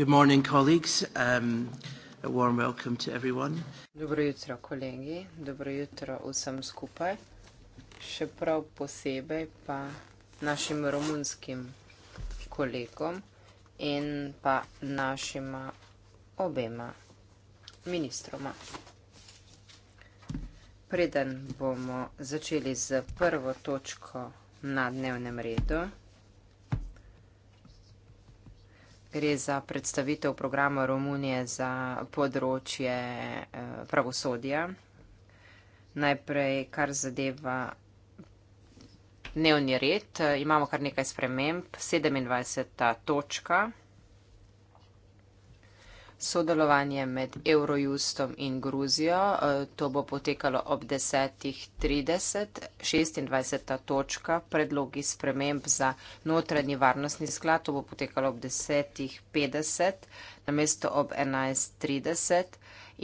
Good morning, colleagues. Um, a warm welcome to everyone. Dobro jutro, kolegi. Dobro jutro vsem skupaj. Še prav posebej pa našim romunskim kolegom in pa našima obema ministroma. Preden bomo začeli z prvo točko na dnevnem redu, gre za predstavitev programa Romunije za področje eh, pravosodja. Najprej, kar zadeva dnevni red, eh, imamo kar nekaj sprememb. 27. točka sodelovanje med Eurojustom in Gruzijo. E, to bo potekalo ob 10.30, 26. točka, predlogi sprememb za notranji varnostni sklad. To bo potekalo ob 10.50, namesto ob 11.30.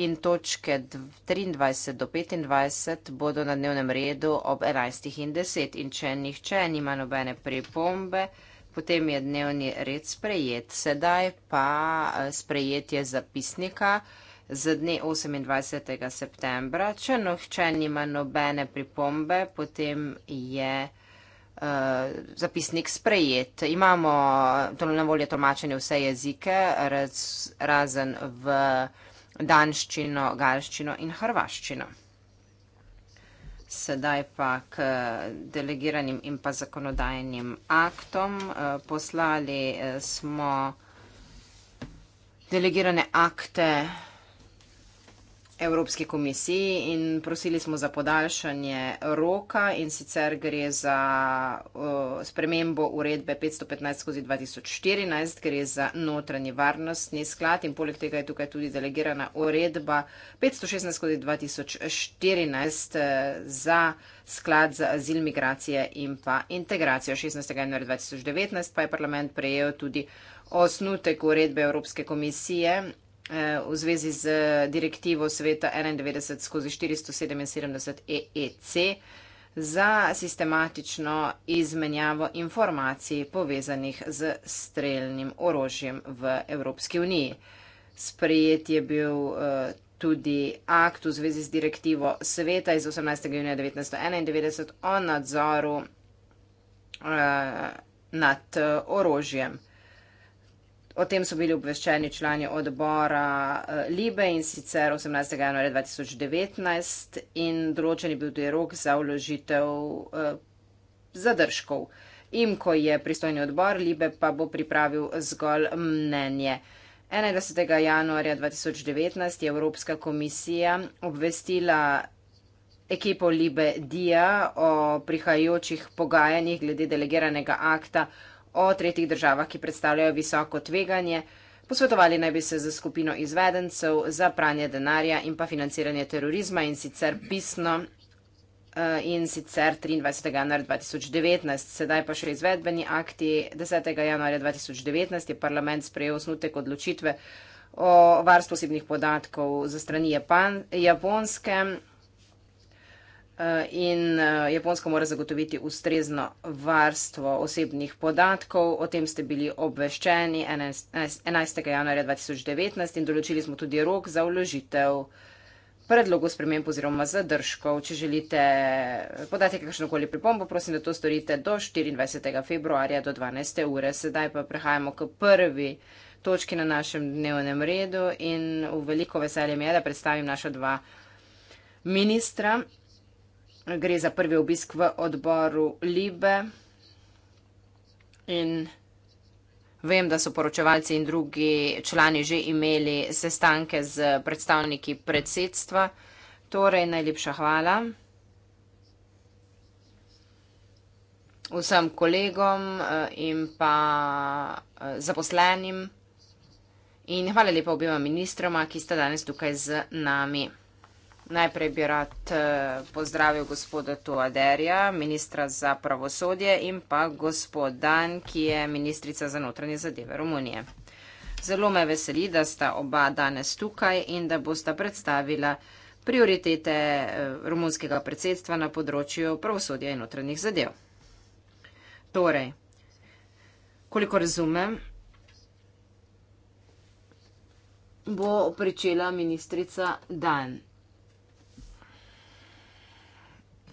In točke 23 do 25 bodo na dnevnem redu ob 11.10. In če nihče nima nobene pripombe, potem je dnevni red sprejet. Sedaj pa eh, sprejetje zapisnika za dne 28. septembra. Če nohče nima nobene pripombe, potem je uh, zapisnik sprejet. Imamo eh, na voljo tolmačenje vse jezike, raz, razen v danščino, galščino in hrvaščino sedaj pa k delegiranim in pa zakonodajnim aktom. Eh, poslali eh, smo delegirane akte Evropski komisiji in prosili smo za podaljšanje roka in sicer gre za uh, spremembo uredbe 515 skozi 2014, gre za notranji varnostni sklad in poleg tega je tukaj tudi delegirana uredba 516 skozi 2014 uh, za sklad za azil, migracije in pa integracijo. 16. januarja 2019 pa je parlament prejel tudi osnutek uredbe Evropske komisije v zvezi z direktivo sveta 91 skozi 477 EEC za sistematično izmenjavo informacij povezanih z streljnim orožjem v Evropski uniji. Sprejet je bil eh, tudi akt v zvezi z direktivo sveta iz 18. junija 1991 o nadzoru eh, nad eh, orožjem. O tem so bili obveščeni člani odbora eh, Libe in sicer 18. januarja 2019 in določen je bil tudi rok za vložitev eh, zadržkov. Imko je pristojni odbor, Libe pa bo pripravil zgolj mnenje. 21. januarja 2019 je Evropska komisija obvestila ekipo Libe Dija o prihajajočih pogajanjih glede delegiranega akta o tretjih državah, ki predstavljajo visoko tveganje. Posvetovali naj bi se za skupino izvedencev za pranje denarja in pa financiranje terorizma in sicer pisno eh, in sicer 23. januar 2019. Sedaj pa še izvedbeni akti. 10. januarja 2019 je parlament sprejel osnutek odločitve o varstvu osebnih podatkov za strani Japan Japonske. Eh, in eh, Japonska mora zagotoviti ustrezno varstvo osebnih podatkov. O tem ste bili obveščeni 11. januarja 2019 in določili smo tudi rok za uložitev predlogu sprememb oziroma zadržkov. Če želite podati kakšnokoli pripombo, prosim, da to storite do 24. februarja do 12. ure. Sedaj pa prehajamo k prvi točki na našem dnevnem redu in v veliko veselje mi je, da predstavim naša dva ministra gre za prvi obisk v odboru Libe in vem, da so poročevalci in drugi člani že imeli sestanke z predstavniki predsedstva, torej najlepša hvala vsem kolegom eh, in pa eh, zaposlenim in hvala lepa objema ministroma, ki sta danes tukaj z nami. Najprej bi rad eh, pozdravil gospoda Tuaderja, ministra za pravosodje in pa gospod Dan, ki je ministrica za notranje zadeve Romunije. Zelo me veseli, da sta oba danes tukaj in da bosta predstavila prioritete eh, romunskega predsedstva na področju pravosodja in notranjih zadev. Torej, koliko razumem, bo pričela ministrica Dan.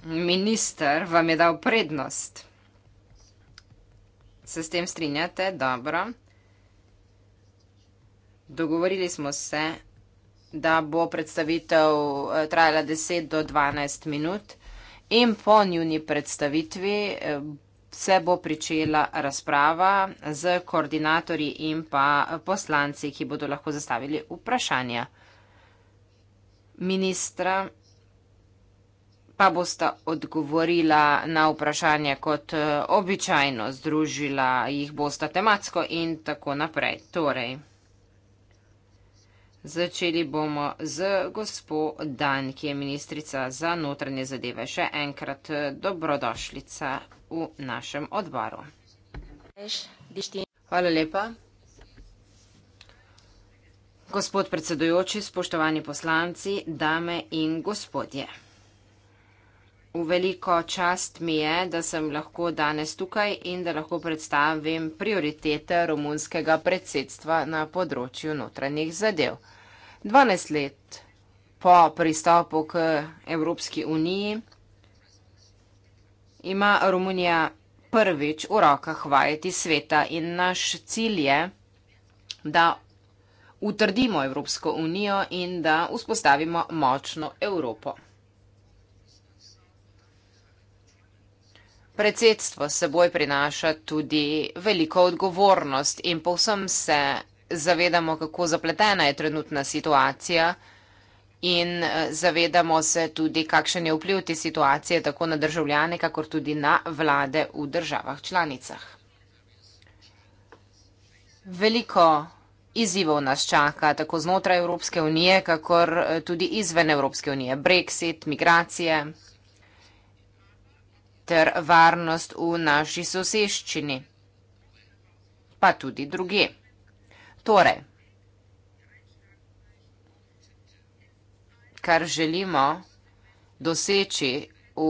Minister vam je dal prednost. Se s tem strinjate? Dobro. Dogovorili smo se, da bo predstavitev eh, trajala 10 do 12 minut in po njuni predstavitvi eh, se bo pričela razprava z koordinatorji in pa poslanci, ki bodo lahko zastavili vprašanja ministra pa bosta odgovorila na vprašanje kot eh, običajno, združila jih bosta tematsko in tako naprej. Torej, začeli bomo z gospo Dan, ki je ministrica za notranje zadeve. Še enkrat eh, dobrodošlica v našem odboru. Hvala lepa. Gospod predsedujoči, spoštovani poslanci, dame in gospodje v veliko čast mi je, da sem lahko danes tukaj in da lahko predstavim prioritete romunskega predsedstva na področju notranjih zadev. 12 let po pristopu k Evropski uniji ima Romunija prvič v rokah vajeti sveta in naš cilj je, da utrdimo Evropsko unijo in da vzpostavimo močno Evropo. predsedstvo seboj prinaša tudi veliko odgovornost in povsem se zavedamo, kako zapletena je trenutna situacija in eh, zavedamo se tudi, kakšen je vpliv te situacije tako na državljane, kakor tudi na vlade v državah članicah. Veliko izzivov nas čaka tako znotraj Evropske unije, kakor eh, tudi izven Evropske unije. Brexit, migracije, ter varnost v naši soseščini, pa tudi druge. Torej, kar želimo doseči v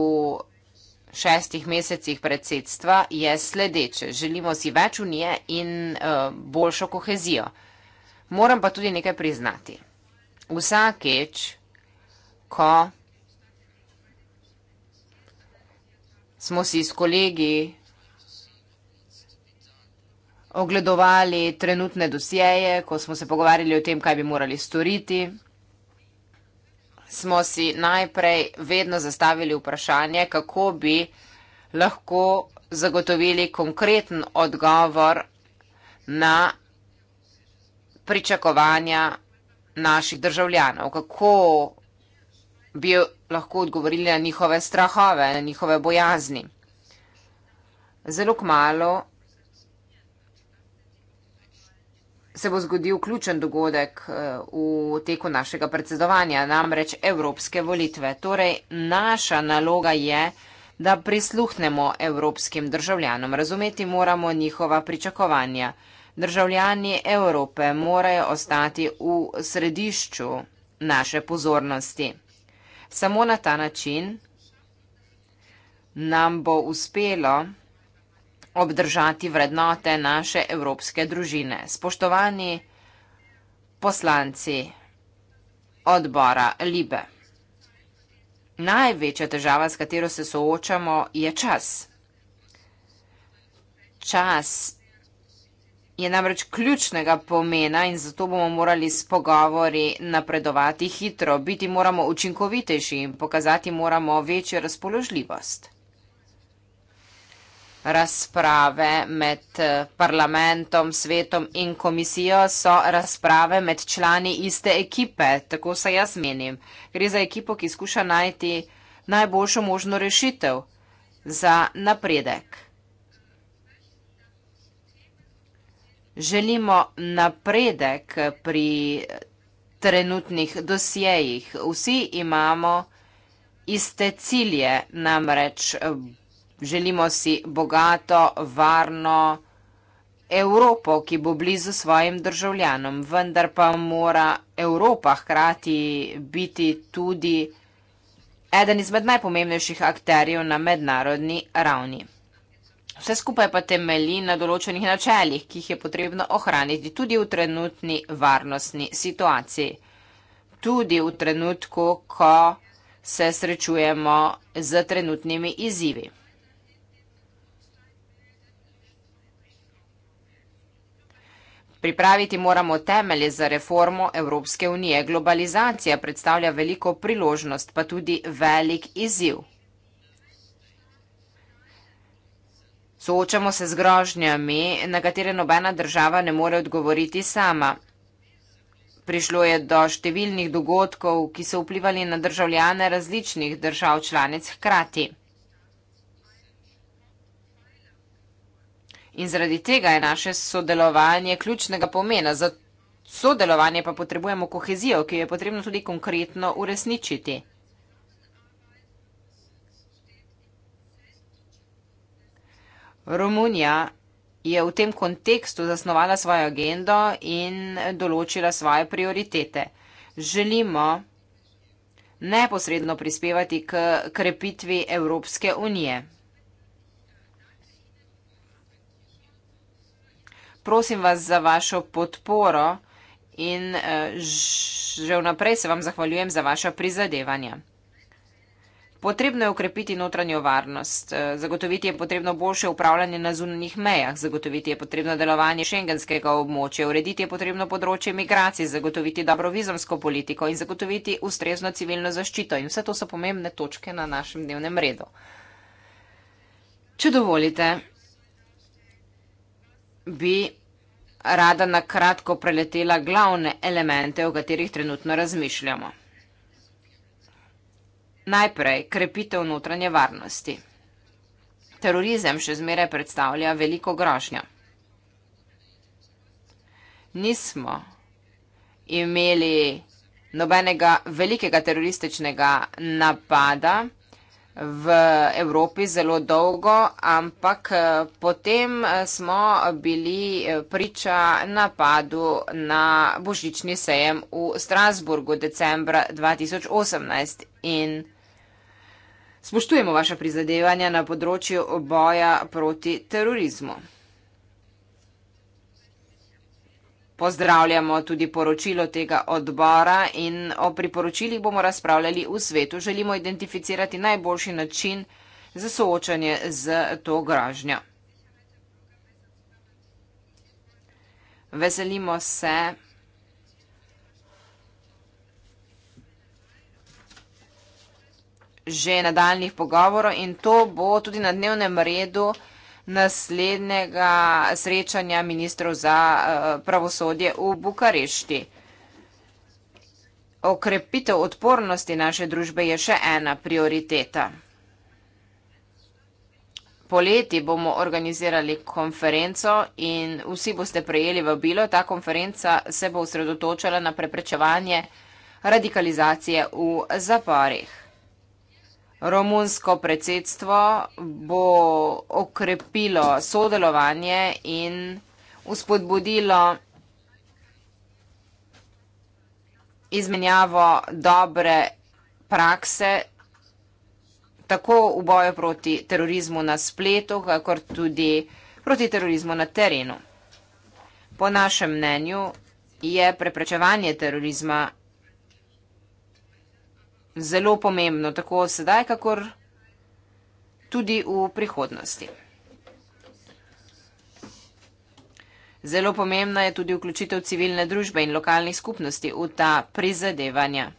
šestih mesecih predsedstva je sledeče. Želimo si več unije in uh, boljšo kohezijo. Moram pa tudi nekaj priznati. Vsakeč, ko smo si s kolegi ogledovali trenutne dosjeje, ko smo se pogovarjali o tem, kaj bi morali storiti. Smo si najprej vedno zastavili vprašanje, kako bi lahko zagotovili konkreten odgovor na pričakovanja naših državljanov, kako bi lahko odgovorili na njihove strahove, na njihove bojazni. Zelo kmalo se bo zgodil ključen dogodek eh, v teku našega predsedovanja, namreč evropske volitve. Torej, naša naloga je, da prisluhnemo evropskim državljanom. Razumeti moramo njihova pričakovanja. Državljani Evrope morajo ostati v središču naše pozornosti. Samo na ta način nam bo uspelo obdržati vrednote naše evropske družine. Spoštovani poslanci odbora Libe, največja težava, s katero se soočamo, je čas. Čas je namreč ključnega pomena in zato bomo morali s pogovori napredovati hitro, biti moramo učinkovitejši in pokazati moramo večjo razpoložljivost. Razprave med eh, parlamentom, svetom in komisijo so razprave med člani iste ekipe, tako se jaz menim. Gre za ekipo, ki skuša najti najboljšo možno rešitev za napredek. želimo napredek pri trenutnih dosjejih. Vsi imamo iste cilje, namreč želimo si bogato, varno Evropo, ki bo blizu svojim državljanom, vendar pa mora Evropa hkrati biti tudi eden izmed najpomembnejših akterjev na mednarodni ravni. Vse skupaj pa temelji na določenih načeljih, ki jih je potrebno ohraniti tudi v trenutni varnostni situaciji. Tudi v trenutku, ko se srečujemo z trenutnimi izzivi. Pripraviti moramo temelje za reformo Evropske unije. Globalizacija predstavlja veliko priložnost, pa tudi velik izziv. Soočamo se z grožnjami, na katere nobena država ne more odgovoriti sama. Prišlo je do številnih dogodkov, ki so vplivali na državljane različnih držav članic hkrati. In zaradi tega je naše sodelovanje ključnega pomena. Za sodelovanje pa potrebujemo kohezijo, ki jo je potrebno tudi konkretno uresničiti. Romunija je v tem kontekstu zasnovala svojo agendo in določila svoje prioritete. Želimo neposredno prispevati k krepitvi Evropske unije. Prosim vas za vašo podporo in eh, že vnaprej se vam zahvaljujem za vaša prizadevanja. Potrebno je ukrepiti notranjo varnost, eh, zagotoviti je potrebno boljše upravljanje na zunanjih mejah, zagotoviti je potrebno delovanje šengenskega območja, urediti je potrebno področje migracij, zagotoviti dobro vizumsko politiko in zagotoviti ustrezno civilno zaščito. In vse to so pomembne točke na našem dnevnem redu. Če dovolite, bi rada na kratko preletela glavne elemente, o katerih trenutno razmišljamo. Najprej krepitev notranje varnosti. Terorizem še zmeraj predstavlja veliko grožnjo. Nismo imeli nobenega velikega terorističnega napada v Evropi zelo dolgo, ampak eh, potem eh, smo bili eh, priča napadu na božični sejem v Strasburgu decembra 2018 in 2018. Spoštujemo vaše prizadevanja na področju boja proti terorizmu. Pozdravljamo tudi poročilo tega odbora in o priporočilih bomo razpravljali v svetu. Želimo identificirati najboljši način za soočanje z to gražnjo. Veselimo se. že nadaljnih pogovorov in to bo tudi na dnevnem redu naslednjega srečanja ministrov za eh, pravosodje v Bukarešti. Okrepitev odpornosti naše družbe je še ena prioriteta. Poleti bomo organizirali konferenco in vsi boste prejeli vabilo. Ta konferenca se bo osredotočala na preprečevanje radikalizacije v zaporih. Romunsko predsedstvo bo okrepilo sodelovanje in uspodbudilo izmenjavo dobre prakse tako v boju proti terorizmu na spletu, kakor tudi proti terorizmu na terenu. Po našem mnenju je preprečevanje terorizma zelo pomembno, tako sedaj, kakor tudi v prihodnosti. Zelo pomembna je tudi vključitev civilne družbe in lokalnih skupnosti v ta prizadevanja.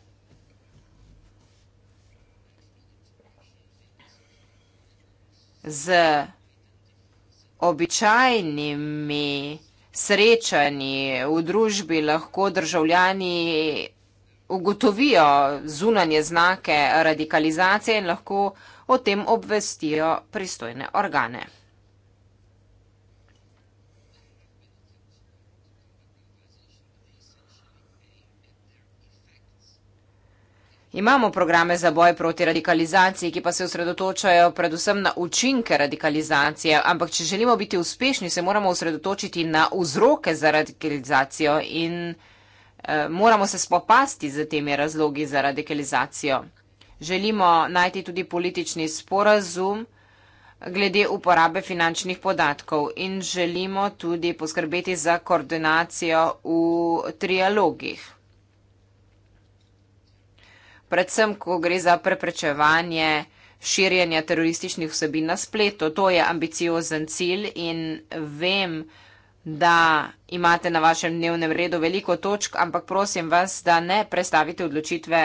Z običajnimi srečanji v družbi lahko državljani ugotovijo zunanje znake radikalizacije in lahko o tem obvestijo pristojne organe. Imamo programe za boj proti radikalizaciji, ki pa se osredotočajo predvsem na učinke radikalizacije, ampak če želimo biti uspešni, se moramo osredotočiti na vzroke za radikalizacijo in vzroke. Eh, moramo se spopasti z temi razlogi za radikalizacijo. Želimo najti tudi politični sporazum glede uporabe finančnih podatkov in želimo tudi poskrbeti za koordinacijo v trialogih. Predvsem, ko gre za preprečevanje širjenja terorističnih vsebin na spletu, to je ambiciozen cilj in vem, da je da imate na vašem dnevnem redu veliko točk, ampak prosim vas, da ne prestavite odločitve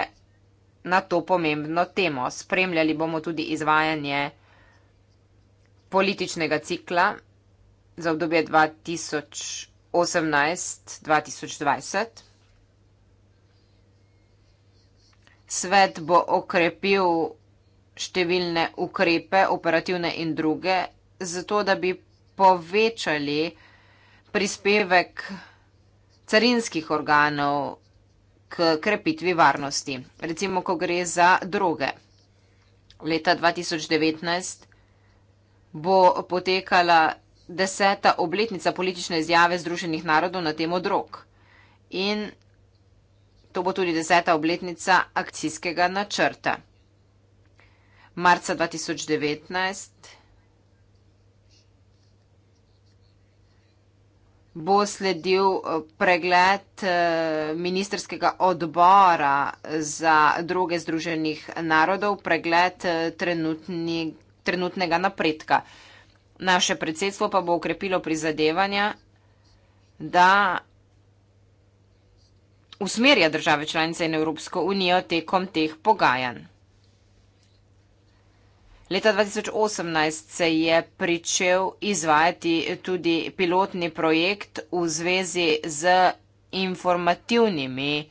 na to pomembno temo. Spremljali bomo tudi izvajanje političnega cikla za obdobje 2018-2020. Svet bo okrepil številne ukrepe, operativne in druge, zato da bi povečali prispevek carinskih organov k krepitvi varnosti, recimo, ko gre za droge. Leta 2019 bo potekala deseta obletnica politične izjave Združenih narodov na temo drog in to bo tudi deseta obletnica akcijskega načrta. Marca 2019 bo sledil eh, pregled eh, ministerskega odbora za druge združenih narodov, pregled eh, trenutni, trenutnega napredka. Naše predsedstvo pa bo ukrepilo prizadevanja, da usmerja države članice in Evropsko unijo tekom teh pogajanj. Leta 2018 se je pričel izvajati tudi pilotni projekt v zvezi z informativnimi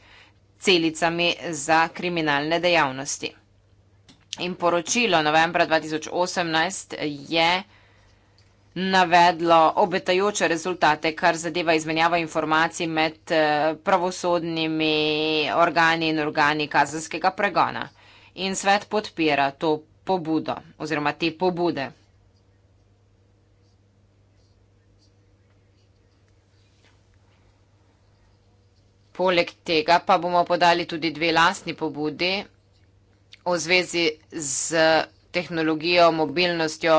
celicami za kriminalne dejavnosti. In poročilo novembra 2018 je navedlo obetajoče rezultate, kar zadeva izmenjava informacij med eh, pravosodnimi organi in organi kazanskega pregona. In svet podpira to pobudo oziroma te pobude. Poleg tega pa bomo podali tudi dve lastni pobudi v zvezi z tehnologijo, mobilnostjo,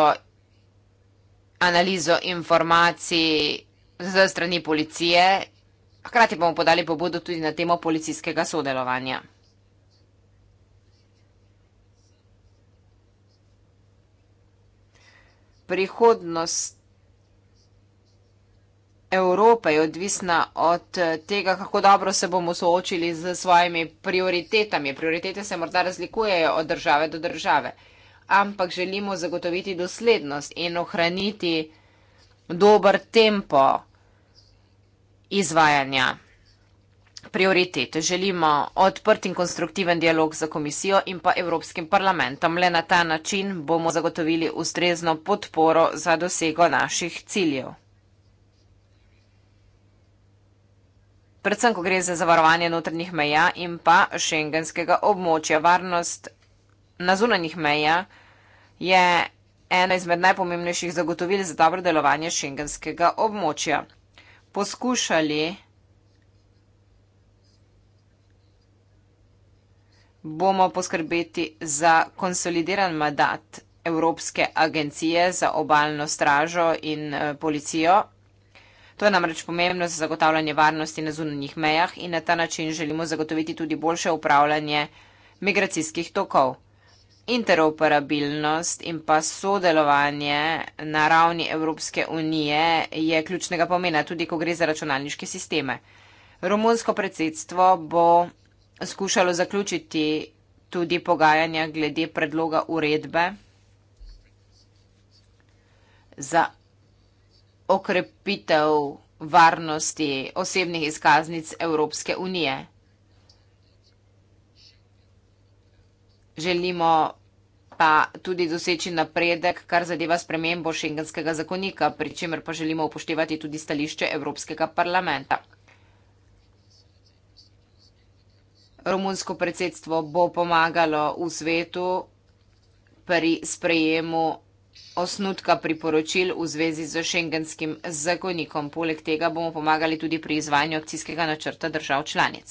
analizo informacij z strani policije. Hkrati bomo podali pobudo tudi na temo policijskega sodelovanja. prihodnost Evrope je odvisna od eh, tega, kako dobro se bomo soočili z svojimi prioritetami. Prioritete se morda razlikujejo od države do države, ampak želimo zagotoviti doslednost in ohraniti dober tempo izvajanja prioritete. Želimo odprt in konstruktiven dialog za komisijo in pa Evropskim parlamentom. Le na ta način bomo zagotovili ustrezno podporo za dosego naših ciljev. Predvsem, ko gre za zavarovanje notrnih meja in pa šengenskega območja. Varnost na zunanjih meja je ena izmed najpomembnejših zagotovil za dobro delovanje šengenskega območja. Poskušali bomo poskrbeti za konsolideran mandat Evropske agencije za obaljno stražo in eh, policijo. To je namreč pomembno za zagotavljanje varnosti na zunanjih mejah in na ta način želimo zagotoviti tudi boljše upravljanje migracijskih tokov. Interoperabilnost in pa sodelovanje na ravni Evropske unije je ključnega pomena, tudi ko gre za računalniške sisteme. Romunsko predsedstvo bo skušalo zaključiti tudi pogajanja glede predloga uredbe za okrepitev varnosti osebnih izkaznic Evropske unije. Želimo pa tudi doseči napredek, kar zadeva spremembo šengenskega zakonika, pri čemer pa želimo upoštevati tudi stališče Evropskega parlamenta. Romunsko predsedstvo bo pomagalo v svetu pri sprejemu osnutka priporočil v zvezi z šengenskim zakonikom. Poleg tega bomo pomagali tudi pri izvajanju akcijskega načrta držav članic.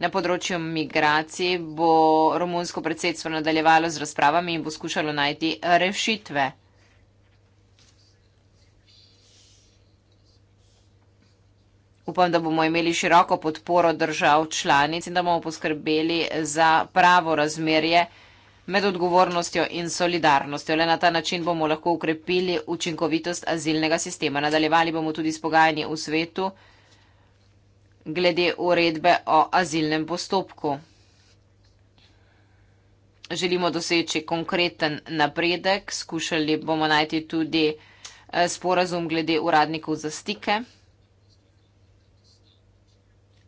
Na področju migracij bo romunsko predsedstvo nadaljevalo z razpravami in bo skušalo najti rešitve. Upam, da bomo imeli široko podporo držav članic in da bomo poskrbeli za pravo razmerje med odgovornostjo in solidarnostjo. Le na ta način bomo lahko ukrepili učinkovitost azilnega sistema. Nadaljevali bomo tudi s pogajanji v svetu glede uredbe o azilnem postopku. Želimo doseči konkreten napredek, skušali bomo najti tudi eh, sporazum glede uradnikov za stike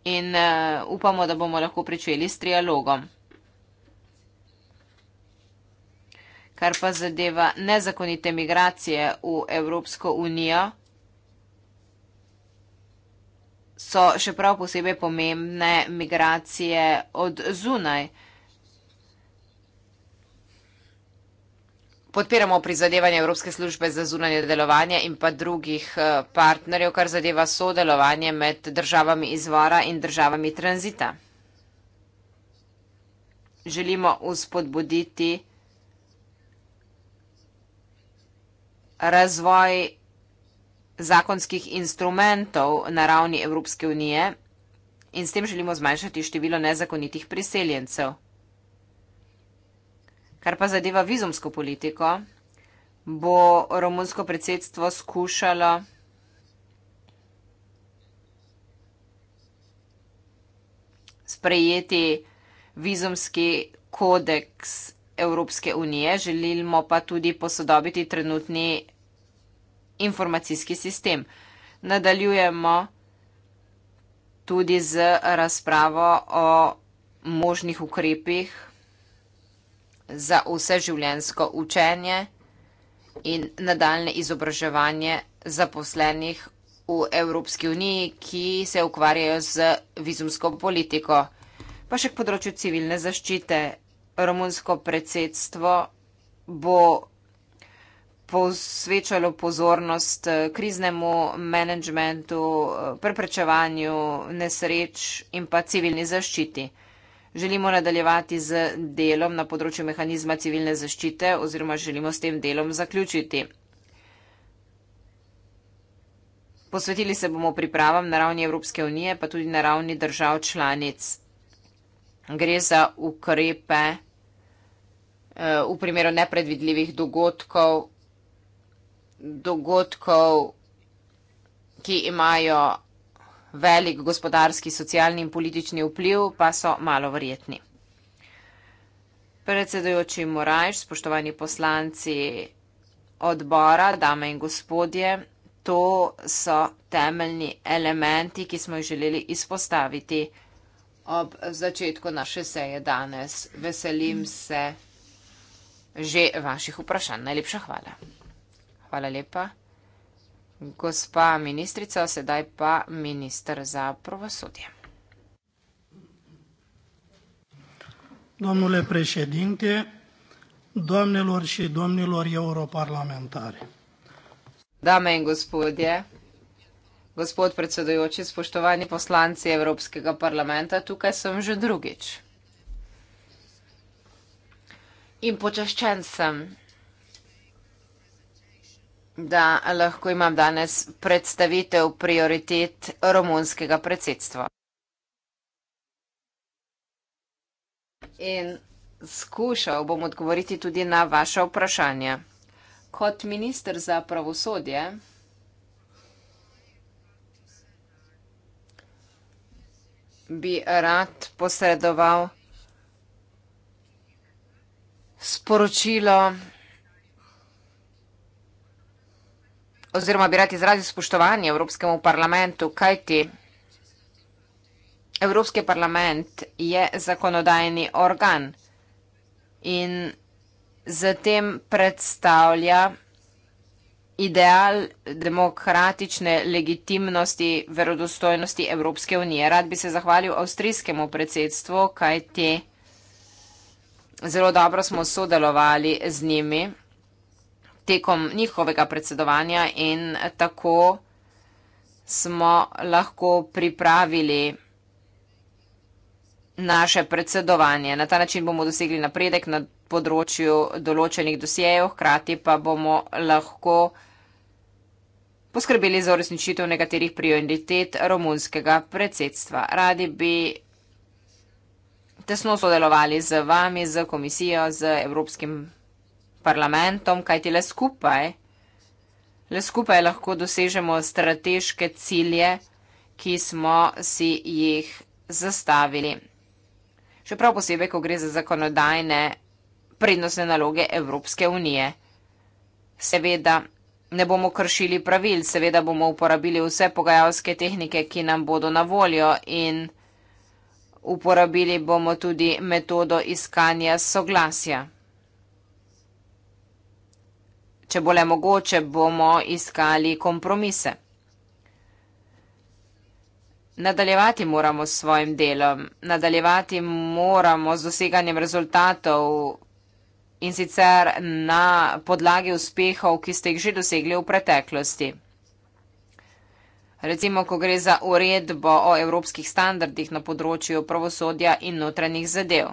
in uh, upamo, da bomo lahko pričeli s trialogom. Kar pa zadeva nezakonite migracije v Evropsko unijo, so še prav posebej pomembne migracije od zunaj. Uh, podpiramo prizadevanje Evropske službe za zunanje delovanje in pa drugih eh, partnerjev, kar zadeva sodelovanje med državami izvora in državami tranzita. Želimo uspodbuditi razvoj zakonskih instrumentov na ravni Evropske unije in s tem želimo zmanjšati število nezakonitih priseljencev. Kar pa zadeva vizumsko politiko, bo romunsko predsedstvo skušalo sprejeti vizumski kodeks Evropske unije, želimo pa tudi posodobiti trenutni informacijski sistem. Nadaljujemo tudi z razpravo o možnih ukrepih za vse življensko učenje in nadaljne izobraževanje zaposlenih v Evropski uniji, ki se ukvarjajo z vizumsko politiko. Pa še k področju civilne zaščite. Romunsko predsedstvo bo posvečalo pozornost eh, kriznemu menedžmentu, eh, preprečevanju nesreč in pa civilni zaščiti. Želimo nadaljevati z delom na področju mehanizma civilne zaščite oziroma želimo s tem delom zaključiti. Posvetili se bomo pripravam na ravni Evropske unije, pa tudi na ravni držav članic. Gre za ukrepe eh, v primeru nepredvidljivih dogodkov, dogodkov, ki imajo velik gospodarski, socialni in politični vpliv pa so malo verjetni. Predsedujoči Morajš, spoštovani poslanci odbora, dame in gospodje, to so temeljni elementi, ki smo jih želeli izpostaviti ob začetku naše seje danes. Veselim se že vaših vprašanj. Najlepša hvala. Hvala lepa gospa ministrica, sedaj pa ministr za pravosodje. Domnule președinte, domnilor și domnilor europarlamentari. Dame in gospodje, gospod predsedujoči, spoštovani poslanci Evropskega parlamenta, tukaj sem že drugič. In počaščen sem, da lahko imam danes predstavitev prioritet romunskega predsedstva. In skušal bom odgovoriti tudi na vaše vprašanje. Kot minister za pravosodje bi rad posredoval sporočilo oziroma bi radi izrazili spoštovanje Evropskemu parlamentu, kajti Evropski parlament je zakonodajni organ in zatem predstavlja ideal demokratične legitimnosti, verodostojnosti Evropske unije. Rad bi se zahvalil avstrijskemu predsedstvu, kajti zelo dobro smo sodelovali z njimi tekom njihovega predsedovanja in tako smo lahko pripravili naše predsedovanje. Na ta način bomo dosegli napredek na področju določenih dosjejev, hkrati pa bomo lahko poskrbeli za uresničitev nekaterih prioritet romunskega predsedstva. Radi bi tesno sodelovali z vami, z komisijo, z Evropskim predsedstvom parlamentom, kajti le skupaj, le skupaj lahko dosežemo strateške cilje, ki smo si jih zastavili. Še prav posebej, ko gre za zakonodajne prednostne naloge Evropske unije. Seveda ne bomo kršili pravil, seveda bomo uporabili vse pogajalske tehnike, ki nam bodo na voljo in uporabili bomo tudi metodo iskanja soglasja. Če bo le mogoče, bomo iskali kompromise. Nadaljevati moramo s svojim delom, nadaljevati moramo z doseganjem rezultatov in sicer na podlagi uspehov, ki ste jih že dosegli v preteklosti. Recimo, ko gre za uredbo o evropskih standardih na področju pravosodja in notranjih zadev.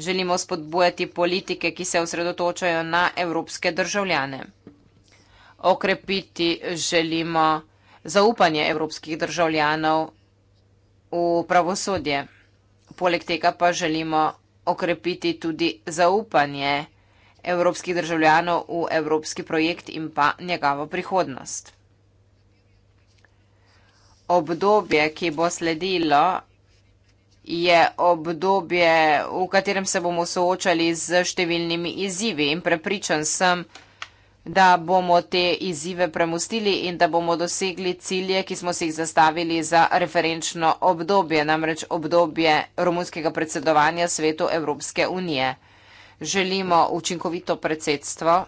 Želimo spodbujati politike, ki se osredotočajo na evropske državljane. Okrepiti želimo zaupanje evropskih državljanov v pravosodje. Poleg tega pa želimo okrepiti tudi zaupanje evropskih državljanov v evropski projekt in pa njegovo prihodnost. Obdobje, ki bo sledilo je obdobje, v katerem se bomo soočali z številnimi izzivi in prepričan sem, da bomo te izzive premustili in da bomo dosegli cilje, ki smo si jih zastavili za referenčno obdobje, namreč obdobje romunskega predsedovanja svetu Evropske unije. Želimo učinkovito predsedstvo,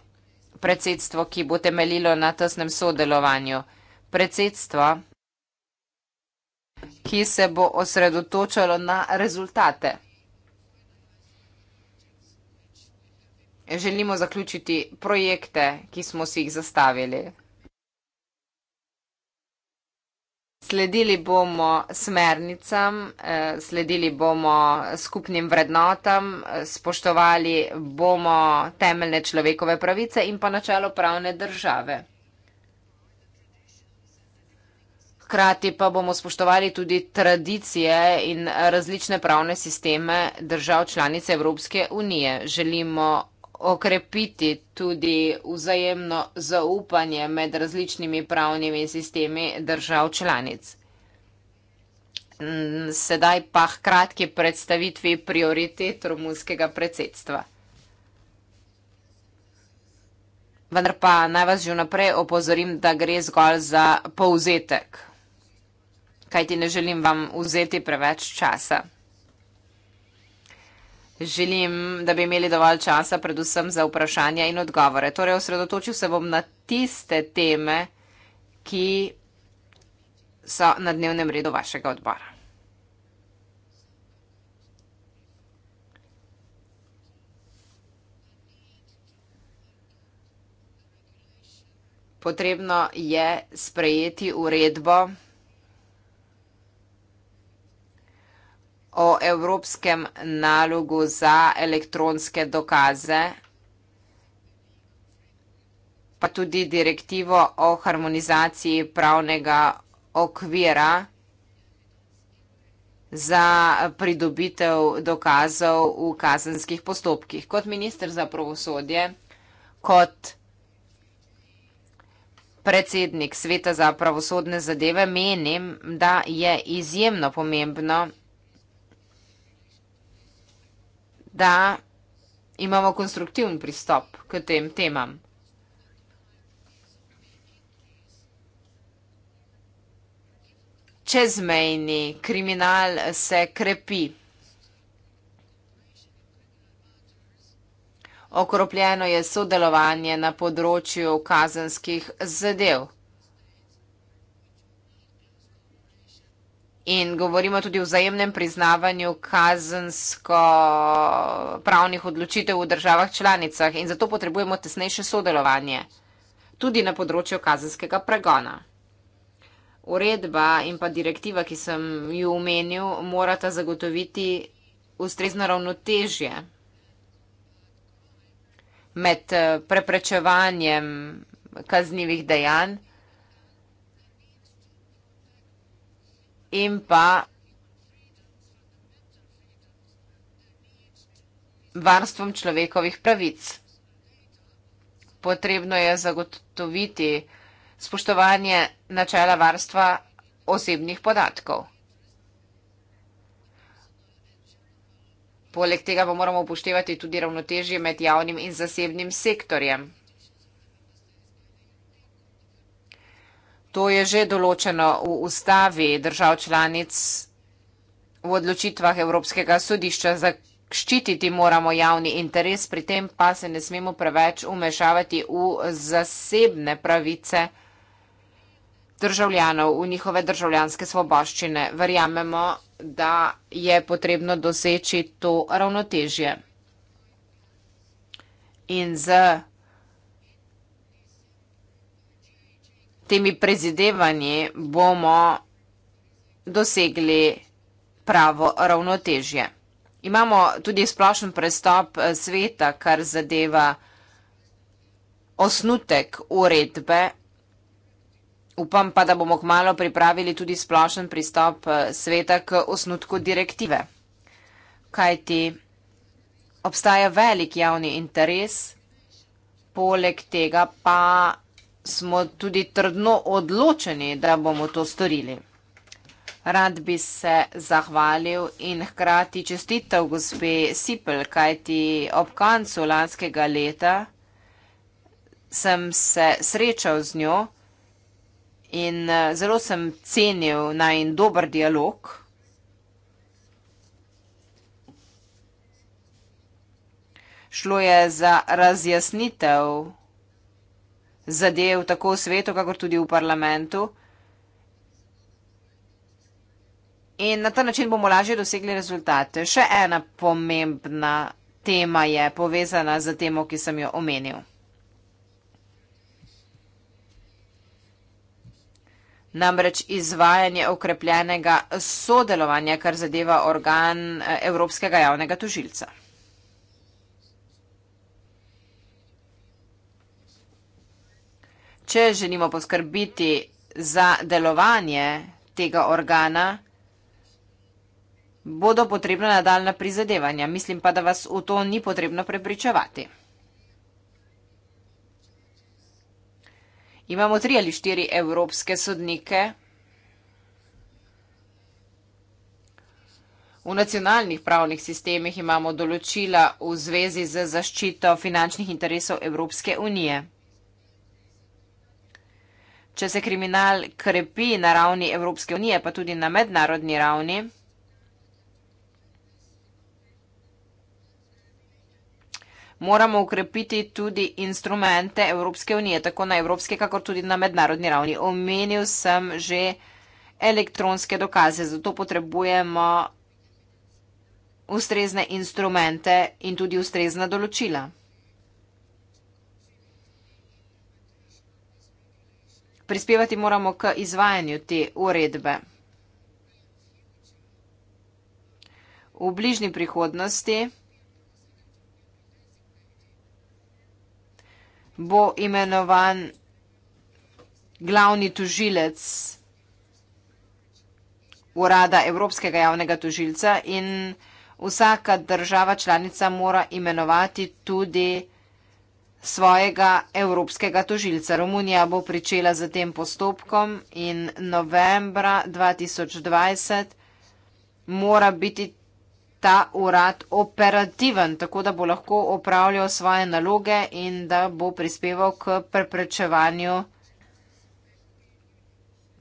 predsedstvo, ki bo temeljilo na tesnem sodelovanju. Predsedstvo, ki se bo osredotočalo na rezultate. Želimo zaključiti projekte, ki smo si jih zastavili. Sledili bomo smernicam, eh, sledili bomo skupnim vrednotam, eh, spoštovali bomo temeljne človekove pravice in pa načelo pravne države. Hkrati pa bomo spoštovali tudi tradicije in različne pravne sisteme držav članice Evropske unije. Želimo okrepiti tudi vzajemno zaupanje med različnimi pravnimi sistemi držav članic. Mm, sedaj pa hkratki predstavitvi prioritet romunskega predsedstva. Vendar pa naj vas že naprej opozorim, da gre zgolj za povzetek kajti ne želim vam vzeti preveč časa. Želim, da bi imeli dovolj časa predvsem za vprašanja in odgovore. Torej, osredotočil se bom na tiste teme, ki so na dnevnem redu vašega odbora. Potrebno je sprejeti uredbo, o evropskem nalogu za elektronske dokaze, pa tudi direktivo o harmonizaciji pravnega okvira za pridobitev dokazov v kazenskih postopkih. Kot minister za pravosodje, kot predsednik Sveta za pravosodne zadeve, menim, da je izjemno pomembno, da je izjemno pomembno, da imamo konstruktivn pristop k tem temam. Čezmejni kriminal se krepi. Okropljeno je sodelovanje na področju kazenskih zadev. In govorimo tudi o vzajemnem priznavanju kazensko-pravnih odločitev v državah članicah in zato potrebujemo tesnejše sodelovanje tudi na področju kazenskega pregona. Uredba in pa direktiva, ki sem jo omenil, morata zagotoviti ustrezno ravnotežje med eh, preprečevanjem kaznjivih dejanj. in pa varstvom človekovih pravic. Potrebno je zagotoviti spoštovanje načela varstva osebnih podatkov. Poleg tega pa moramo upoštevati tudi ravnotežje med javnim in zasebnim sektorjem. To je že določeno v ustavi držav članic v odločitvah Evropskega sodišča. Zaščititi moramo javni interes, pri tem pa se ne smemo preveč umešavati v zasebne pravice državljanov, v njihove državljanske svoboščine. Verjamemo, da je potrebno doseči to ravnotežje. In z temi prezidevanji bomo dosegli pravo ravnotežje. Imamo tudi splošen prestop eh, sveta, kar zadeva osnutek uredbe. Upam pa, da bomo kmalo pripravili tudi splošen pristop eh, sveta k osnutku direktive. Kajti obstaja velik javni interes, poleg tega pa smo tudi trdno odločeni, da bomo to storili. Rad bi se zahvalil in hkrati čestitev gospe Sipel, kajti ob koncu lanskega leta sem se srečal z njo in eh, zelo sem cenil naj in dober dialog. Šlo je za razjasnitev zadev, tako v svetu, kakor tudi v parlamentu. In na ta način bomo lažje dosegli rezultate. Še ena pomembna tema je povezana z temo, ki sem jo omenil. Namreč izvajanje okrepljenega sodelovanja, kar zadeva organ eh, Evropskega javnega tožilca. če želimo poskrbiti za delovanje tega organa, bodo potrebna nadaljna prizadevanja. Mislim pa, da vas v to ni potrebno prepričevati. Imamo tri ali štiri evropske sodnike V nacionalnih pravnih sistemih imamo določila v zvezi z zaščito finančnih interesov Evropske unije. Če se kriminal krepi na ravni Evropske unije, pa tudi na mednarodni ravni, moramo ukrepiti tudi instrumente Evropske unije, tako na evropske, kakor tudi na mednarodni ravni. Omenil sem že elektronske dokaze, zato potrebujemo ustrezne instrumente in tudi ustrezna določila. prispevati moramo k izvajanju te uredbe. V bližnji prihodnosti bo imenovan glavni tužilec urada Evropskega javnega tužilca in vsaka država članica mora imenovati tudi tužilec svojega evropskega tožilca. Romunija bo pričela z tem postopkom in novembra 2020 mora biti ta urad operativen, tako da bo lahko opravljal svoje naloge in da bo prispeval k preprečevanju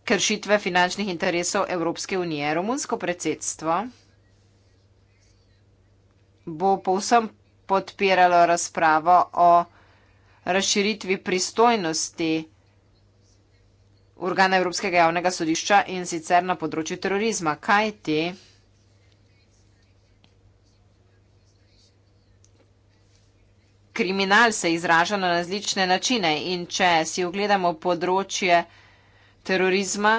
kršitve finančnih interesov Evropske unije. Romunsko predsedstvo bo povsem podpiralo razpravo o vsega, razširitvi pristojnosti organa Evropskega javnega sodišča in sicer na področju terorizma. Kaj ti? Kriminal se izraža na različne načine in če si ogledamo področje terorizma,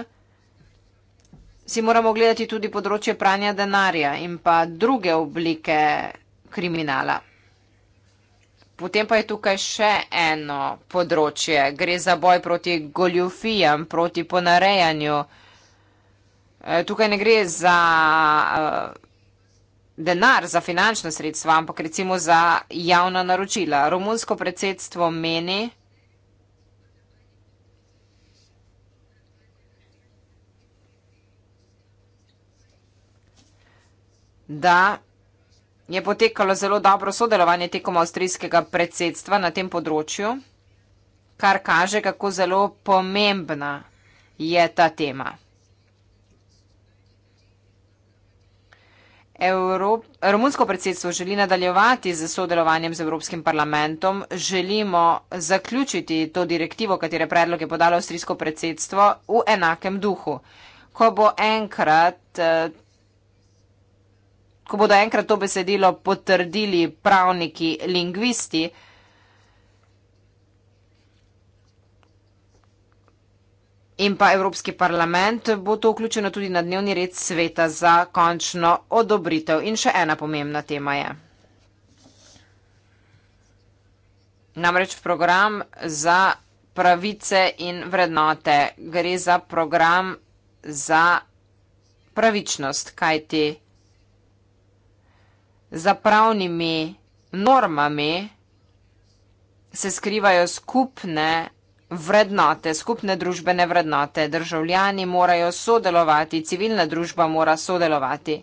si moramo ogledati tudi področje pranja denarja in pa druge oblike kriminala. Potem pa je tukaj še eno področje. Gre za boj proti goljufijam, proti ponarejanju. E, tukaj ne gre za e, denar, za finančno sredstvo, ampak recimo za javna naročila. Romunsko predsedstvo meni, da je potekalo zelo dobro sodelovanje tekom avstrijskega predsedstva na tem področju, kar kaže, kako zelo pomembna je ta tema. Romunsko predsedstvo želi nadaljevati z sodelovanjem z Evropskim parlamentom. Želimo zaključiti to direktivo, katere predlog je podalo avstrijsko predsedstvo, v enakem duhu. Ko bo enkrat eh, ko bodo enkrat to besedilo potrdili pravniki lingvisti, In pa Evropski parlament bo to vključeno tudi na dnevni red sveta za končno odobritev. In še ena pomembna tema je. Namreč program za pravice in vrednote. Gre za program za pravičnost, kaj ti vrednost za pravnimi normami se skrivajo skupne vrednote, skupne družbene vrednote. Državljani morajo sodelovati, civilna družba mora sodelovati.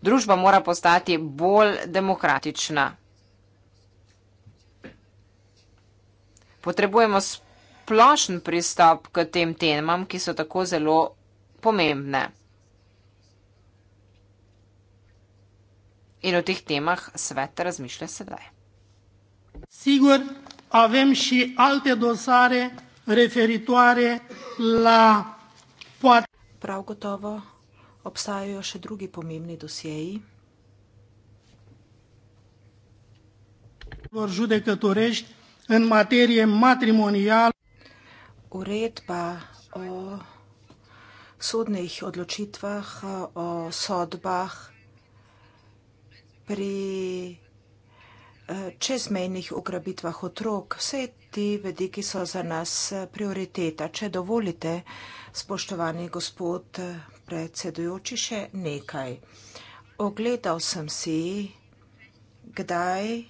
Družba mora postati bolj demokratična. Potrebujemo splošen pristop k tem temam, ki so tako zelo pomembne. In o teh temah svet razmišlja sedaj. Sigur, avem še alte dosare, referitoare la poate. Prav gotovo obstajajo še drugi pomembni dosjeji. Vor judecătorești în materie matrimonială. Uredba o sodnih odločitvah, o sodbah, pri eh, čezmejnih ugrabitvah otrok. Vse ti vediki so za nas eh, prioriteta. Če dovolite, spoštovani gospod eh, predsedujoči, še nekaj. Ogledal sem si, kdaj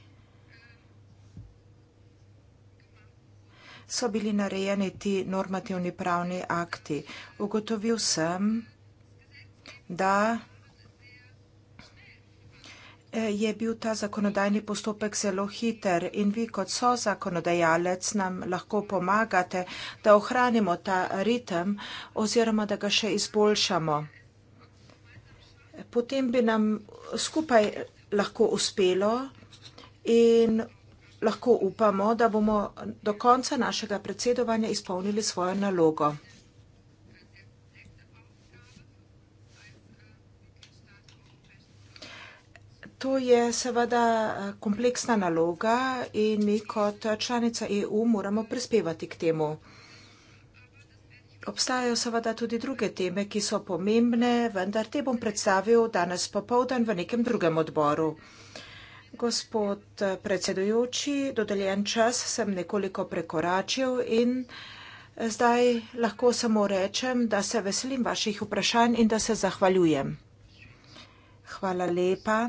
so bili narejeni ti normativni pravni akti. Ugotovil sem, da Eh, je bil ta zakonodajni postopek zelo hiter in vi kot so zakonodajalec nam lahko pomagate, da ohranimo ta ritem oziroma da ga še izboljšamo. Potem bi nam skupaj lahko uspelo in lahko upamo, da bomo do konca našega predsedovanja izpolnili svojo nalogo. To je seveda eh, kompleksna naloga in mi kot eh, članica EU moramo prispevati k temu. Obstajajo seveda tudi druge teme, ki so pomembne, vendar te bom predstavil danes popovdan v nekem drugem odboru. Gospod eh, predsedujoči, dodeljen čas sem nekoliko prekoračil in zdaj lahko samo rečem, da se veselim vaših vprašanj in da se zahvaljujem. Hvala lepa.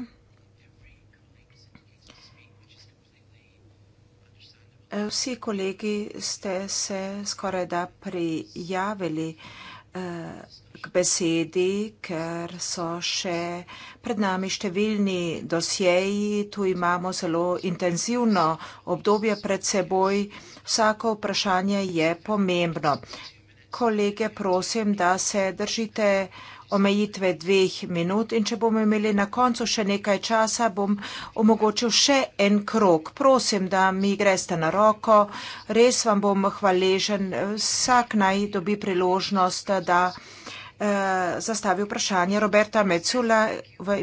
Vsi kolegi ste se skoraj da prijavili eh, k besedi, ker so še pred nami številni dosjeji. Tu imamo zelo intenzivno obdobje pred seboj. Vsako vprašanje je pomembno. Kolege, prosim, da se držite vprašanje omejitve dveh minut in če bomo imeli na koncu še nekaj časa, bom omogočil še en krok. Prosim, da mi greste na roko, res vam bom hvaležen. Vsak naj dobi priložnost, da eh, zastavi vprašanje Roberta Mecula v,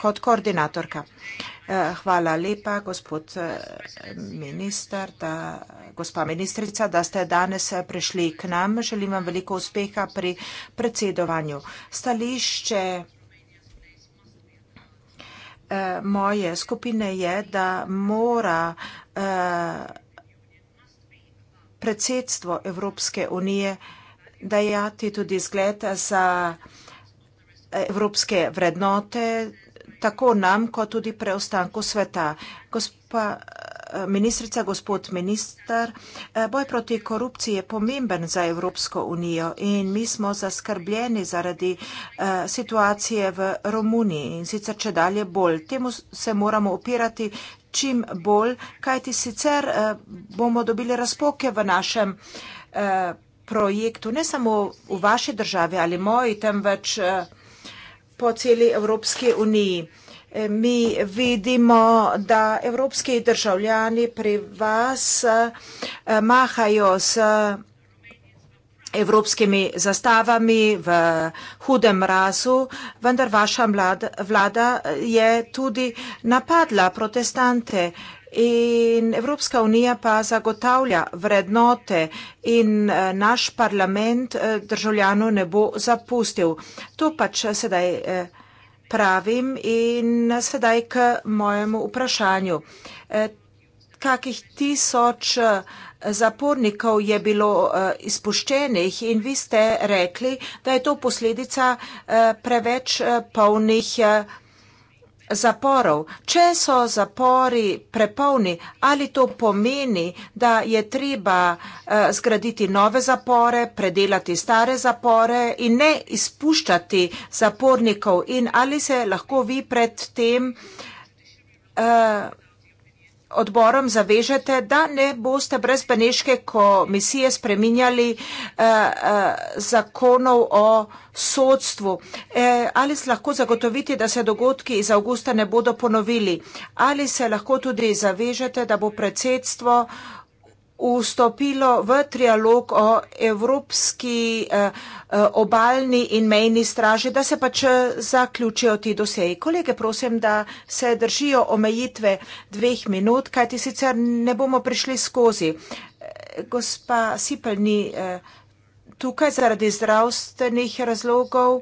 kot koordinatorka. Eh, Eh, hvala lepa, gospod eh, minister, da, gospa ministrica, da ste danes eh, prišli k nam. Želim vam veliko uspeha pri predsedovanju. Stališče moje skupine je, da mora predsedstvo Evropske unije dajati tudi zgled za evropske vrednote, tako nam, kot tudi preostanku sveta. Gospa eh, ministrica, gospod minister, eh, boj proti korupciji je pomemben za Evropsko unijo in mi smo zaskrbljeni zaradi eh, situacije v Romuniji in sicer če dalje bolj. Temu se moramo opirati čim bolj, kajti sicer bomo dobili razpoke v našem projektu, ne samo v vaši državi ali moji, temveč po celi Evropski uniji. E, mi vidimo, da evropski državljani pri vas e, mahajo s evropskimi zastavami v hudem razu, vendar vaša vlada je tudi napadla protestante in Evropska unija pa zagotavlja vrednote in eh, naš parlament eh, državljanov ne bo zapustil. To pač eh, sedaj pravim in sedaj k mojemu vprašanju. Kakih tisoč zapornikov je bilo izpuščenih in vi ste rekli, da je to posledica preveč polnih zaporov. Če so zapori prepolni, ali to pomeni, da je treba eh, zgraditi nove zapore, predelati stare zapore in ne izpuščati zapornikov in ali se lahko vi pred tem. Uh, odborom zavežete, da ne boste brez Beneške komisije spreminjali eh, eh, zakonov o sodstvu. Eh, ali se lahko zagotoviti, da se dogodki iz avgusta ne bodo ponovili? Ali se lahko tudi zavežete, da bo predsedstvo vstopilo v trialog o evropski eh, eh, obalni in mejni straži, da se pač eh, zaključijo ti doseji. Kolege, prosim, da se držijo omejitve dveh minut, kajti sicer ne bomo prišli skozi. Gospa Sipel ni tukaj zaradi zdravstvenih razlogov.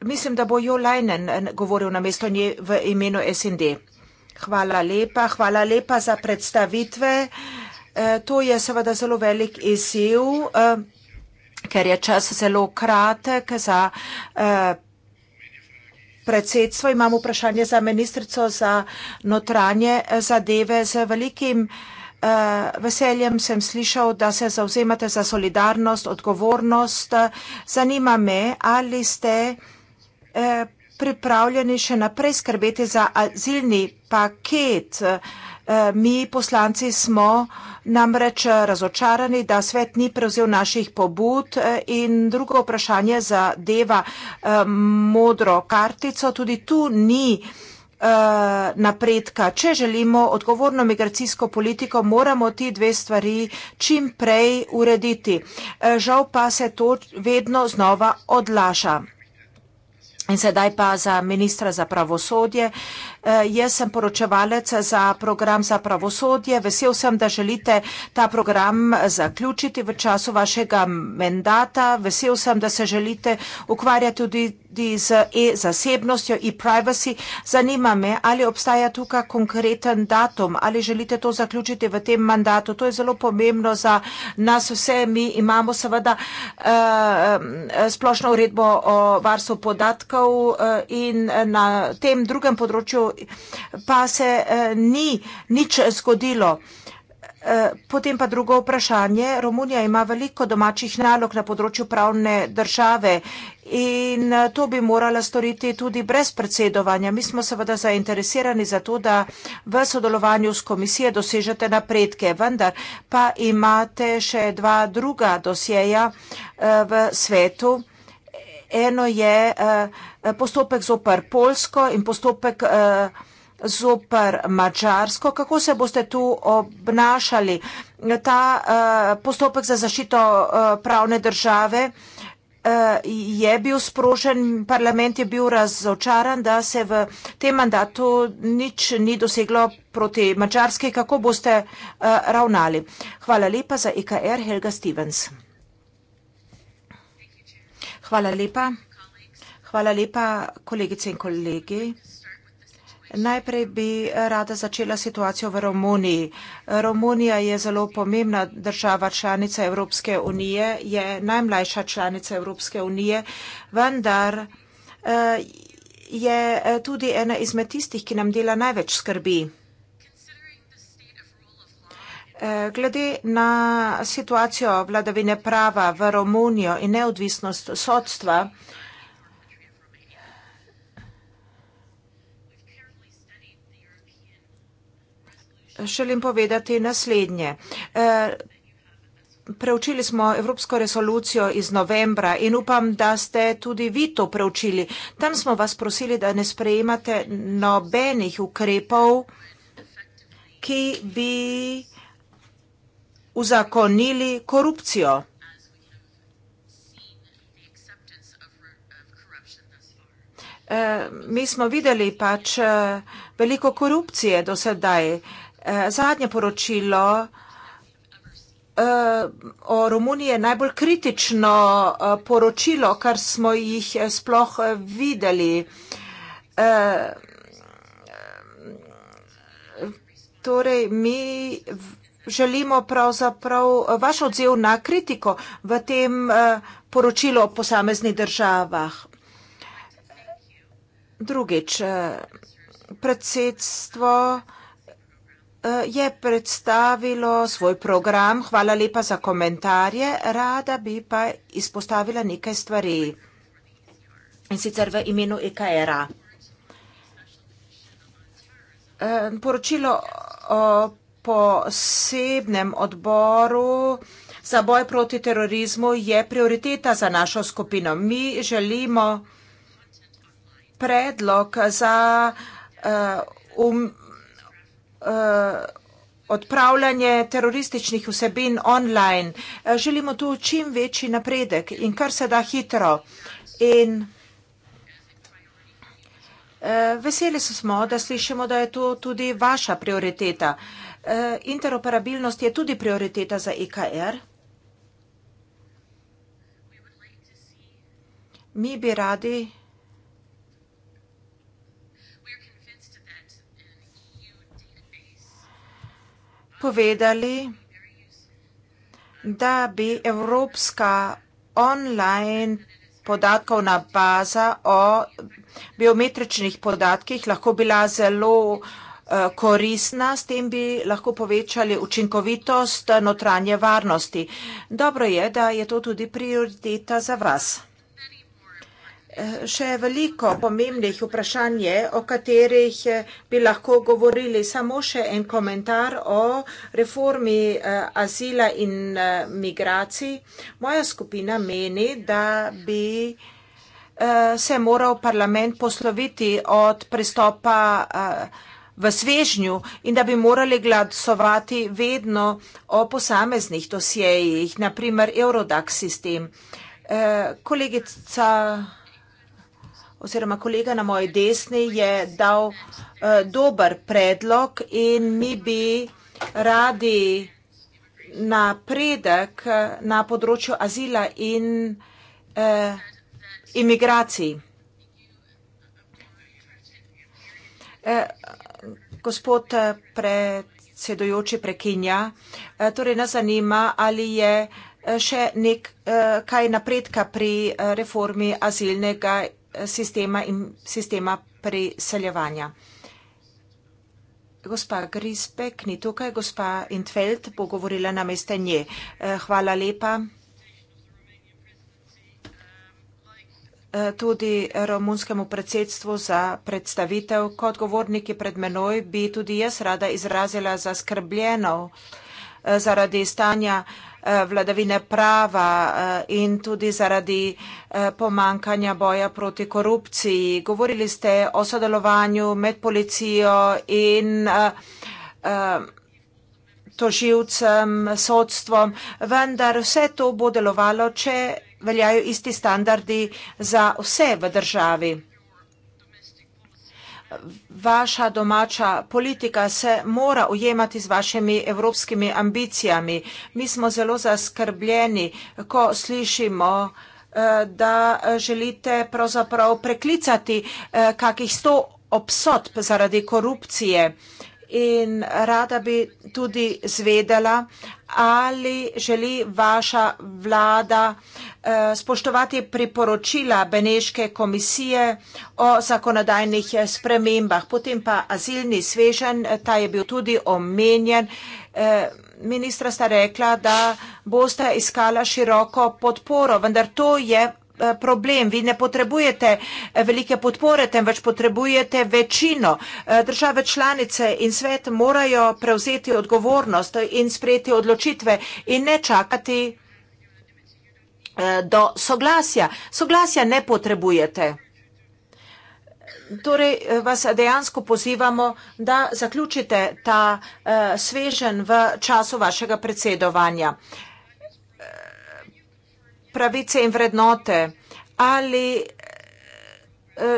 Mislim, da bo Jo Leinen govoril na mesto nje v imenu SND. Hvala lepa, hvala lepa za predstavitve. Eh, to je seveda zelo velik izziv, eh, ker je čas zelo kratek za eh, predsedstvo. Imam vprašanje za ministrico za notranje zadeve z velikim. Veseljem sem slišal, da se zauzemate za solidarnost, odgovornost. Zanima me, ali ste pripravljeni še naprej skrbeti za azilni paket. Eh, mi poslanci smo namreč razočarani, da svet ni prevzel naših pobud eh, in drugo vprašanje zadeva eh, modro kartico. Tudi tu ni napredka. Če želimo odgovorno migracijsko politiko, moramo ti dve stvari čim prej urediti. Žal pa se to vedno znova odlaša. In sedaj pa za ministra za pravosodje. Uh, Eh, jaz sem poročevalec za program za pravosodje. Vesel sem, da želite ta program zaključiti v času vašega mandata. Vesel sem, da se želite ukvarjati tudi tudi z e-zasebnostjo, e-privacy. Zanima me, ali obstaja tukaj konkreten datum, ali želite to zaključiti v tem mandatu. To je zelo pomembno za nas vse. Mi imamo seveda uh, splošno uredbo o varstvu podatkov uh, in na tem drugem področju pa se uh, ni nič zgodilo. Uh, Eh, potem pa drugo vprašanje. Romunija ima veliko domačih nalog na področju pravne države in eh, to bi morala storiti tudi brez predsedovanja. Mi smo seveda zainteresirani za to, da v sodelovanju s komisije dosežete napredke, vendar pa imate še dva druga dosjeja eh, v svetu. Eno je postopek zoper Polsko in postopek zoper Mačarsko. Kako se boste tu obnašali? Ta uh, postopek za zaščito uh, pravne države uh, je bil sprožen, parlament je bil razočaran, da se v tem mandatu nič ni doseglo proti Mačarski. Kako boste uh, ravnali? Hvala lepa za IKR e Helga Stevens. Hvala lepa. Hvala lepa, kolegice in kolegi. Najprej bi rada začela situacijo v Romuniji. Romunija je zelo pomembna država članica Evropske unije, je najmlajša članica Evropske unije, vendar eh, je eh, tudi ena izmed tistih, ki nam dela največ skrbi. Eh, glede na situacijo vladavine prava v Romunijo in neodvisnost sodstva, želim povedati naslednje. E, preučili smo Evropsko resolucijo iz novembra in upam, da ste tudi vi to preučili. Tam smo vas prosili, da ne sprejemate nobenih ukrepov, ki bi uzakonili korupcijo. E, mi smo videli pač e, veliko korupcije do sedaj. Eh, zadnje poročilo eh, o Romuniji je najbolj kritično eh, poročilo, kar smo jih sploh videli. Torej, mi želimo pravzaprav vaš odziv na kritiko v tem poročilu o posameznih državah. Drugič, predsedstvo... Eh, je predstavilo svoj program. Hvala lepa za komentarje. Rada bi pa izpostavila nekaj stvari. In sicer v imenu EKR-a. Eh, poročilo o posebnem odboru za boj proti terorizmu je prioriteta za našo skupino. Mi želimo predlog za eh, umrežje Eh, odpravljanje terorističnih vsebin online. Eh, želimo tu čim večji napredek in kar se da hitro. In eh, veseli smo, da slišimo, da je to tudi vaša prioriteta. Interoperabilnost je tudi prioriteta za IKR. Mi bi radi, da bi radi, povedali, da bi Evropska online podatkovna baza o biometričnih podatkih lahko bila zelo eh, koristna, s tem bi lahko povečali učinkovitost notranje varnosti. Dobro je, da je to tudi prioriteta za vas še veliko pomembnih vprašanj, o katerih eh, bi lahko govorili. Samo še en komentar o reformi eh, azila in eh, migracij. Moja skupina meni, da bi se moral parlament posloviti od pristopa v svežnju in da bi morali glasovati vedno o posameznih dosjejih, naprimer Eurodax sistem. Kolegica oziroma kolega na moji desni je dal uh, dober predlog in mi bi radi napredek eh, na področju azila in uh, imigracij. Uh, gospod predsedujoči prekinja, uh, torej nas zanima, ali je še nek, uh, kaj napredka pri uh, reformi azilnega sistema in sistema priseljevanja. Gospa Grisbek, ni tukaj, gospa Intveld bo govorila na meste nje. Eh, hvala lepa. Eh, tudi romunskemu predsedstvu za predstavitev. Kot govorniki pred menoj bi tudi jaz rada izrazila zaskrbljeno eh, zaradi stanja uh, Eh, vladavine prava eh, in tudi zaradi eh, pomankanja boja proti korupciji. Govorili ste o sodelovanju med policijo in toživcem, sodstvom, vendar vse to bo delovalo, če veljajo isti standardi za vse v državi vaša domača politika se mora ujemati z vašimi evropskimi ambicijami. Mi smo zelo zaskrbljeni, ko slišimo, eh, da želite pravzaprav preklicati eh, kakih sto obsodb zaradi korupcije in rada bi tudi zvedela, ali želi vaša vlada eh, spoštovati priporočila Beneške komisije o zakonodajnih eh, spremembah. Potem pa azilni svežen, eh, ta je bil tudi omenjen. Ministra sta rekla, da boste iskala široko podporo, vendar to je Eh, problem. Vi ne potrebujete eh, velike podpore, temveč potrebujete večino. Eh, države članice in svet morajo prevzeti odgovornost in sprejeti odločitve in ne čakati do soglasja. Soglasja ne potrebujete. Torej vas dejansko pozivamo, da zaključite ta svežen v času vašega predsedovanja pravice in vrednote. Ali eh,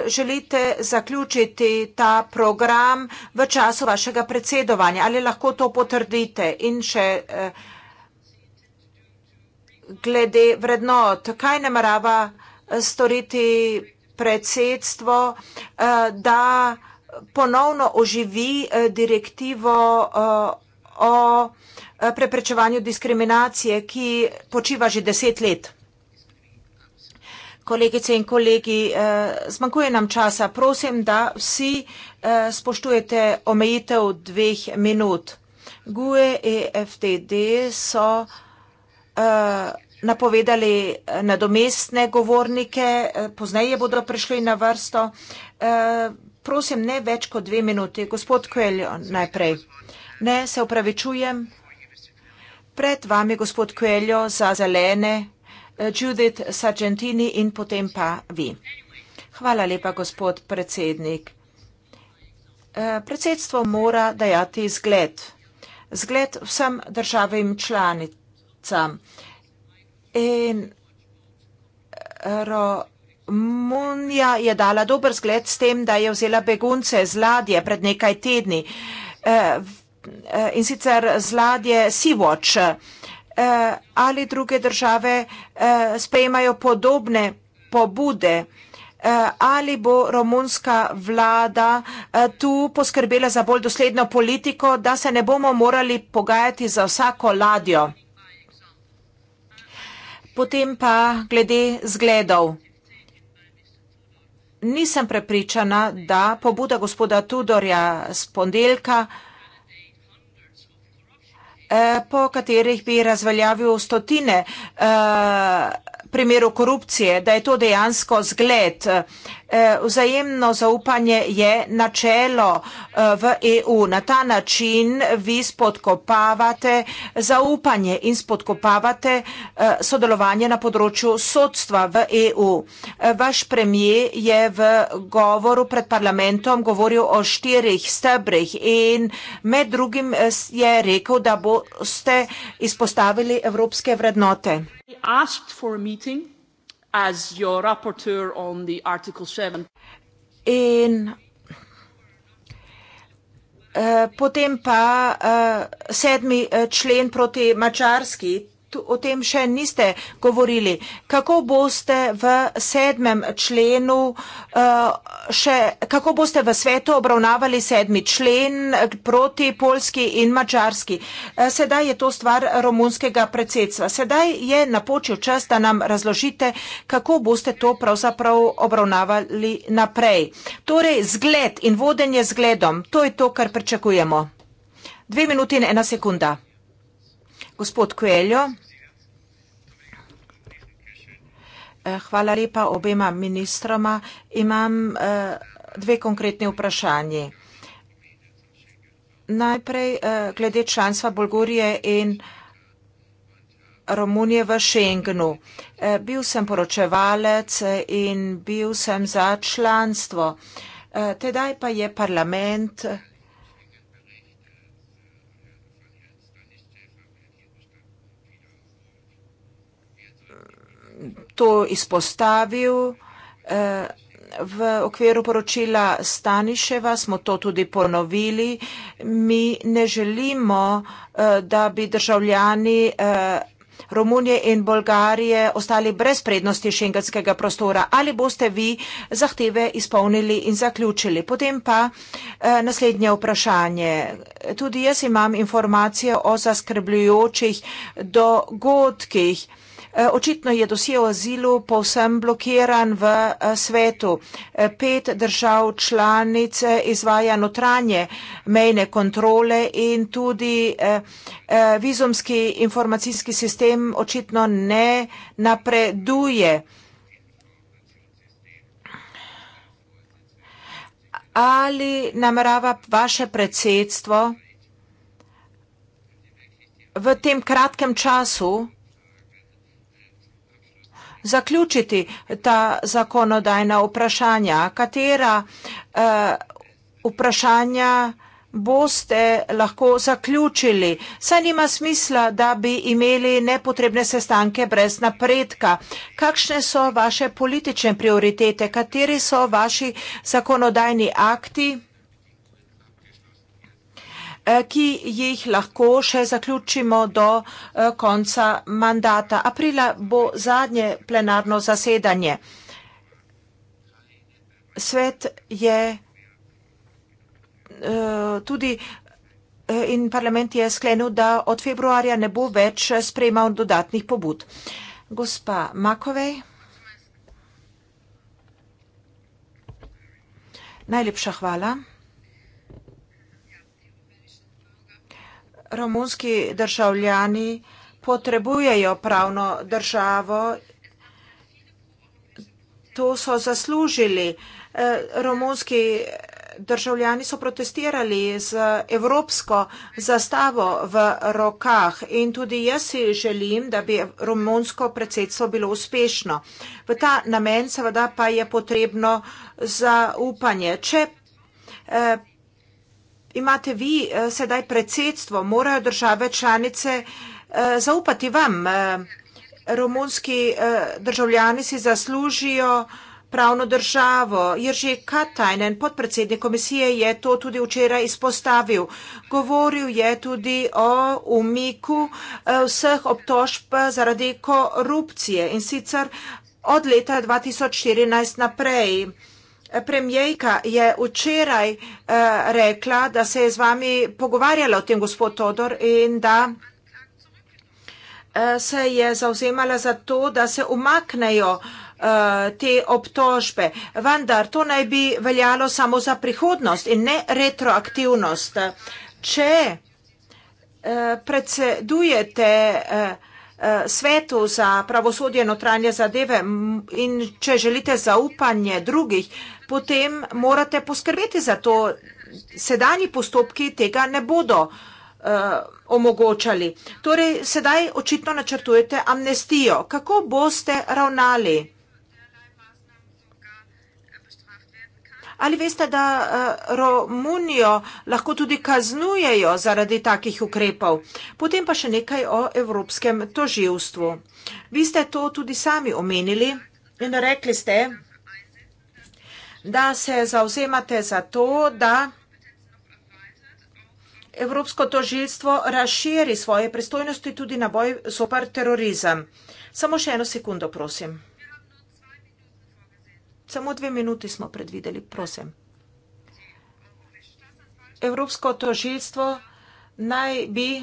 želite zaključiti ta program v času vašega predsedovanja? Ali lahko to potrdite? In še eh, glede vrednot, kaj namerava eh, storiti predsedstvo, da ponovno oživi direktivo o preprečevanju diskriminacije, ki počiva že deset let? kolegice in kolegi, eh, zmanjkuje nam časa. Prosim, da vsi eh, spoštujete omejitev dveh minut. GUE in e FTD so eh, napovedali nadomestne govornike, pozneje bodo prišli na vrsto. Prosim, ne več kot dve minuti. Gospod Kueljo, najprej. Ne, se upravičujem. Pred vami, gospod Kueljo, za zelene. Eh, Judith Sargentini in potem pa vi. Hvala lepa, gospod predsednik. Eh, predsedstvo mora dajati zgled. Zgled vsem državim članicam. In eh, Romunija je dala dober zgled s tem, da je vzela begunce z ladje pred nekaj tedni. In sicer z ladje Sea-Watch. Eh, ali druge države eh, sprejemajo podobne pobude. Eh, ali bo romunska vlada tu poskrbela za bolj dosledno politiko, da se ne bomo morali pogajati za vsako ladjo? Potem pa glede zgledov. Nisem prepričana, da pobuda gospoda Tudorja spondeljka. Eh, po katerih bi razveljavil stotine eh, primerov korupcije, da je to dejansko zgled. Eh, Eh, vzajemno zaupanje je načelo eh, v EU. Na ta način vi spodkopavate zaupanje in spodkopavate eh, sodelovanje na področju sodstva v EU. Vaš premije je v govoru pred parlamentom govoril o štirih stebrih in med drugim je rekel, da boste izpostavili evropske vrednote as your rapporteur on the Article 7. In eh, Potem pa eh, sedmi eh, člen proti mačarski, o tem še niste govorili. Kako boste v sedmem členu eh, še, kako boste v svetu obravnavali sedmi člen eh, proti polski in mačarski? Eh, sedaj je to stvar romunskega predsedstva. Sedaj je napočil čas, da nam razložite, kako boste to pravzaprav obravnavali naprej. Torej, zgled in vodenje zgledom, to je to, kar pričakujemo. Dve minuti in ena sekunda. Gospod Koeljo. Eh, hvala lepa obema ministroma. Imam eh, dve konkretni vprašanji. Najprej eh, glede članstva Bolgorije in Romunije v Schengenu. Bil sem poročevalec in bil sem za članstvo. Tedaj pa je parlament vsega, to izpostavil. Eh, v okviru poročila Staniševa smo to tudi ponovili. Mi ne želimo, eh, da bi državljani eh, Romunije in Bolgarije ostali brez prednosti šengenskega prostora. Ali boste vi zahteve izpolnili in zaključili? Potem pa naslednje vprašanje. Tudi jaz imam informacije o zaskrbljujočih dogodkih. Eh, očitno je dosje o azilu povsem blokiran v eh, svetu. Eh, pet držav članice izvaja notranje mejne kontrole in tudi vizumski informacijski sistem očitno ne napreduje. Ali namerava vaše predsedstvo v tem kratkem času zaključiti ta zakonodajna vprašanja. Katera eh, vprašanja boste lahko zaključili? Saj nima smisla, da bi imeli nepotrebne sestanke brez napredka. Kakšne so vaše politične prioritete? Kateri so vaši zakonodajni akti? Eh, ki jih lahko še zaključimo do eh, konca mandata. Aprila bo zadnje plenarno zasedanje. Svet je eh, tudi in parlament je sklenil, da od februarja ne bo več sprejemal dodatnih pobud. Gospa Makovej. Najlepša hvala. romunski državljani potrebujejo pravno državo. To so zaslužili. Eh, romunski državljani so protestirali z evropsko zastavo v rokah in tudi jaz si želim, da bi romunsko predsedstvo bilo uspešno. V ta namen seveda pa je potrebno zaupanje. Če eh, imate vi uh, sedaj predsedstvo, morajo države članice uh, zaupati vam. Uh, romunski uh, državljani si zaslužijo pravno državo. Jerži Katajnen, podpredsednik komisije, je to tudi včeraj izpostavil. Govoril je tudi o umiku vseh obtožb zaradi korupcije in sicer od leta 2014 naprej. Premijejka je včeraj eh, rekla, da se je z vami pogovarjala o tem gospod Todor in da eh, se je zauzemala za to, da se umaknejo eh, te obtožbe. Vendar to naj bi veljalo samo za prihodnost in ne retroaktivnost. Če predsedujete svetu za pravosodje notranje zadeve in če želite zaupanje drugih, potem morate poskrbeti za to. Sedanji postopki tega ne bodo uh, omogočali. Torej, sedaj očitno načrtujete amnestijo. Kako boste ravnali? Ali veste, da uh, Romunijo lahko tudi kaznujejo zaradi takih ukrepov? Potem pa še nekaj o evropskem toživstvu. Vi ste to tudi sami omenili in rekli ste, da se zauzemate za to, da Evropsko toživstvo razširi svoje pristojnosti tudi na boj zoper terorizem. Samo še eno sekundo, prosim. Samo dve minuti smo predvideli, prosim. Evropsko toživstvo naj bi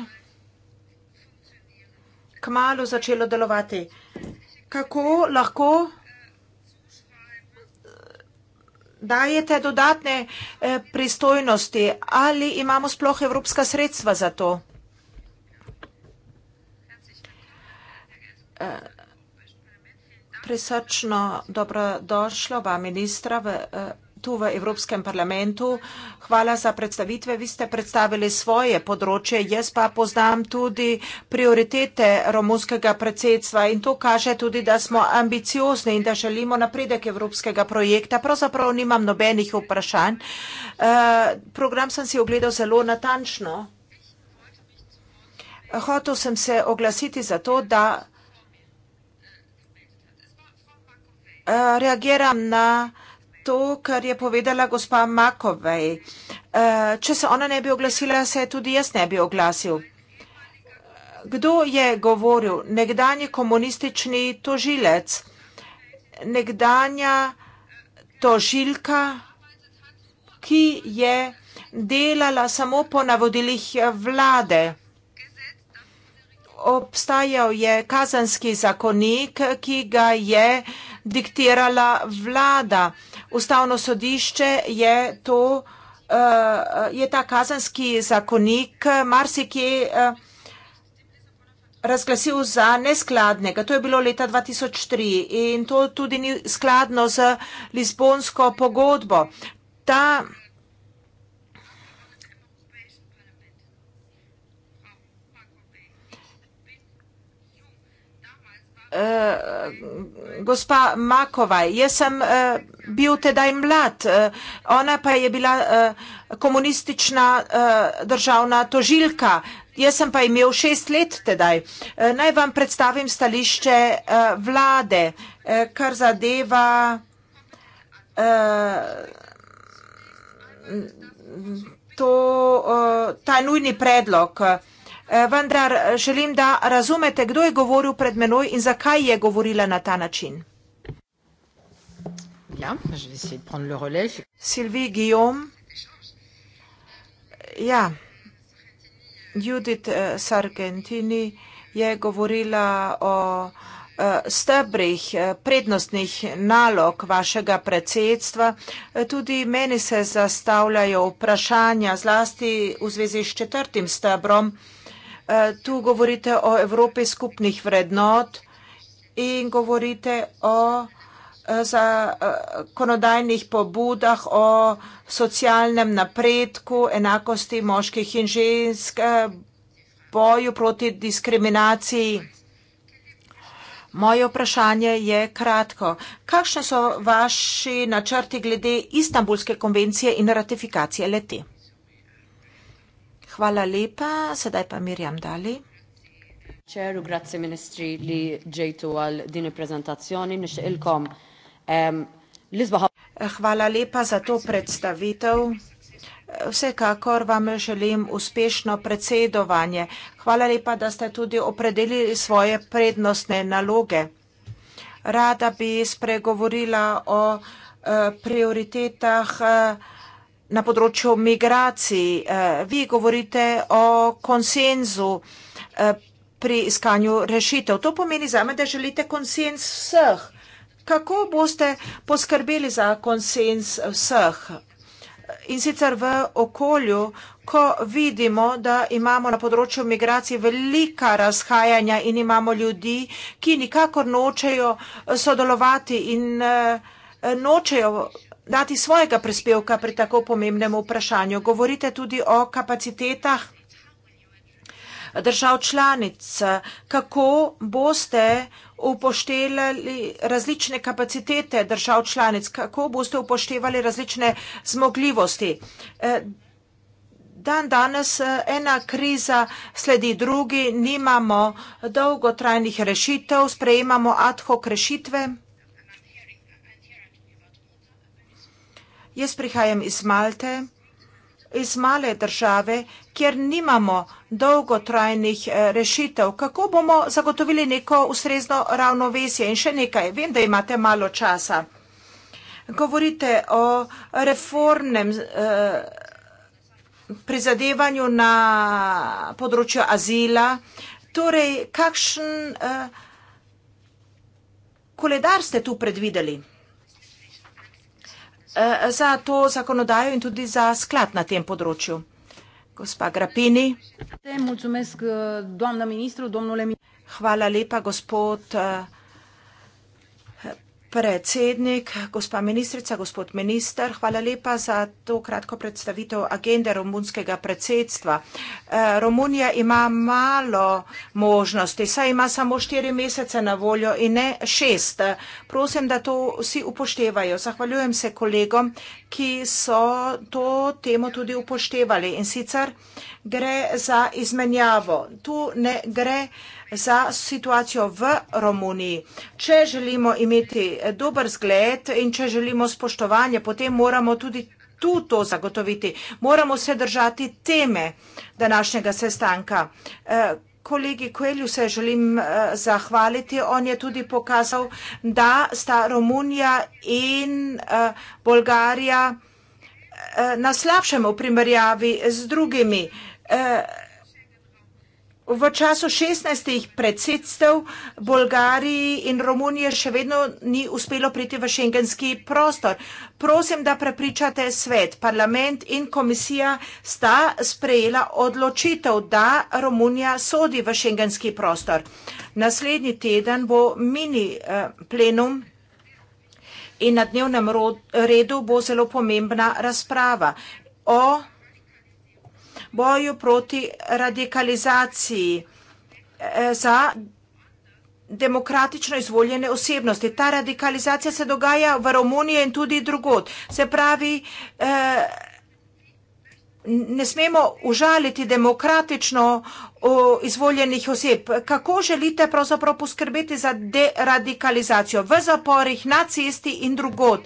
kmalo začelo delovati. Kako lahko dajete dodatne eh, pristojnosti ali imamo sploh evropska sredstva za to? Eh, prisrčno dobrodošlo vam ministra v Evropi. Eh, tu v Evropskem parlamentu. Hvala za predstavitve. Vi ste predstavili svoje področje, jaz pa poznam tudi prioritete romunskega predsedstva in to kaže tudi, da smo ambiciozni in da želimo napredek evropskega projekta. Pravzaprav nimam nobenih vprašanj. Eh, program sem si ogledal zelo natančno. Hotel sem se oglasiti za to, da eh, reagiram na vprašanje, to, kar je povedala gospa Makovej. Eh, če se ona ne bi oglasila, se tudi jaz ne bi oglasil. Kdo je govoril? Nekdanji komunistični tožilec, nekdanja tožilka, ki je delala samo po navodilih vlade obstajal je kazanski zakonik, ki ga je diktirala vlada. Ustavno sodišče je to, eh, je ta kazanski zakonik marsikje eh, razglasil za neskladnega. To je bilo leta 2003 in to tudi ni skladno z Lizbonsko pogodbo. Ta kazanski zakonik Eh, gospa Makova, jaz sem uh, bil tedaj mlad, uh, ona pa je bila uh, komunistična uh, državna tožilka. Jaz sem pa imel šest let tedaj. Naj vam predstavim stališče vlade, kar zadeva to, ta nujni predlog. Eh, vendar eh, želim, da razumete, kdo je govoril pred menoj in zakaj je govorila na ta način. Ja, Silvi Guillaume. Ja, Judith eh, Sargentini je govorila o stebrih prednostnih nalog vašega predsedstva. Tudi meni se zastavljajo vprašanja zlasti v zvezi s četrtim stebrom. Eh, tu govorite o Evropi skupnih vrednot in govorite o eh, zakonodajnih eh, pobudah, o socialnem napredku, enakosti moških in žensk, boju proti diskriminaciji. Moje vprašanje je kratko. Kakšne so vaši načrti glede Istanbulske konvencije in ratifikacije leti? Hvala lepa, sedaj pa Mirjam Dali. Čeru, grazie ministri, li džetu al dine prezentacioni, niš ilkom. Um, Lizbaha... Hvala lepa za to predstavitev. Vsekakor vam želim uspešno predsedovanje. Hvala lepa, da ste tudi opredelili svoje prednostne naloge. Rada bi spregovorila o uh, prioritetah uh, na področju migracij. Eh, vi govorite o konsenzu eh, pri iskanju rešitev. To pomeni za me, da želite konsens vseh. Kako boste poskrbeli za konsens vseh? In sicer v okolju, ko vidimo, da imamo na področju migracije velika razhajanja in imamo ljudi, ki nikakor nočejo sodelovati in eh, nočejo dati svojega prispevka pri tako pomembnem vprašanju. Govorite tudi o kapacitetah držav članic. Kako boste upoštevali različne kapacitete držav članic? Kako boste upoštevali različne zmogljivosti? Eh, Dan danes eh, ena kriza sledi drugi, nimamo dolgotrajnih rešitev, sprejemamo ad hoc rešitve. Jaz prihajam iz Malte, iz male države, kjer nimamo dolgotrajnih eh, rešitev. Kako bomo zagotovili neko ustrezno ravnovesje? In še nekaj, vem, da imate malo časa. Govorite o reformnem eh, prizadevanju na področju azila. Torej, kakšen eh, koledar ste tu predvideli? Eh, za to zakonodajo in tudi za sklad na tem področju. Gospa Grapini. Eh, Hvala lepa, gospod. Uh, predsednik, gospa ministrica, gospod minister. Hvala lepa za to kratko predstavitev agende romunskega predsedstva. Eh, Romunija ima malo možnosti, saj ima samo štiri mesece na voljo in ne šest. Prosim, da to vsi upoštevajo. Zahvaljujem se kolegom, ki so to temo tudi upoštevali in sicer gre za izmenjavo. Tu ne gre za za situacijo v Romuniji. Če želimo imeti dober zgled in če želimo spoštovanje, potem moramo tudi tu to zagotoviti. Moramo se držati teme današnjega sestanka. Eh, kolegi Koelju se želim eh, zahvaliti. On je tudi pokazal, da sta Romunija in eh, Bolgarija na slabšem v primerjavi z drugimi. V času 16 predsedstev Bolgariji in Romunije še vedno ni uspelo priti v šengenski prostor. Prosim, da prepričate svet. Parlament in komisija sta sprejela odločitev, da Romunija sodi v šengenski prostor. Naslednji teden bo mini eh, plenum in na dnevnem redu bo zelo pomembna razprava o boju proti radikalizaciji eh, za demokratično izvoljene osebnosti. Ta radikalizacija se dogaja v Romuniji in tudi drugod. Se pravi, eh, ne smemo užaliti demokratično izvoljenih oseb. Kako želite pravzaprav poskrbeti za deradikalizacijo v zaporih, na cesti in drugod?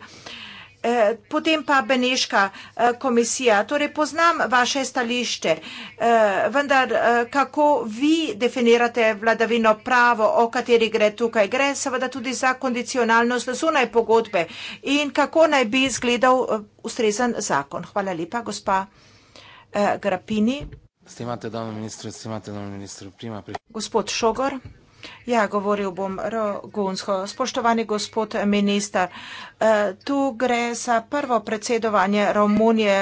Eh, potem pa Beneška eh, komisija. Torej, poznam vaše stališče, eh, vendar kako vi definirate vladavino pravo, o kateri gre tukaj? Gre seveda tudi za kondicionalnost zunaj pogodbe in kako naj bi izgledal ustrezen zakon. Hvala lepa, gospa Grapini. Stimate, dame ministre, stimate, dame ministre, prima. Gospod Šogor. Ja, govoril bom rogunsko. Spoštovani gospod minister, eh, tu gre za prvo predsedovanje Romunije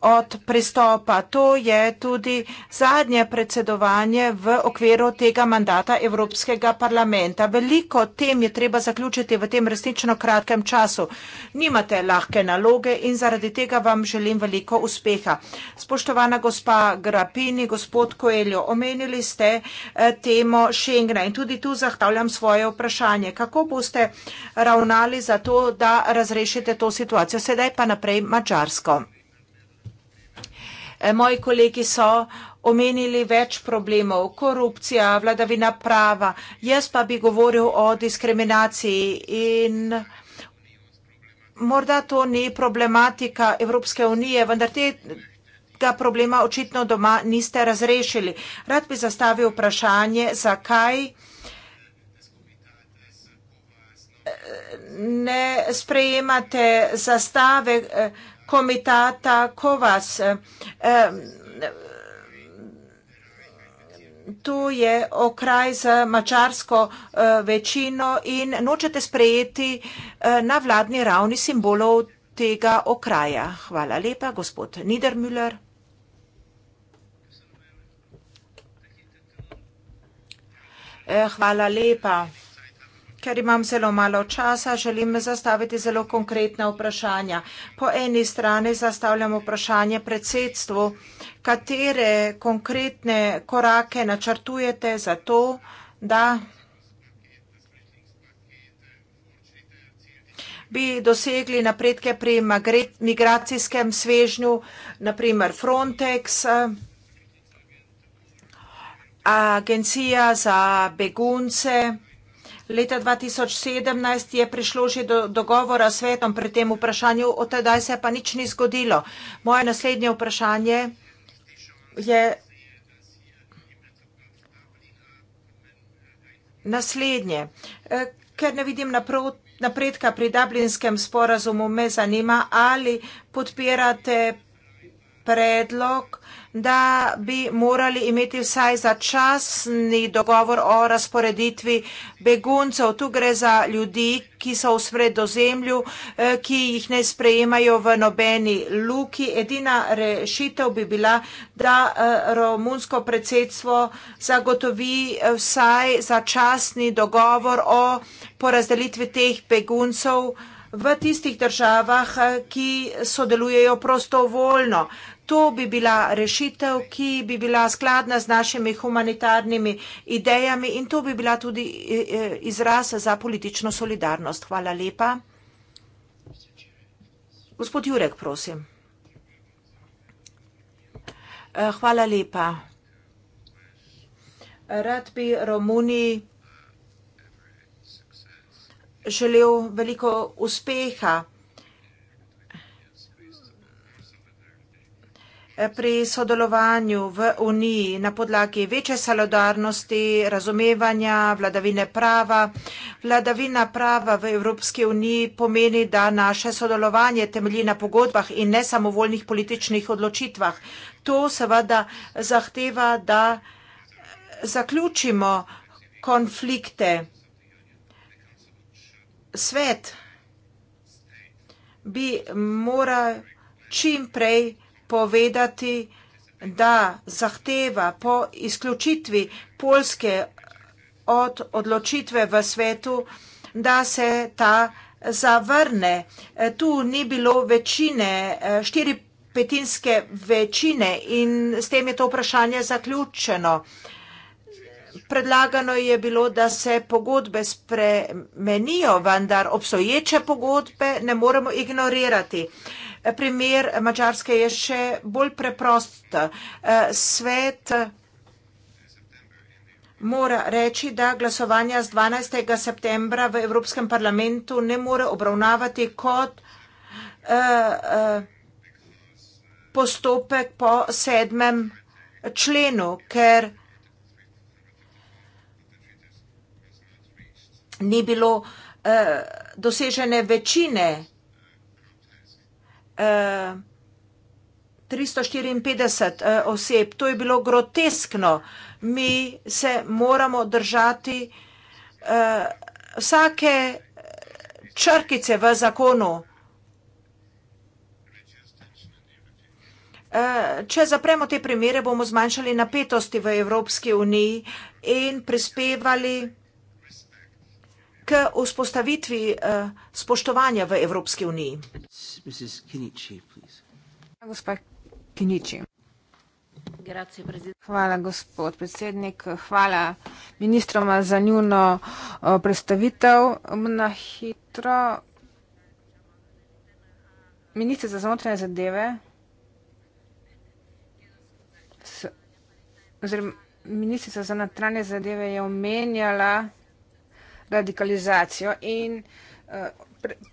od pristopa. To je tudi zadnje predsedovanje v okviru tega mandata Evropskega parlamenta. Veliko tem je treba zaključiti v tem resnično kratkem času. Nimate lahke naloge in zaradi tega vam želim veliko uspeha. Spoštovana gospa Grapini, gospod Koeljo, omenili ste eh, temo Šengna in tudi tu zahtavljam svoje vprašanje. Kako boste ravnali za to, da razrešite to situacijo? Sedaj pa naprej Mačarsko. Eh, moji kolegi so omenili več problemov, korupcija, vladavina prava, jaz pa bi govoril o diskriminaciji in morda to ni problematika Evropske unije, vendar te ga problema očitno doma niste razrešili. Rad bi zastavil vprašanje, zakaj eh, ne sprejemate zastave, kaj eh, komitata Kovas. Eh, eh, tu je okraj z mačarsko eh, večino in nočete sprejeti na vladni ravni simbolov tega okraja. Hvala lepa, gospod Niedermüller. Hvala lepa. Ker imam zelo malo časa, želim zastaviti zelo konkretna vprašanja. Po eni strani zastavljam vprašanje predsedstvu, katere konkretne korake načrtujete za to, da bi dosegli napredke pri migracijskem svežnju, naprimer Frontex, agencija za begunce, leta 2017 je prišlo že do dogovora s svetom pri tem vprašanju, od tedaj se pa nič ni zgodilo. Moje naslednje vprašanje je naslednje. E, ker ne vidim naprot, napredka pri Dublinskem sporazumu, me zanima, ali podpirate predlog uh, da bi morali imeti vsaj začasni dogovor o razporeditvi beguncev. Tu gre za ljudi, ki so v sredozemlju, eh, ki jih ne sprejemajo v nobeni luki. Edina rešitev bi bila, da eh, romunsko predsedstvo zagotovi eh, vsaj začasni dogovor o porazdelitvi teh beguncev v tistih državah, ki sodelujejo prostovoljno. To bi bila rešitev, ki bi bila skladna z našimi humanitarnimi idejami in to bi bila tudi e, e, izraz za politično solidarnost. Hvala lepa. Gospod Jurek, prosim. E, hvala lepa. Rad bi Romuniji želel veliko uspeha. pri sodelovanju v Uniji na podlagi večje solidarnosti, razumevanja, vladavine prava. Vladavina prava v Evropski uniji pomeni, da naše sodelovanje temelji na pogodbah in ne samo voljnih političnih odločitvah. To seveda zahteva, da eh, zaključimo konflikte. Svet bi moral čim prej povedati, da zahteva po izključitvi Polske od odločitve v svetu, da se ta zavrne. Tu ni bilo večine, štiri petinske večine in s tem je to vprašanje zaključeno. Predlagano je bilo, da se pogodbe spremenijo, vendar obstoječe pogodbe ne moremo ignorirati primer Mačarske je še bolj preprost. Eh, svet mora reči, da glasovanja z 12. septembra v Evropskem parlamentu ne more obravnavati kot eh, eh, postopek po sedmem členu, ker ni bilo dosežene večine vsega, 354 uh, eh, eh, oseb. To je bilo groteskno. Mi se moramo držati uh, vsake črkice v zakonu. Če zapremo te primere, bomo zmanjšali napetosti v Evropski uniji in prispevali k vzpostavitvi spoštovanja v Evropski uniji. Mrs. Kinichi, please. Gospa Kinichi. Hvala, gospod predsednik. Hvala ministroma za njuno predstavitev na hitro. Ministr za zvonotrene zadeve, oziroma ministrica za natranje zadeve je omenjala radikalizacijo in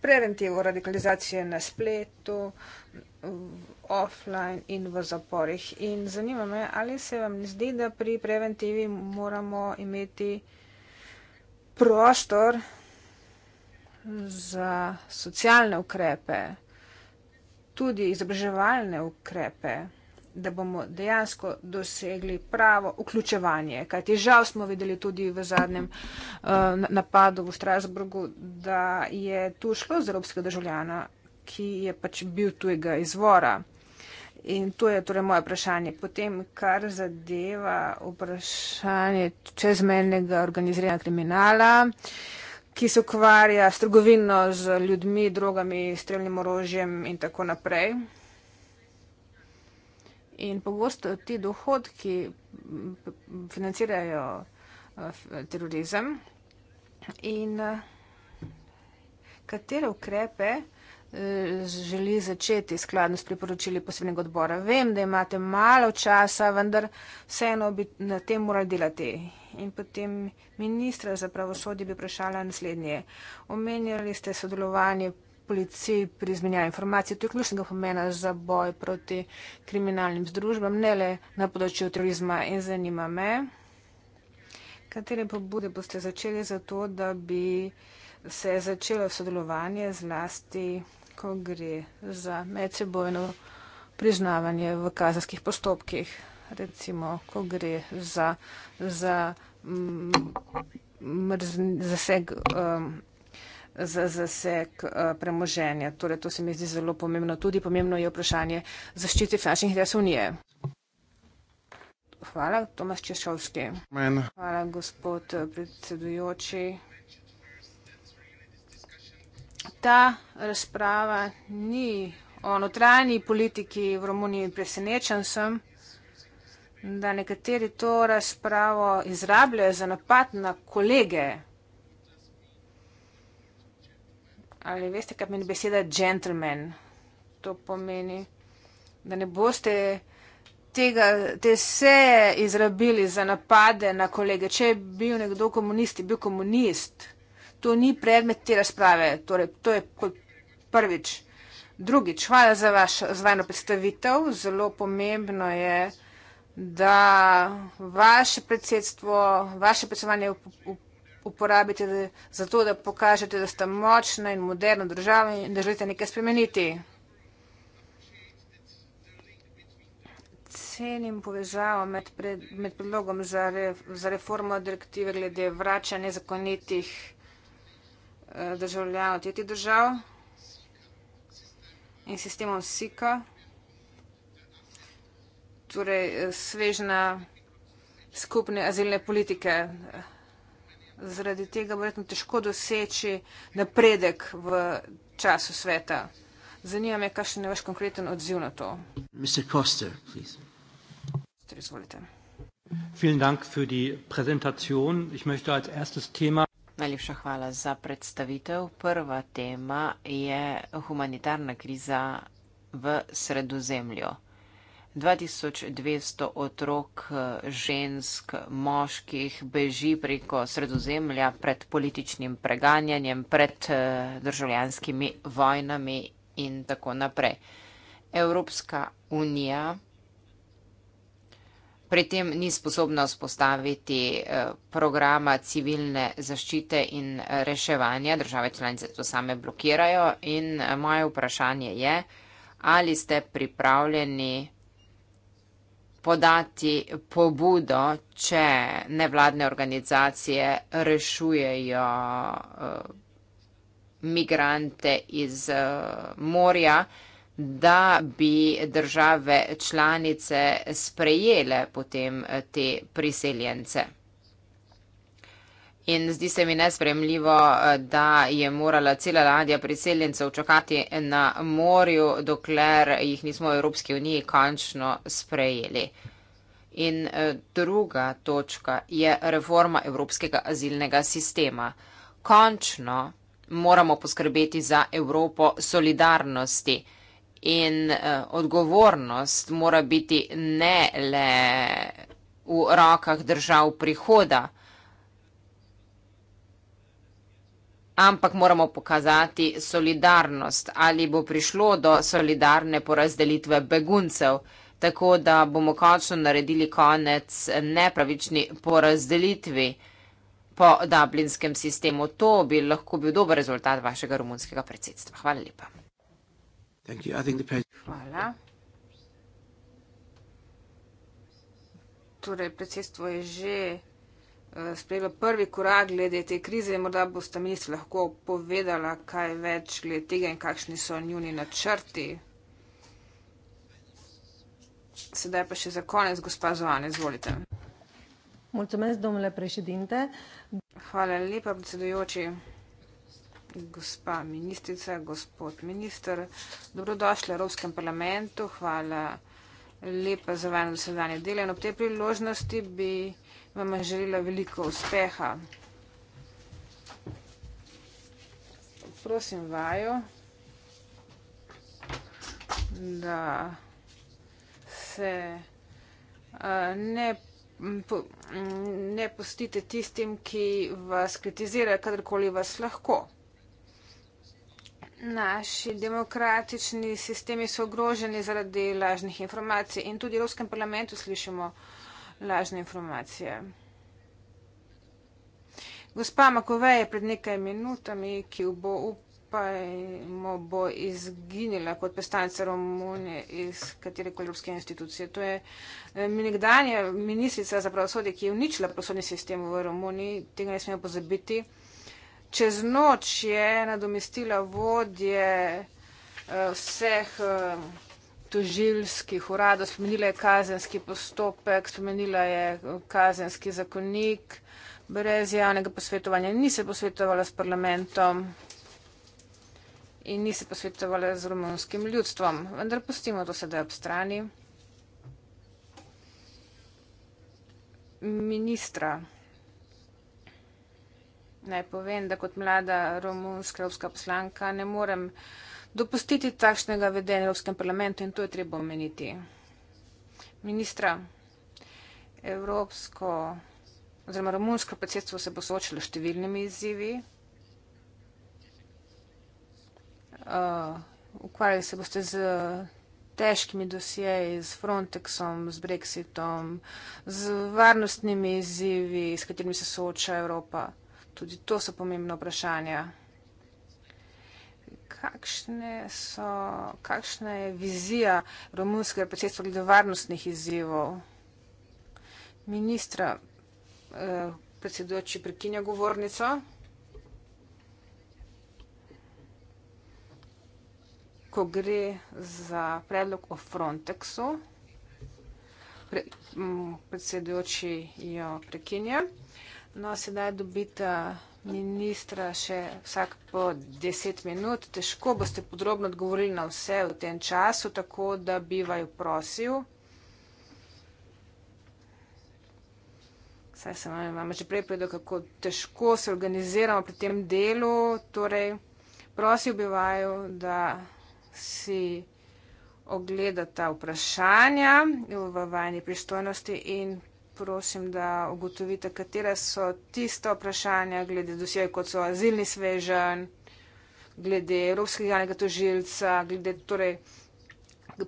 preventivo radikalizacije na spletu, offline in v zaporih. In zanima me, ali se vam zdi, da pri preventivi moramo imeti prostor za socialne ukrepe, tudi izobraževalne ukrepe da bomo dejansko dosegli pravo vključevanje. Kajti žal smo videli tudi v zadnjem uh, napadu v Strasburgu, da je tu šlo z evropskega državljana, ki je pač bil tujega izvora. In to je torej moje vprašanje. Potem, kar zadeva vprašanje čezmenjega organiziranja kriminala, ki se ukvarja s trgovino z ljudmi, drogami, streljnim orožjem in tako naprej. In pogosto ti dohodki financirajo eh, terorizem. In eh, katere ukrepe eh, želi začeti skladno s priporočili posebnega odbora? Vem, da imate malo časa, vendar vseeno bi na tem morali delati. In potem ministra za pravosodje bi vprašala naslednje. Omenjali ste sodelovanje policiji pri izmenjavi informacij. To je ključnega pomena za boj proti kriminalnim združbam, ne le na področju turizma in zanima me, katere pobude boste začeli za to, da bi se začelo sodelovanje zlasti, ko gre za medsebojno priznavanje v kazanskih postopkih, recimo, ko gre za, za mm, mrzni zaseg. Um, za zasek eh, premoženja. Torej, to se mi zdi zelo pomembno. Tudi pomembno je vprašanje zaščite finančnih interesov Unije. Hvala, Tomas Češovski. Men. Hvala, gospod eh, predsedujoči. Ta razprava ni o notranji politiki v Romuniji. Presenečen sem, da nekateri to razpravo izrabljajo za napad na kolege ali veste, kaj pomeni beseda gentleman. To pomeni, da ne boste tega, te seje izrabili za napade na kolege. Če je bil nekdo komunist, je bil komunist. To ni predmet te razprave. Torej, to je kot prvič. Drugič, hvala za vašo zvajno predstavitev. Zelo pomembno je, da vaše predsedstvo, vaše predsedovanje v, v uporabite za to, da pokažete, da ste močna in moderna država in da želite nekaj spremeniti. Cenim povezavo med, pred, med predlogom za, re, za reformo direktive glede vračanja nezakonitih eh, državljanov tretjih držav in sistemom SIKA. Torej, eh, svežna skupne azilne politike. Eh, zaradi tega verjetno težko doseči napredek v času sveta. Zanima me, kakšen je vaš konkreten odziv na to. Mr. Koster, prosim. Izvolite. Vielen Dank für die Präsentation. Ich möchte als erstes Thema. Najlepša hvala za predstavitev. Prva tema je humanitarna kriza v sredozemlju. 2200 otrok, žensk, moških beži preko sredozemlja pred političnim preganjanjem, pred eh, državljanskimi vojnami in tako naprej. Evropska unija pri tem ni sposobna vzpostaviti eh, programa civilne zaščite in reševanja, države članice to same blokirajo in eh, moje vprašanje je, ali ste pripravljeni podati pobudo, če nevladne organizacije rešujejo eh, migrante iz eh, morja, da bi države članice sprejele potem eh, te priseljence. In zdi se mi nespremljivo, eh, da je morala cela ladja priseljencev čakati na morju, dokler jih nismo v Evropski uniji končno sprejeli. In eh, druga točka je reforma evropskega azilnega sistema. Končno moramo poskrbeti za Evropo solidarnosti in eh, odgovornost mora biti ne le v rokah držav prihoda, ampak moramo pokazati solidarnost, ali bo prišlo do solidarne porazdelitve beguncev, tako da bomo končno naredili konec nepravični porazdelitvi po dublinskem sistemu. To bi lahko bil dober rezultat vašega romunskega predsedstva. Hvala lepa. Hvala. Torej, predsedstvo je že Eh, sprejela prvi korak glede te krize, morda boste mi lahko povedala kaj več glede tega in kakšni so njuni načrti. Sedaj pa še za konec, gospa Zoane, izvolite. Hvala lepa, predsedujoči, gospa ministrica, gospod minister. Dobrodošli v Evropskem parlamentu. Hvala lepa za vanj dosedanje delo. In ob tej priložnosti bi vam je želela veliko uspeha. Prosim vajo, da se uh, ne, po, ne postite tistim, ki vas kritizirajo, kadarkoli vas lahko. Naši demokratični sistemi so ogroženi zaradi lažnih informacij in tudi v Evropskem parlamentu slišimo, lažne informacije. Gospa Makovej je pred nekaj minutami, ki bo upajmo, bo izginila kot pestanca Romunije iz katerekoli evropske institucije. To je eh, nekdanja ministrica za pravosodje, ki je uničila pravosodni sistem v Romuniji, tega ne smemo pozabiti. Čez noč je nadomestila vodje eh, vseh eh, tožilskih uradov, spremenila je kazenski postopek, spremenila je kazenski zakonik, brez javnega posvetovanja, ni se posvetovala s parlamentom in ni se posvetovala z romunskim ljudstvom. Vendar pustimo to sedaj ob strani. Ministra. Naj povem, da kot mlada romunska evropska poslanka ne morem dopustiti takšnega vedenja v Evropskem parlamentu in to je treba omeniti. Ministra, Evropsko oziroma romunsko predsedstvo se bo soočilo s številnimi izzivi. Uh, ukvarjali se boste z težkimi dosjeji, z Frontexom, z Brexitom, z varnostnimi izzivi, s katerimi se sooča Evropa. Tudi to so pomembna vprašanja so, kakšna je vizija romunskega predsedstva glede varnostnih izzivov? Ministra, eh, predsedujoči prekinja govornico. Ko gre za predlog o Frontexu, pre, mm, predsedujoči jo prekinja. No, sedaj dobita ministra še vsak po deset minut. Težko boste podrobno odgovorili na vse v tem času, tako da bi vaju prosil. Saj sem vam že prej povedal, kako težko se organiziramo pri tem delu. Torej, prosil bi vaju, da si ogledata vprašanja v vajni pristojnosti in prosim, da ugotovite, katera so tista vprašanja glede dosjeja, kot so azilni svežen, glede Evropskega javnega tožilca, glede torej,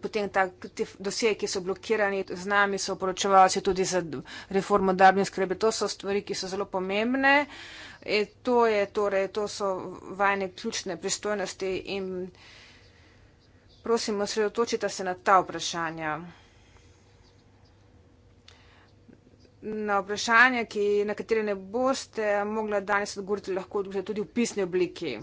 potem ta, te dosjeje, ki so blokirani, z nami so poročevalci tudi za reformo darbne skrbe. To so stvari, ki so zelo pomembne. E, to, je, torej, to so vajne ključne pristojnosti in prosim, osredotočite se na ta vprašanja. na vprašanja, ki, na katere ne boste mogli danes odgovoriti, lahko odgovorite tudi v pisni obliki.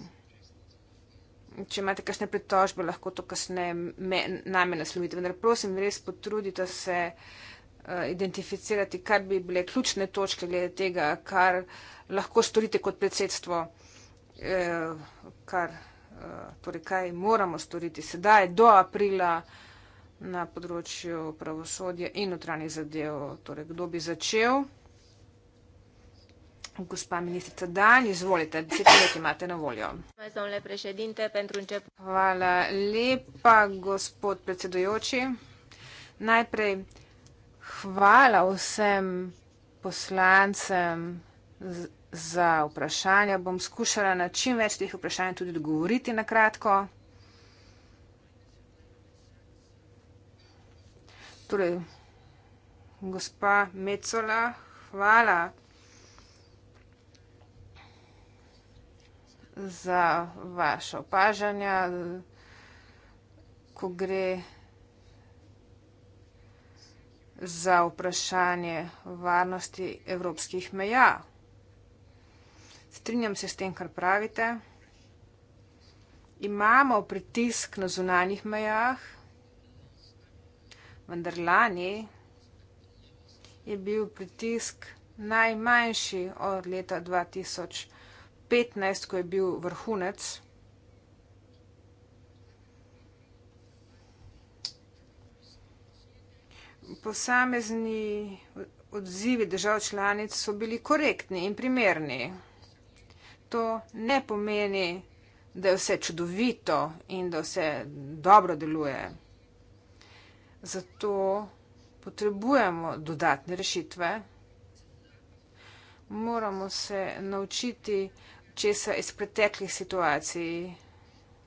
Če imate kakšne pritožbe, lahko to kasneje name naslovite. Vendar prosim, res potrudite se uh, identificirati, kar bi bile ključne točke glede tega, kar lahko storite kot predsedstvo, uh, kar, uh, torej kaj moramo storiti sedaj do aprila. Uh, na področju pravosodja in notranjih zadev. Torej, kdo bi začel? Gospa ministrica Dan, izvolite, deset minut imate na voljo. Hvala lepa, gospod predsedujoči. Najprej hvala vsem poslancem za vprašanja. Bom skušala na čim več teh vprašanj tudi odgovoriti na kratko. Torej, gospa Mecola, hvala za vaše opažanja, ko gre za vprašanje varnosti evropskih meja. Strinjam se s tem, kar pravite. Imamo pritisk na zunanjih mejah, vendar lani je bil pritisk najmanjši od leta 2015, ko je bil vrhunec. Posamezni odzivi držav članic so bili korektni in primerni. To ne pomeni, da je vse čudovito in da vse dobro deluje. Zato potrebujemo dodatne rešitve. Moramo se naučiti česa iz preteklih situacij.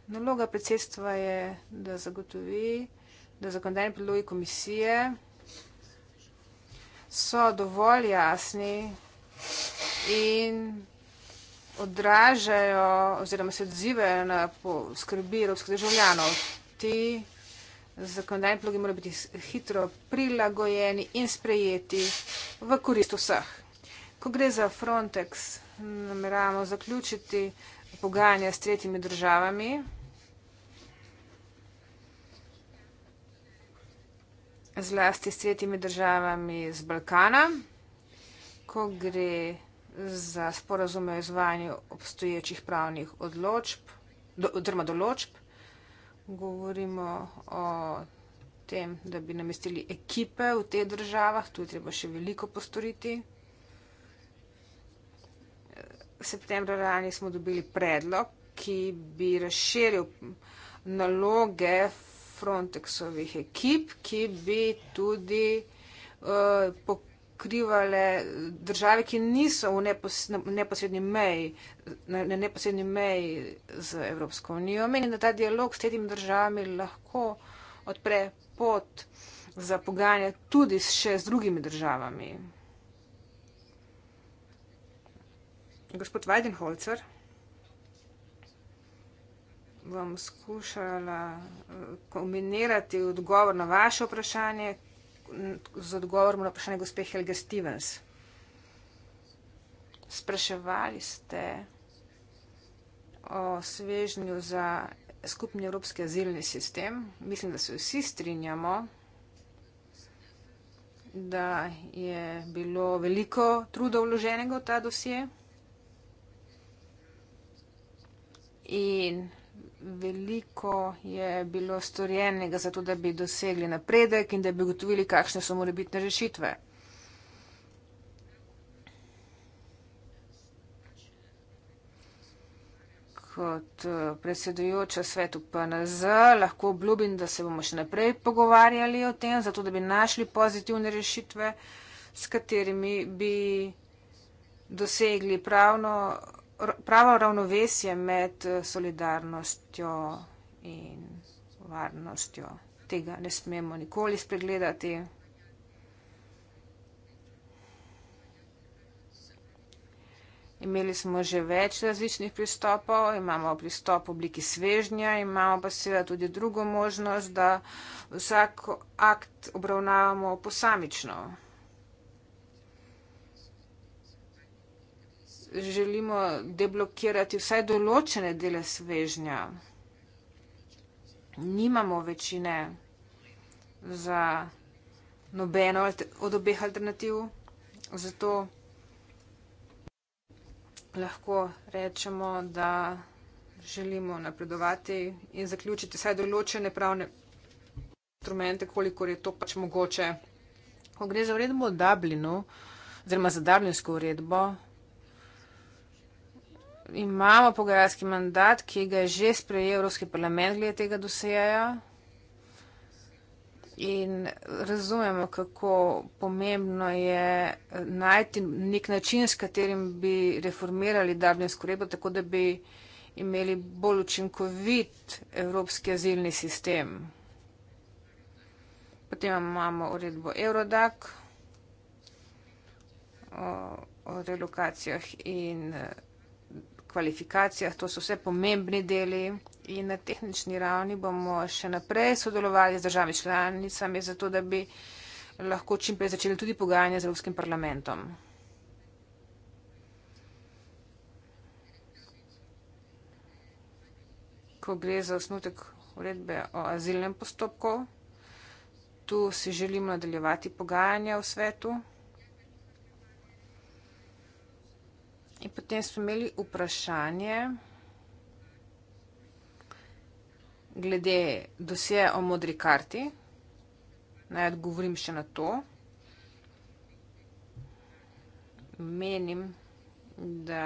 Naloga predsedstva je, da zagotovi, da zakonodajne predloge komisije so dovolj jasni in odražajo oziroma se odzivajo na skrbi evropskih državljanov. Ti zakonodajni plogi morajo biti hitro prilagojeni in sprejeti v korist vseh. Ko gre za Frontex, nameravamo zaključiti pogajanja s tretjimi državami. Zlasti s tretjimi državami z Balkana, ko gre za sporazume o izvajanju obstoječih pravnih odločb, oziroma do, določb, govorimo o tem, da bi namestili ekipe v teh državah, tu je treba še veliko postoriti. Septembra lani smo dobili predlog, ki bi razširil naloge Frontexovih ekip, ki bi tudi uh, eh, pokrili pokrivale države, ki niso v neposredni meji, na neposredni meji z Evropsko unijo. Menim, da ta dialog s tretjimi državami lahko odpre pot za pogajanje tudi še z drugimi državami. Gospod Weidenholzer, bom skušala eh, kombinirati odgovor na vaše vprašanje, z odgovorom na vprašanje gospe Helge Stevens. Spraševali ste o svežnju za skupni evropski azilni sistem. Mislim, da se vsi strinjamo, da je bilo veliko truda vloženega v ta dosje. In Veliko je bilo storjenega za to, da bi dosegli napredek in da bi ugotovili, kakšne so morebitne rešitve. Kot eh, predsedujoča svetu PNZ lahko obljubim, da se bomo še naprej pogovarjali o tem, zato da bi našli pozitivne rešitve, s katerimi bi dosegli pravno pravo ravnovesje med eh, solidarnostjo in varnostjo. Tega ne smemo nikoli spregledati. Imeli smo že več različnih pristopov, imamo pristop v obliki svežnja, imamo pa seveda tudi drugo možnost, da vsak akt obravnavamo posamično. želimo deblokirati vsaj določene dele svežnja. Nimamo večine za nobeno od obeh alternativ, zato lahko rečemo, da želimo napredovati in zaključiti vsaj določene pravne instrumente, kolikor je to pač mogoče. Ko gre za uredbo o Dublinu, oziroma za Dublinsko uredbo, imamo pogajalski mandat, ki ga je že sprejel Evropski parlament glede tega dosejeja. In razumemo, kako pomembno je najti nek način, s katerim bi reformirali Dabljansko uredbo, tako da bi imeli bolj učinkovit evropski azilni sistem. Potem imamo uredbo Eurodac o, o relokacijah in kvalifikacijah. To so vse pomembni deli in na tehnični ravni bomo še naprej sodelovali z državi članicami, zato da bi lahko čimprej začeli tudi pogajanje z Evropskim parlamentom. Ko gre za osnutek uredbe o azilnem postopku, tu si želimo nadaljevati pogajanja v svetu. In potem smo imeli vprašanje glede dosje o modri karti. Naj odgovorim še na to. Menim, da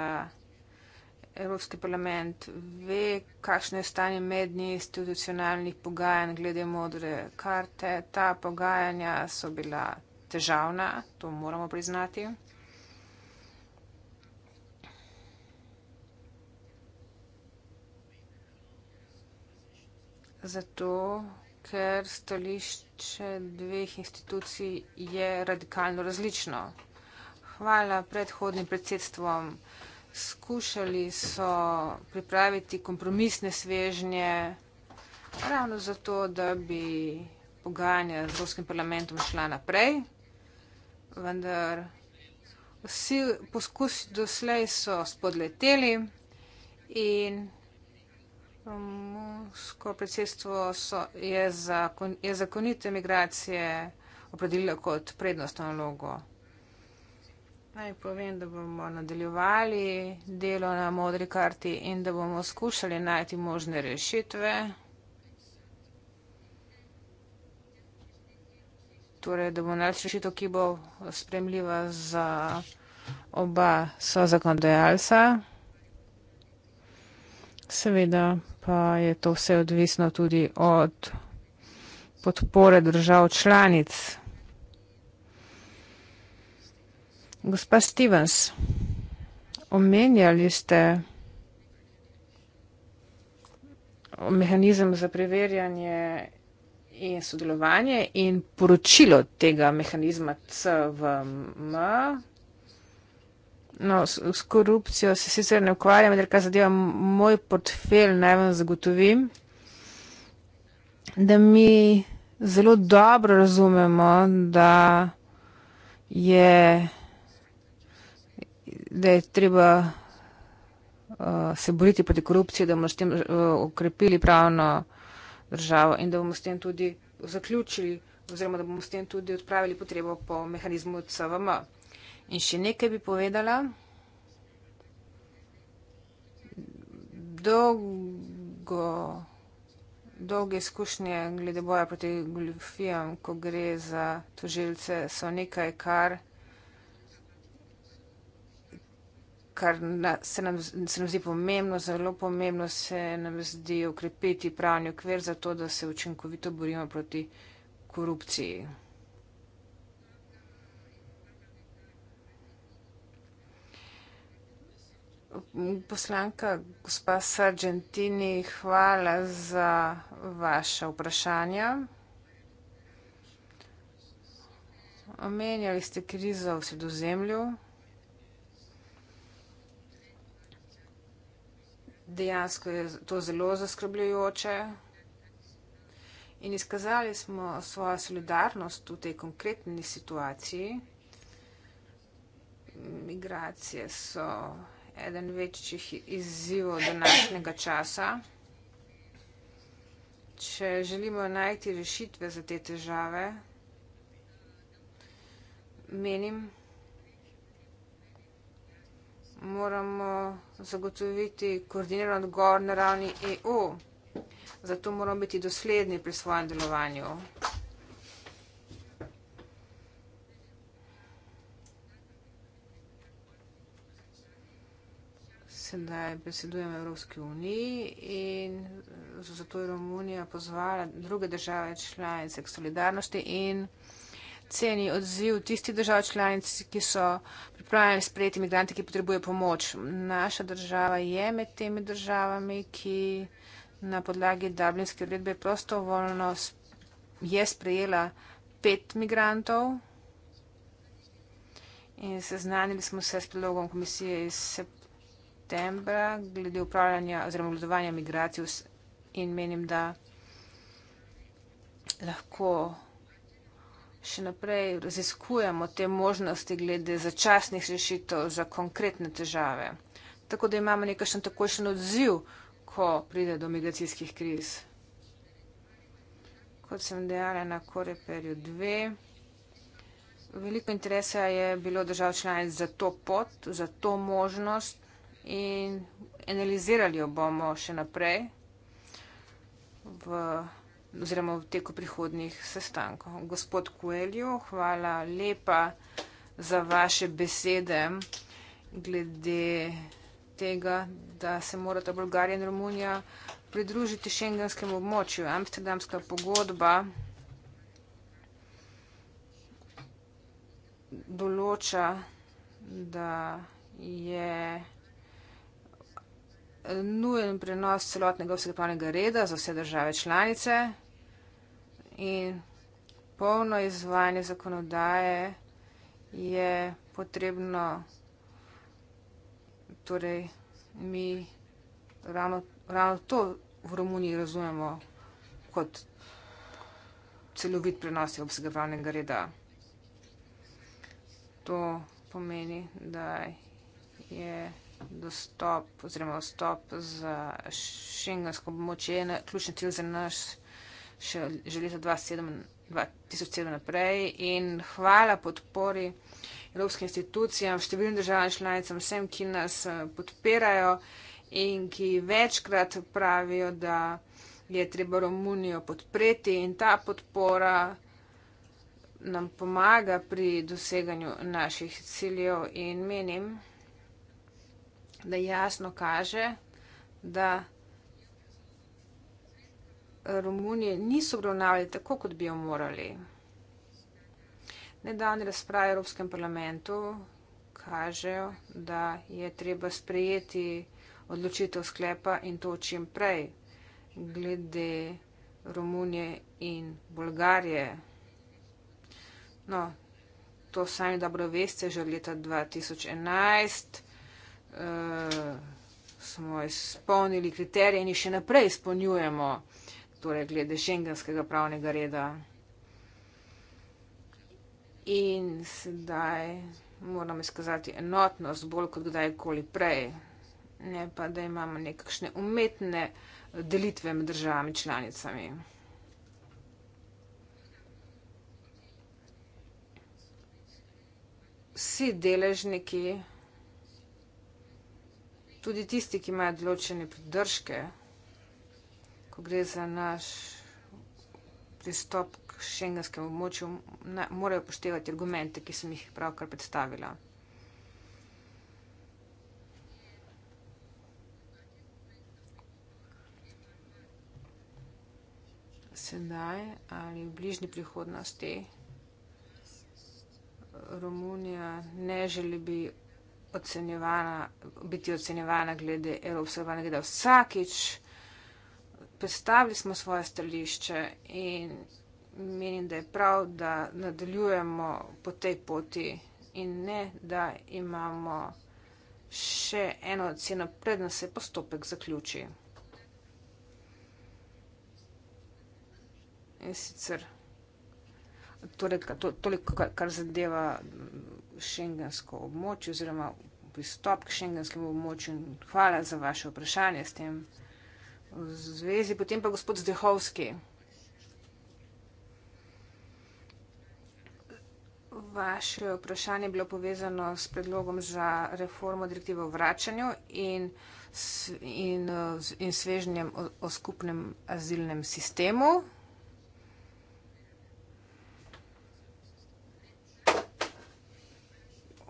Evropski parlament ve, kakšno je stanje mednji institucionalnih pogajanj glede modre karte. Ta pogajanja so bila težavna, to moramo priznati. zato, ker stališče dveh institucij je radikalno različno. Hvala predhodnim predsedstvom. Skušali so pripraviti kompromisne svežnje, ravno zato, da bi pogajanja z Ruskim parlamentom šla naprej, vendar vsi poskusi doslej so spodleteli in Romunsko predsedstvo so, je, zakon, je zakonite migracije opredelilo kot prednostno nalogo. Naj povem, da bomo nadaljevali delo na modri karti in da bomo skušali najti možne rešitve. Torej, da bo najti rešitev, ki bo spremljiva za oba so zakondajalca. Seveda pa je to vse odvisno tudi od podpore držav članic. Gospa Stevens, omenjali ste mehanizem za preverjanje in sodelovanje in poročilo tega mehanizma CVM, no, s, s korupcijo se sicer ne ukvarjam, ker kar zadeva moj portfelj, naj vam zagotovim, da mi zelo dobro razumemo, da je, da je treba uh, se boriti proti korupciji, da bomo s tem uh, okrepili uh, pravno državo in da bomo s tem tudi zaključili oziroma da bomo s tem tudi odpravili potrebo po mehanizmu CVM. In še nekaj bi povedala. Dolgo, dolge izkušnje glede boja proti goljofijam, ko gre za tožilce, so nekaj, kar, kar na, se, nam, se nam zdi pomembno, zelo pomembno se nam zdi ukrepiti pravni okvir za to, da se učinkovito borimo proti korupciji. Poslanka gospa Sargentini, hvala za vaše vprašanja. Omenjali ste krizo v sredozemlju. Dejansko je to zelo zaskrbljujoče. In izkazali smo svojo solidarnost v tej konkretni situaciji. Migracije so eden večjih izzivov današnjega časa. Če želimo najti rešitve za te težave, menim, moramo zagotoviti koordiniran odgovor na ravni EU. Zato moramo biti dosledni pri svojem delovanju. sedaj predsedujem Evropski uniji in zato je Romunija pozvala druge države članice k solidarnosti in ceni odziv tistih držav članic, ki so pripravljeni sprejeti imigranti, ki potrebujejo pomoč. Naša država je med temi državami, ki na podlagi Dublinske uredbe prostovoljno je sprejela pet migrantov. In seznanili smo se s predlogom komisije iz septembra septembra glede upravljanja oziroma obvladovanja migracij in menim, da lahko še naprej raziskujemo te možnosti glede začasnih rešitev za konkretne težave. Tako da imamo nekakšen takošen odziv, ko pride do migracijskih kriz. Kot sem dejala na Koreperju 2, veliko interesa je bilo držav članic za to pot, za to možnost, in analizirali jo bomo še naprej v, oziroma v teku prihodnih sestankov. Gospod Kueljo, hvala lepa za vaše besede glede tega, da se morata Bolgarija in Romunija pridružiti šengenskemu območju. Amsterdamska pogodba določa, da je nujen prenos celotnega vsega pravnega reda za vse države članice in polno izvajanje zakonodaje je potrebno, torej mi ravno, ravno to v Romuniji razumemo kot celovit prenos evropskega pravnega reda. To pomeni, da je dostop oziroma vstop za šengensko območje je ključni cilj za naš že leta 2007 naprej in hvala podpori evropskim institucijam, številnim državam članicam, vsem, ki nas eh, podpirajo in ki večkrat pravijo, da je treba Romunijo podpreti in ta podpora nam pomaga pri doseganju naših ciljev in menim, da jasno kaže, da Romunije niso obravnavali tako, kot bi jo morali. Nedavne razprave v Evropskem parlamentu kažejo, da je treba sprejeti odločitev sklepa in to čim prej glede Romunije in Bolgarije. No, to sami dobro veste, že od leta 2011 Eh, smo izpolnili kriterije in jih še naprej izpolnjujemo, torej glede šengenskega pravnega reda. In sedaj moramo izkazati enotnost bolj kot kdajkoli prej, ne pa da imamo nekakšne umetne delitve med državami članicami. Vsi deležniki tudi tisti, ki imajo določene pridržke, ko gre za naš pristop k šengenskemu območju, morajo poštevati argumente, ki sem jih pravkar predstavila. Sedaj ali v bližnji prihodnosti Romunija ne želi biti ocenjevana, biti ocenjevana glede Evropske unije. Vsakič predstavili smo svoje stališče in menim, da je prav, da nadaljujemo po tej poti in ne, da imamo še eno ceno, predna se postopek zaključi. In sicer, torej, to, toliko, kar, kar zadeva šengensko območje oziroma pristop k šengenskemu območju. Hvala za vaše vprašanje s tem v zvezi. Potem pa gospod Zdehovski. Vaše vprašanje je bilo povezano s predlogom za reformo direktive o vračanju in, in, in svežnjem o, o skupnem azilnem sistemu.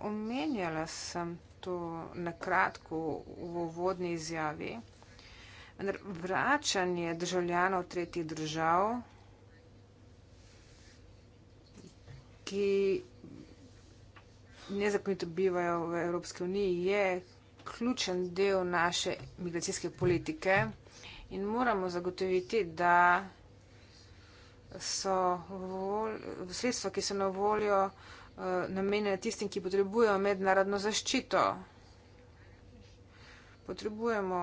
omenjala sem to na kratko v uvodni izjavi. Vračanje državljanov tretjih držav, ki nezakonito bivajo v Evropski uniji, je ključen del naše migracijske politike in moramo zagotoviti, da so vol, sredstva, ki so na voljo, Eh, namenjene tistim, ki potrebujejo mednarodno zaščito. Potrebujemo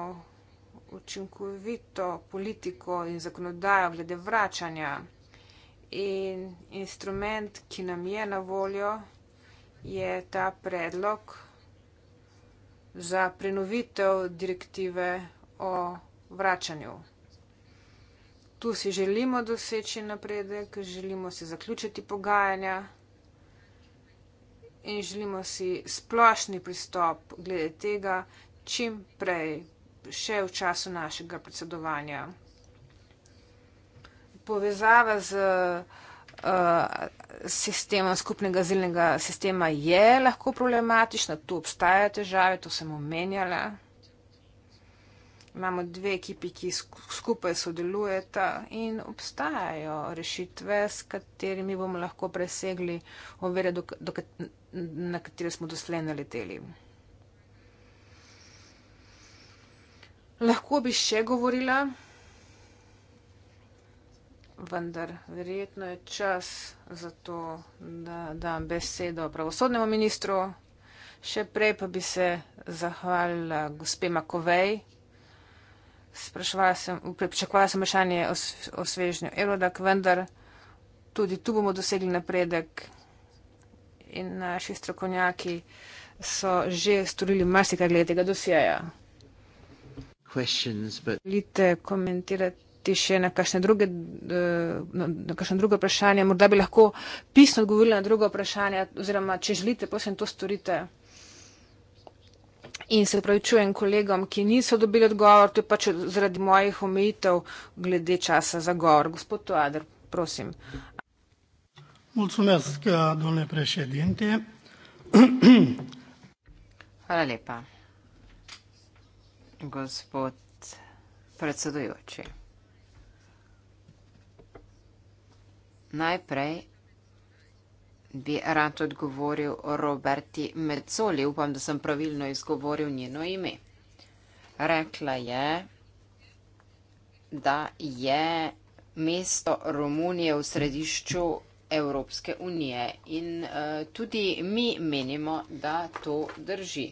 učinkovito politiko in zakonodajo glede vračanja. In instrument, ki nam je na voljo, je ta predlog za prenovitev direktive o vračanju. Tu si želimo doseči napredek, želimo se zaključiti pogajanja in želimo si splošni pristop glede tega čim prej, še v času našega predsedovanja. Povezava z uh, sistemom skupnega zilnega sistema je lahko problematična, tu obstajajo težave, to sem omenjala. Imamo dve ekipi, ki skupaj sodelujeta in obstajajo rešitve, s katerimi bomo lahko presegli ovire, do, do, na katere smo doslej naleteli. Lahko bi še govorila, vendar verjetno je čas za to, da dam besedo pravosodnemu ministru. Še prej pa bi se zahvalila gospe Makovej. Pričakovala sem vprašanje o, o svežnju Erodak, vendar tudi tu bomo dosegli napredek in naši strokovnjaki so že storili marsikaj glede tega dosjeja. Želite but... komentirati še na kakšne, druge, eh, na kakšne druge vprašanja? Morda bi lahko pisno odgovorili na druga vprašanja, oziroma če želite, prosim, to storite. In se pravičujem kolegom, ki niso dobili odgovor, to je pač zaradi mojih omejitev glede časa za govor. Gospod Toader, prosim. Mulțumesc, domnule președinte. Hvala lepa. Gospod predsedujoči. Najprej bi rad odgovoril Roberti Mecoli. Upam, da sem pravilno izgovoril njeno ime. Rekla je, da je mesto Romunije v središču Evropske unije in uh, tudi mi menimo, da to drži.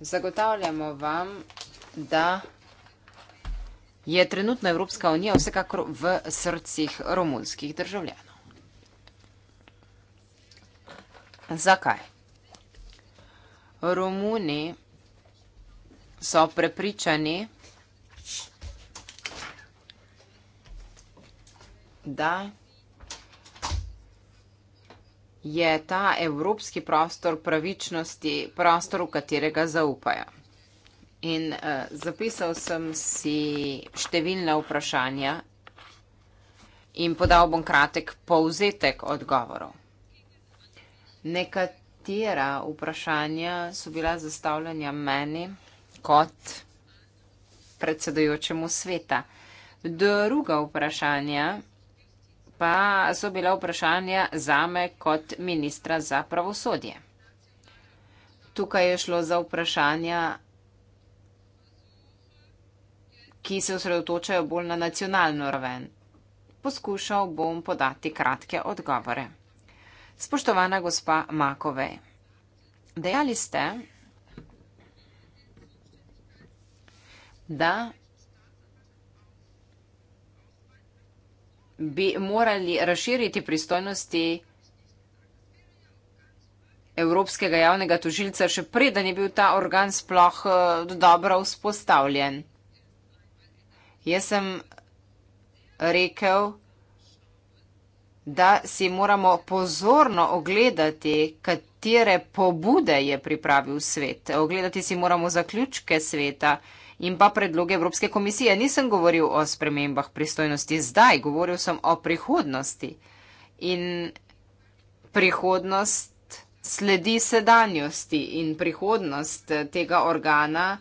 Zagotavljamo vam, da je trenutno Evropska unija vsekakor v srcih romunskih državljanov. Zakaj? Romuni so prepričani, da je ta evropski prostor pravičnosti prostor, v katerega zaupajo. In uh, zapisal sem si številna vprašanja in podal bom kratek povzetek odgovorov. Nekatera vprašanja so bila zastavljena meni kot predsedujočemu sveta. Druga vprašanja pa so bila vprašanja zame kot ministra za pravosodje. Tukaj je šlo za vprašanja, ki se osredotočajo bolj na nacionalno raven. Poskušal bom podati kratke odgovore. Spoštovana gospa Makovej, dejali ste, da bi morali razširiti pristojnosti Evropskega javnega tožilca, še preden je bil ta organ sploh eh, dobro vzpostavljen. Jaz sem rekel, da si moramo pozorno ogledati, katere pobude je pripravil svet. Ogledati si moramo zaključke sveta, in pa predloge Evropske komisije. Nisem govoril o spremembah pristojnosti zdaj, govoril sem o prihodnosti. In prihodnost sledi sedanjosti in prihodnost tega organa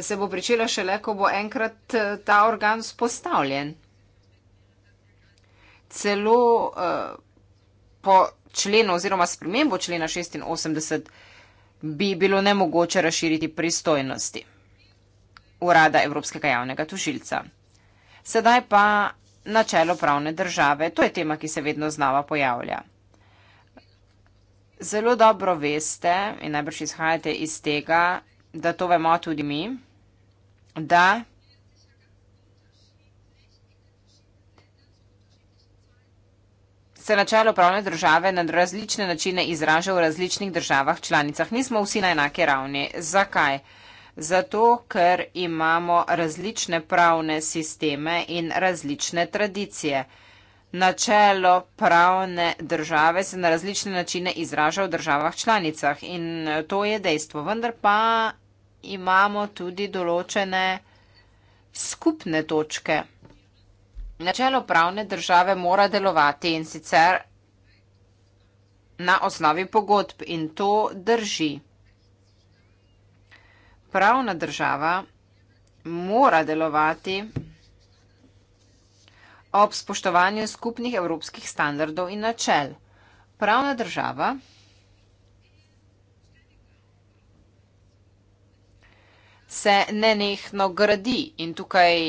se bo pričela šele, ko bo enkrat eh, ta organ spostavljen. Celo uh, po členu oziroma spremembo člena 86 bi bilo nemogoče razširiti pristojnosti. Urada Evropskega javnega tožilca. Sedaj pa načelo pravne države. To je tema, ki se vedno znova pojavlja. Zelo dobro veste in najbrž izhajate iz tega, da to vemo tudi mi, da se načelo pravne države na različne načine izraža v različnih državah članicah. Nismo vsi na enake ravni. Zakaj? Zakaj? zato ker imamo različne pravne sisteme in različne tradicije. Načelo pravne države se na različne načine izraža v državah članicah in eh, to je dejstvo. Vendar pa imamo tudi določene skupne točke. Načelo pravne države mora delovati in sicer na osnovi pogodb in to drži pravna država mora delovati ob spoštovanju skupnih evropskih standardov in načel. Pravna država se nenehno gradi in tukaj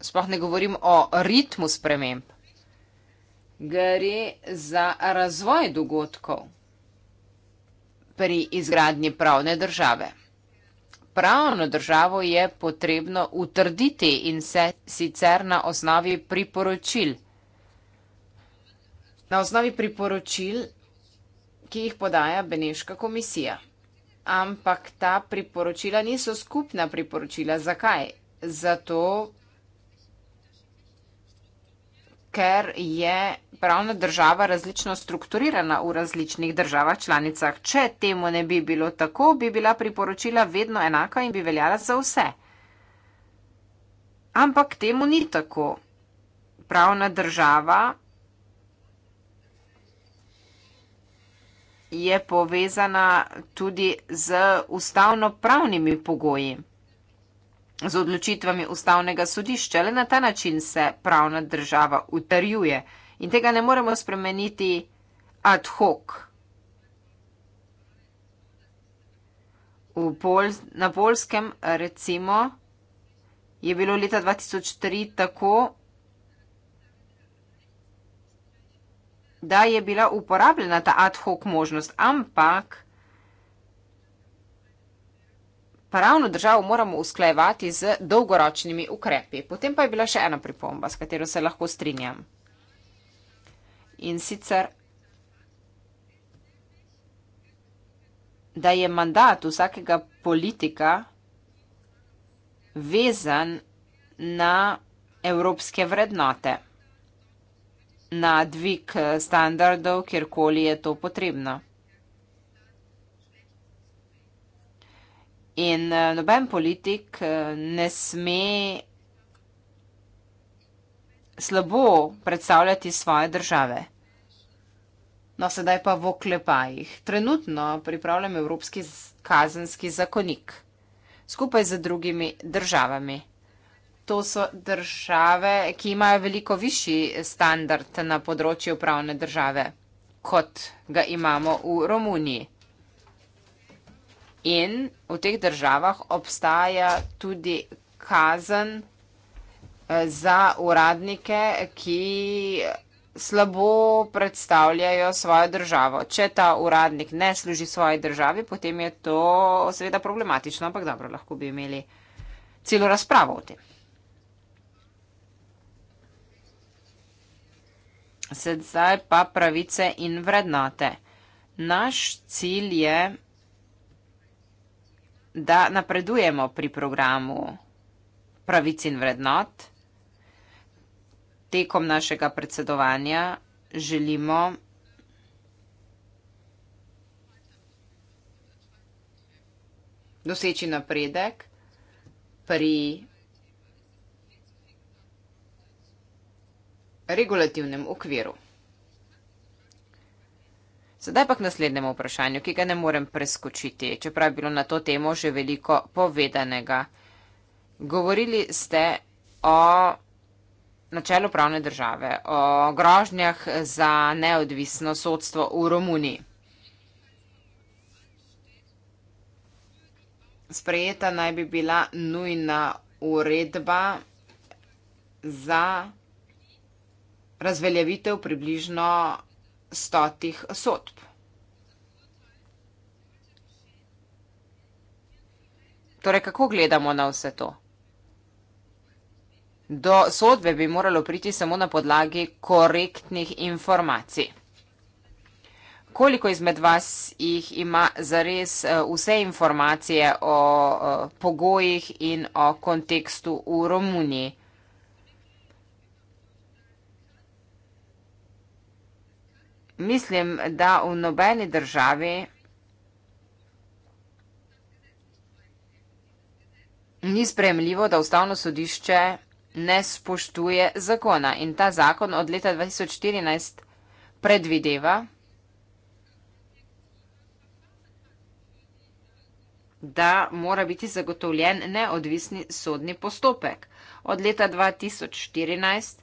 sploh ne govorim o ritmu sprememb. Gre za razvoj dogodkov pri izgradnji pravne države. Pravno državo je potrebno utrditi in se sicer na osnovi priporočil. Na osnovi priporočil, ki jih podaja Beneška komisija. Ampak ta priporočila niso skupna priporočila. Zakaj? Zato, ker je pravna država različno strukturirana v različnih državah članicah. Če temu ne bi bilo tako, bi bila priporočila vedno enaka in bi veljala za vse. Ampak temu ni tako. Pravna država je povezana tudi z ustavno pravnimi pogoji z odločitvami ustavnega sodišča. Le na ta način se pravna država utrjuje in tega ne moremo spremeniti ad hoc. Pol, na polskem recimo je bilo leta 2003 tako, da je bila uporabljena ta ad hoc možnost, ampak pa ravno državo moramo usklajevati z dolgoročnimi ukrepi. Potem pa je bila še ena pripomba, s katero se lahko strinjam. In sicer, da je mandat vsakega politika vezan na evropske vrednote, na dvig standardov, kjerkoli je to potrebno. In uh, noben politik uh, ne sme slabo predstavljati svoje države. No, sedaj pa v oklepajih. Trenutno pripravljam Evropski kazenski zakonik skupaj z drugimi državami. To so države, ki imajo veliko višji standard na področju pravne države, kot ga imamo v Romuniji. In v teh državah obstaja tudi kazen eh, za uradnike, ki slabo predstavljajo svojo državo. Če ta uradnik ne služi svoji državi, potem je to seveda problematično, ampak dobro, lahko bi imeli celo razpravo o tem. Sedaj pa pravice in vrednote. Naš cilj je da napredujemo pri programu pravic in vrednot. Tekom našega predsedovanja želimo doseči napredek pri regulativnem okviru. Sedaj pa k naslednjemu vprašanju, ki ga ne morem preskočiti, čeprav je bilo na to temo že veliko povedanega. Govorili ste o načelu pravne države, o grožnjah za neodvisno sodstvo v Romuniji. Sprejeta naj bi bila nujna uredba za razveljavitev približno stotih sodb. Torej, kako gledamo na vse to? Do sodbe bi moralo priti samo na podlagi korektnih informacij. Koliko izmed vas jih ima zares eh, vse informacije o eh, pogojih in o kontekstu v Romuniji? mislim, da v nobeni državi ni sprejemljivo, da ustavno sodišče ne spoštuje zakona in ta zakon od leta 2014 predvideva, da mora biti zagotovljen neodvisni sodni postopek. Od leta 2014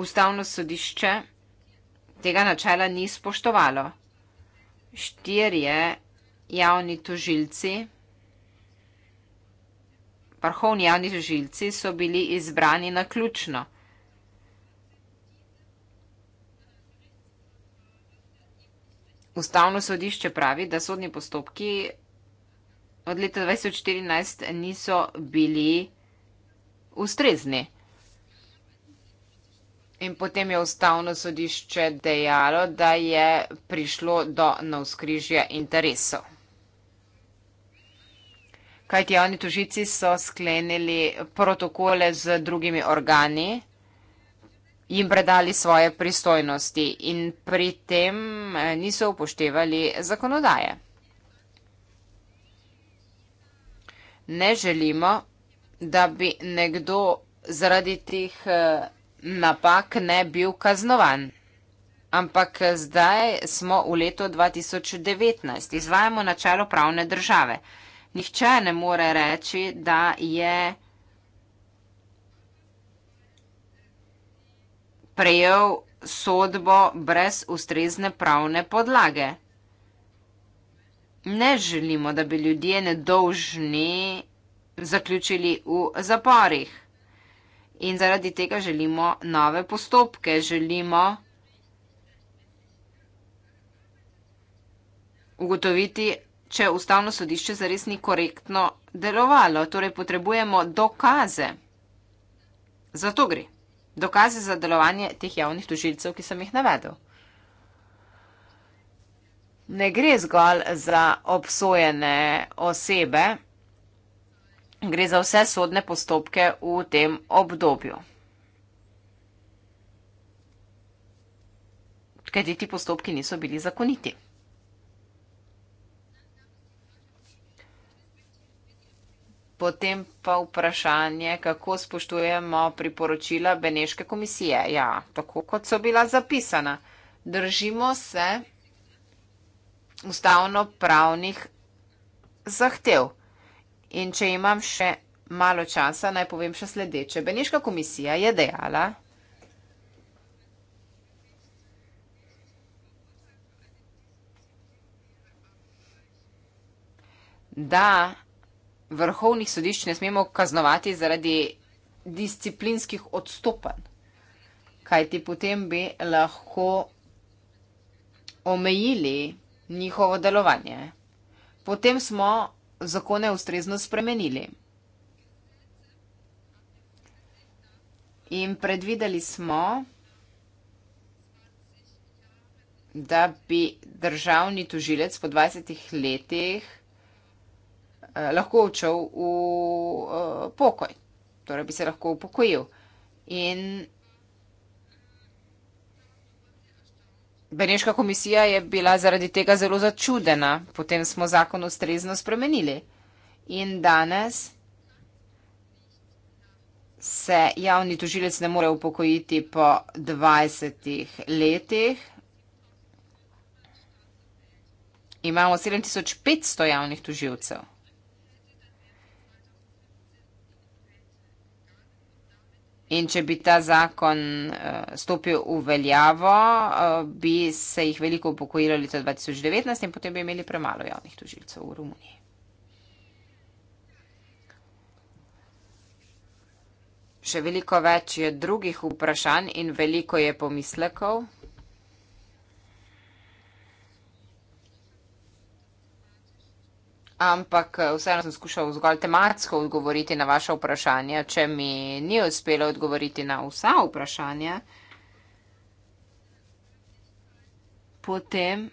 ustavno sodišče tega načela ni spoštovalo. Štirje javni tožilci, vrhovni javni tožilci so bili izbrani na ključno. Ustavno sodišče pravi, da sodni postopki od leta 2014 niso bili ustrezni. In potem je ustavno sodišče dejalo, da je prišlo do navskrižja interesov. Kaj ti javni tužici so sklenili protokole z drugimi organi, jim predali svoje pristojnosti in pri tem eh, niso upoštevali zakonodaje. Ne želimo, da bi nekdo zaradi teh eh, napak ne bil kaznovan. Ampak zdaj smo v letu 2019, izvajamo načelo pravne države. Nihče ne more reči, da je prejel sodbo brez ustrezne pravne podlage. Ne želimo, da bi ljudje nedolžni zaključili v zaporih. In zaradi tega želimo nove postopke, želimo ugotoviti, če je ustavno sodišče zares ni korektno delovalo. Torej potrebujemo dokaze. Zato gre. Dokaze za delovanje teh javnih tožilcev, ki sem jih navedel. Ne gre zgolj za obsojene osebe gre za vse sodne postopke v tem obdobju. Ker ti postopki niso bili zakoniti. Potem pa vprašanje, kako spoštujemo priporočila Beneške komisije. Ja, tako kot so bila zapisana. Držimo se ustavno pravnih zahtev. In če imam še malo časa, naj povem še sledeče. Beneška komisija je dejala, da vrhovnih sodišč ne smemo kaznovati zaradi disciplinskih odstopanj, kajti potem bi lahko omejili njihovo delovanje. Potem smo zakone ustrezno spremenili. In predvideli smo, da bi državni tožilec po 20 letih eh, lahko učel v eh, pokoj. Torej bi se lahko upokojil. In Beneška komisija je bila zaradi tega zelo začudena, potem smo zakon ustrezno spremenili. In danes se javni tožilec ne more upokojiti po 20 letih. Imamo 7500 javnih tožilcev. In če bi ta zakon uh, stopil v veljavo, uh, bi se jih veliko upokojilo leta 2019 in potem bi imeli premalo javnih tužilcev v Romuniji. Še veliko več je drugih vprašanj in veliko je pomislekov. ampak eh, vseeno sem skušal zgolj tematsko odgovoriti na vaše vprašanje. Če mi ni uspelo odgovoriti na vsa vprašanja, potem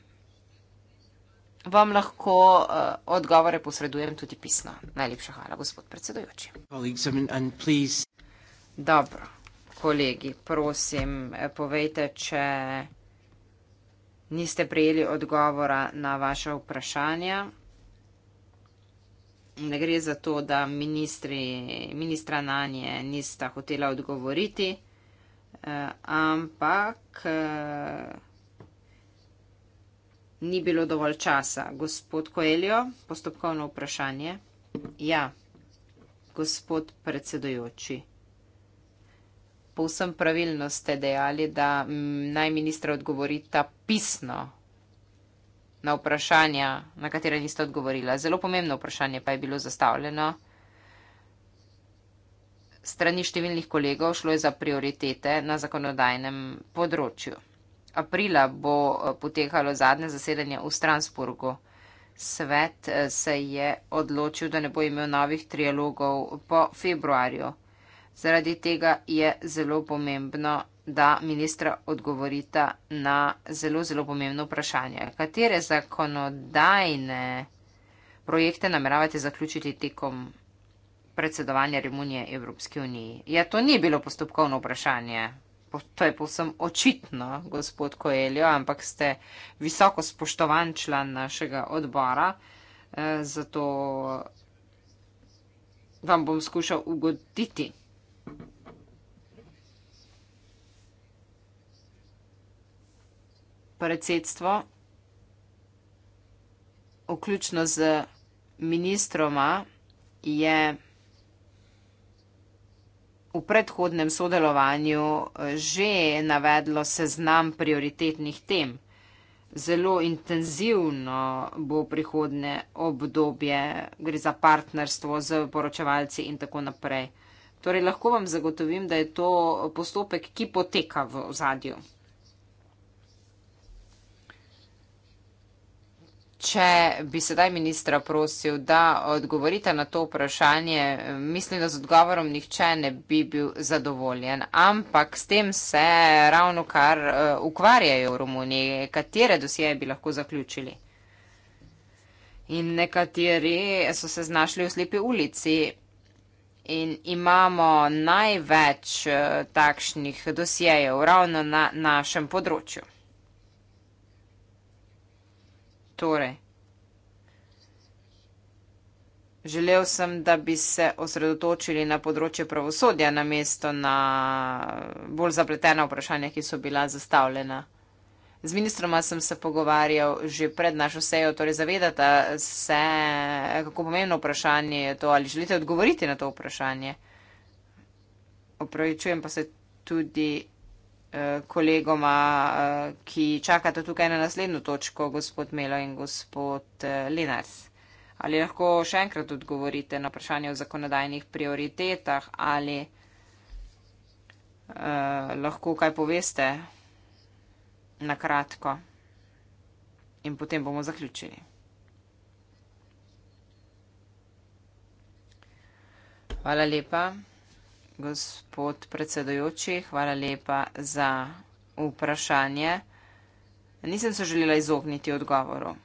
vam lahko uh, odgovore posredujem tudi pisno. Najlepša hvala, gospod predsedujoči. Dobro, kolegi, prosim, eh, povejte, če niste prijeli odgovora na vaše vprašanje ne gre za to, da ministri, ministra na nje nista hotela odgovoriti, eh, ampak eh, ni bilo dovolj časa. Gospod Koeljo, postopkovno vprašanje. Ja, gospod predsedojoči. Povsem pravilno ste dejali, da mm, naj ministra odgovorita pisno na vprašanja, na katera niste odgovorila. Zelo pomembno vprašanje pa je bilo zastavljeno strani številnih kolegov, šlo je za prioritete na zakonodajnem področju. Aprila bo eh, potekalo zadnje zasedanje v Stransburgu. Svet eh, se je odločil, da ne bo imel novih trialogov po februarju. Zaradi tega je zelo pomembno, da ministra odgovorita na zelo, zelo pomembno vprašanje. Katere zakonodajne projekte nameravate zaključiti tekom predsedovanja Rimunije Evropske unije? Ja, to ni bilo postopkovno vprašanje. To je povsem očitno, gospod Koeljo, ampak ste visoko spoštovan član našega odbora, eh, zato vam bom skušal ugoditi. predsedstvo, vključno z ministroma, je v predhodnem sodelovanju že navedlo seznam prioritetnih tem. Zelo intenzivno bo prihodne obdobje, gre za partnerstvo z poročevalci in tako naprej. Torej lahko vam zagotovim, da je to postopek, ki poteka v zadju. Če bi sedaj ministra prosil, da odgovorite na to vprašanje, mislim, da z odgovorom nihče ne bi bil zadovoljen. Ampak s tem se ravno kar eh, ukvarjajo v Romuniji. Katere dosjeje bi lahko zaključili? In nekateri so se znašli v slepi ulici. In imamo največ eh, takšnih dosjejev ravno na našem področju. Torej, želel sem, da bi se osredotočili na področje pravosodja, na mesto na bolj zapletena vprašanja, ki so bila zastavljena. Z ministroma sem se pogovarjal že pred našo sejo, torej zavedate se, kako pomembno vprašanje je to, ali želite odgovoriti na to vprašanje. Opravičujem pa se tudi Eh, kolegoma, eh, ki čakata tukaj na naslednjo točko, gospod Melo in gospod eh, Linars. Ali lahko še enkrat odgovorite na vprašanje o zakonodajnih prioritetah ali uh, lahko kaj poveste na kratko in potem bomo zaključili. Hvala lepa. Gospod predsedujoči, hvala lepa za vprašanje. Nisem se želela izogniti odgovoru.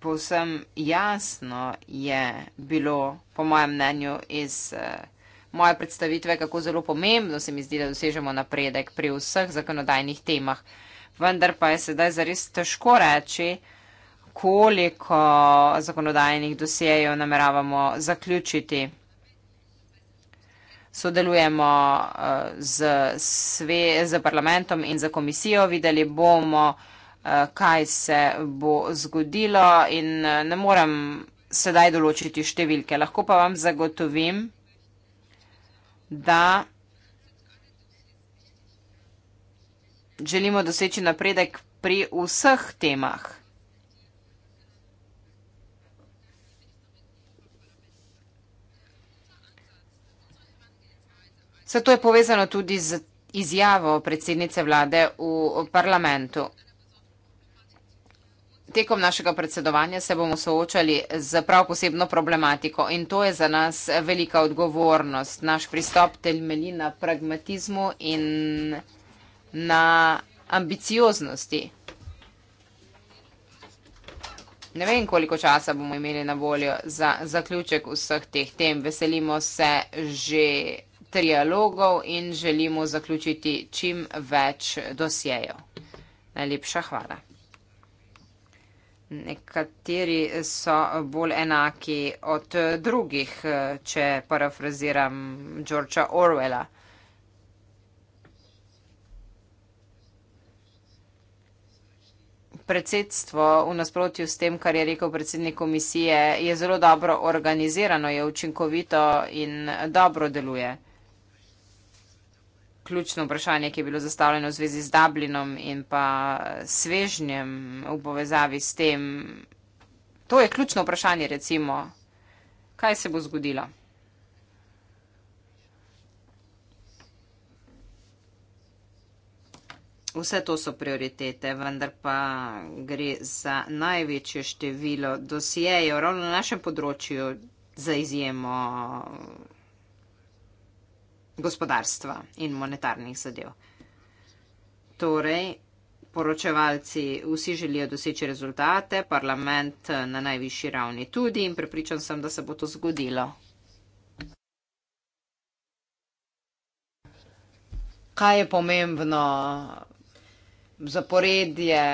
Povsem jasno je bilo, po mojem mnenju, iz eh, moje predstavitve, kako zelo pomembno se mi zdi, da dosežemo napredek pri vseh zakonodajnih temah. Vendar pa je sedaj zares težko reči, koliko zakonodajnih dosejev nameravamo zaključiti. Sodelujemo eh, z, sve, z parlamentom in z komisijo, videli bomo, eh, kaj se bo zgodilo in eh, ne morem sedaj določiti številke. Lahko pa vam zagotovim, da želimo doseči napredek pri vseh temah. Zato je povezano tudi z izjavo predsednice vlade v parlamentu. Tekom našega predsedovanja se bomo soočali z prav posebno problematiko in to je za nas velika odgovornost. Naš pristop temelji na pragmatizmu in na ambicioznosti. Ne vem, koliko časa bomo imeli na voljo za zaključek vseh teh tem. Veselimo se že trialogov in želimo zaključiti čim več dosjejev. Najlepša hvala. Nekateri so bolj enaki od drugih, če parafraziram Georgea Orwella. Predsedstvo v nasprotju s tem, kar je rekel predsednik komisije, je zelo dobro organizirano, je učinkovito in dobro deluje ključno vprašanje, ki je bilo zastavljeno v zvezi z Dublinom in pa svežnjem v povezavi s tem. To je ključno vprašanje, recimo, kaj se bo zgodilo. Vse to so prioritete, vendar pa gre za največje število dosijejev ravno na našem področju za izjemo gospodarstva in monetarnih zadev. Torej, poročevalci vsi želijo doseči rezultate, parlament eh, na najvišji ravni tudi in prepričan sem, da se bo to zgodilo. Kaj je pomembno zaporedje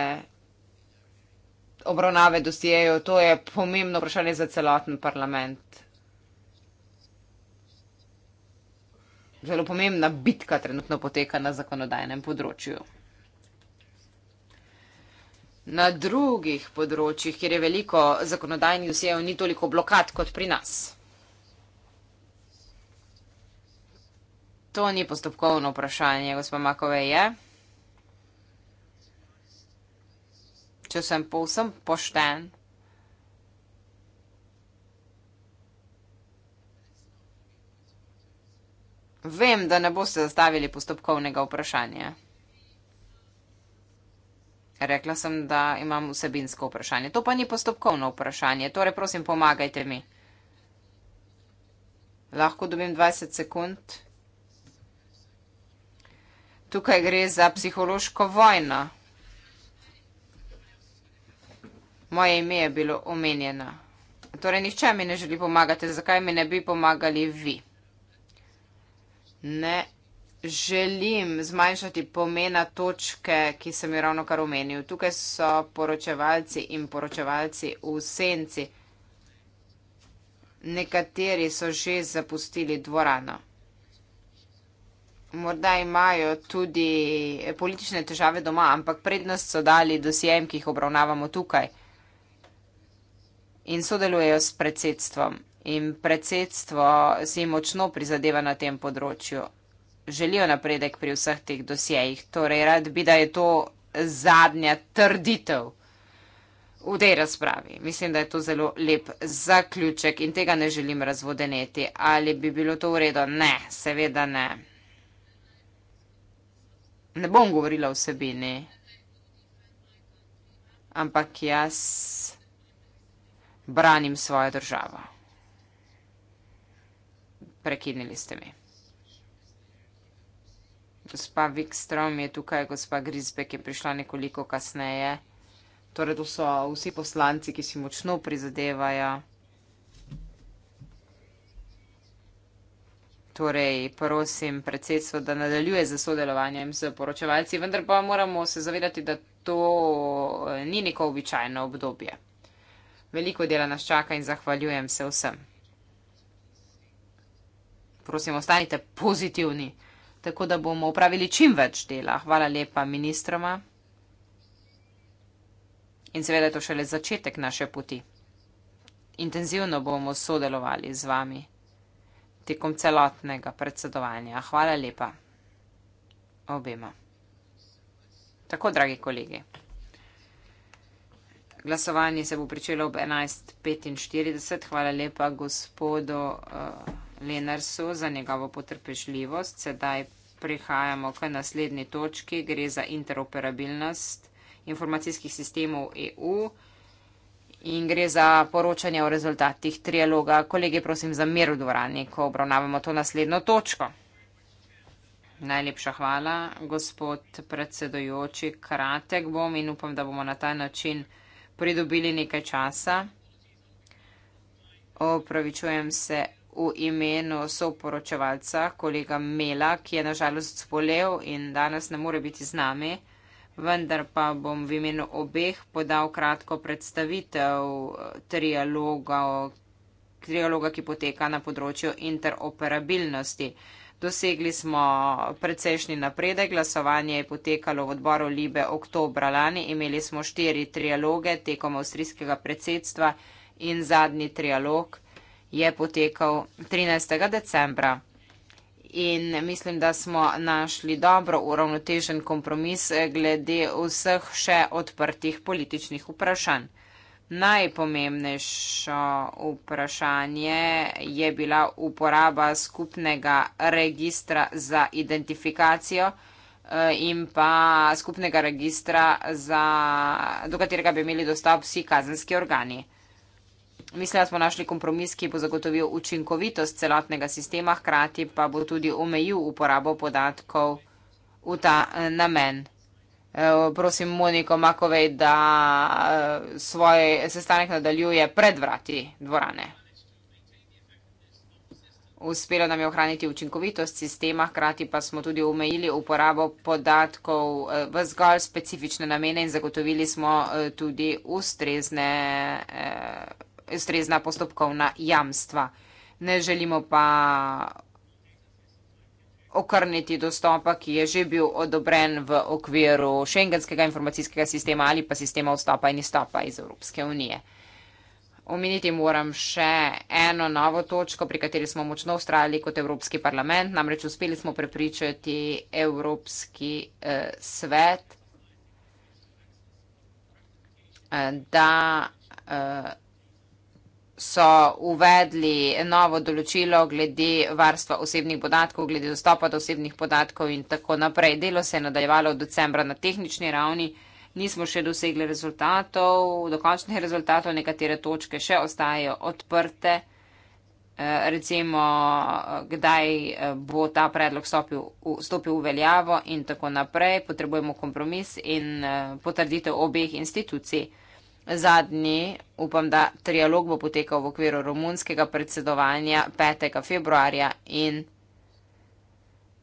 obravnave dosijejo? To je pomembno vprašanje za celoten parlament. Zelo pomembna bitka trenutno poteka na zakonodajnem področju. Na drugih področjih, kjer je veliko zakonodajnih vsejev, ni toliko blokad kot pri nas. To ni postopkovno vprašanje, gospod Makove, je. Če sem povsem pošten. Vem, da ne boste zastavili postopkovnega vprašanja. Rekla sem, da imam vsebinsko vprašanje. To pa ni postopkovno vprašanje, torej prosim, pomagajte mi. Lahko dobim 20 sekund. Tukaj gre za psihološko vojno. Moje ime je bilo omenjeno. Torej, nihče mi ne želi pomagati, zakaj mi ne bi pomagali vi? ne želim zmanjšati pomena točke, ki sem jo ravno kar omenil. Tukaj so poročevalci in poročevalci v senci. Nekateri so že zapustili dvorano. Morda imajo tudi politične težave doma, ampak prednost so dali dosjem, ki jih obravnavamo tukaj in sodelujejo s predsedstvom in predsedstvo si močno prizadeva na tem področju. Želijo napredek pri vseh teh dosjejih, torej rad bi, da je to zadnja trditev v tej razpravi. Mislim, da je to zelo lep zaključek in tega ne želim razvodeneti. Ali bi bilo to v redu? Ne, seveda ne. Ne bom govorila vsebini, ampak jaz branim svojo državo prekinili ste mi. Gospa Wikstrom je tukaj, gospa Grisbek je prišla nekoliko kasneje. Torej, to so vsi poslanci, ki si močno prizadevajo. Torej, prosim predsedstvo, da nadaljuje z sodelovanjem z poročevalci, vendar pa moramo se zavedati, da to eh, ni neko običajno obdobje. Veliko dela nas čaka in zahvaljujem se vsem prosim, ostanite pozitivni, tako da bomo upravili čim več dela. Hvala lepa ministroma. In seveda je to šele začetek naše poti. Intenzivno bomo sodelovali z vami tekom celotnega predsedovanja. Hvala lepa obema. Tako, dragi kolegi. Glasovanje se bo pričelo ob 11.45. Hvala lepa gospodu. Uh, Lenarsu za njegovo potrpežljivost. Sedaj prihajamo k naslednji točki. Gre za interoperabilnost informacijskih sistemov EU in gre za poročanje o rezultatih trialoga. Kolege, prosim za mir v dvorani, ko obravnavamo to naslednjo točko. Najlepša hvala, gospod predsedojoči. Kratek bom in upam, da bomo na ta način pridobili nekaj časa. Opravičujem se, v imenu soporočevalca, kolega Mela, ki je nažalost zbolel in danes ne more biti z nami, vendar pa bom v imenu obeh podal kratko predstavitev eh, trialoga, trialoga ki poteka na področju interoperabilnosti. Dosegli smo precejšnji napredek, glasovanje je potekalo v odboru Libe oktobra lani, imeli smo štiri trialoge tekom avstrijskega predsedstva in zadnji trialog je potekal 13. decembra. In mislim, da smo našli dobro uravnotežen kompromis glede vseh še odprtih političnih vprašanj. Najpomembnejšo vprašanje je bila uporaba skupnega registra za identifikacijo eh, in pa skupnega registra, za, do katerega bi imeli dostop vsi kazenski organi. Mislim, da smo našli kompromis, ki bo zagotovil učinkovitost celotnega sistema, hkrati pa bo tudi omejil uporabo podatkov v ta eh, namen. Eh, prosim Moniko Makovej, da eh, svoj sestanek nadaljuje pred vrati dvorane. Uspelo nam je ohraniti učinkovitost sistema, hkrati pa smo tudi omejili uporabo podatkov v zgolj specifične namene in zagotovili smo tudi ustrezne ustrezna postopkovna jamstva. Ne želimo pa okrniti dostopa, ki je že bil odobren v okviru šengenskega informacijskega sistema ali pa sistema vstopa in izstopa iz Evropske unije. Omeniti moram še eno novo točko, pri kateri smo močno ustrajali kot Evropski parlament, namreč uspeli smo prepričati Evropski eh, svet, eh, da eh, so uvedli novo določilo glede varstva osebnih podatkov, glede dostopa do osebnih podatkov in tako naprej. Delo se je nadaljevalo od decembra na tehnični ravni. Nismo še dosegli rezultatov, dokončnih rezultatov, nekatere točke še ostajajo odprte. Eh, recimo, eh, kdaj eh, bo ta predlog stopil, stopil v veljavo in tako naprej. Potrebujemo kompromis in potrditev obeh institucij. Zadnji, upam, da trialog bo potekal v okviru romunskega predsedovanja 5. februarja in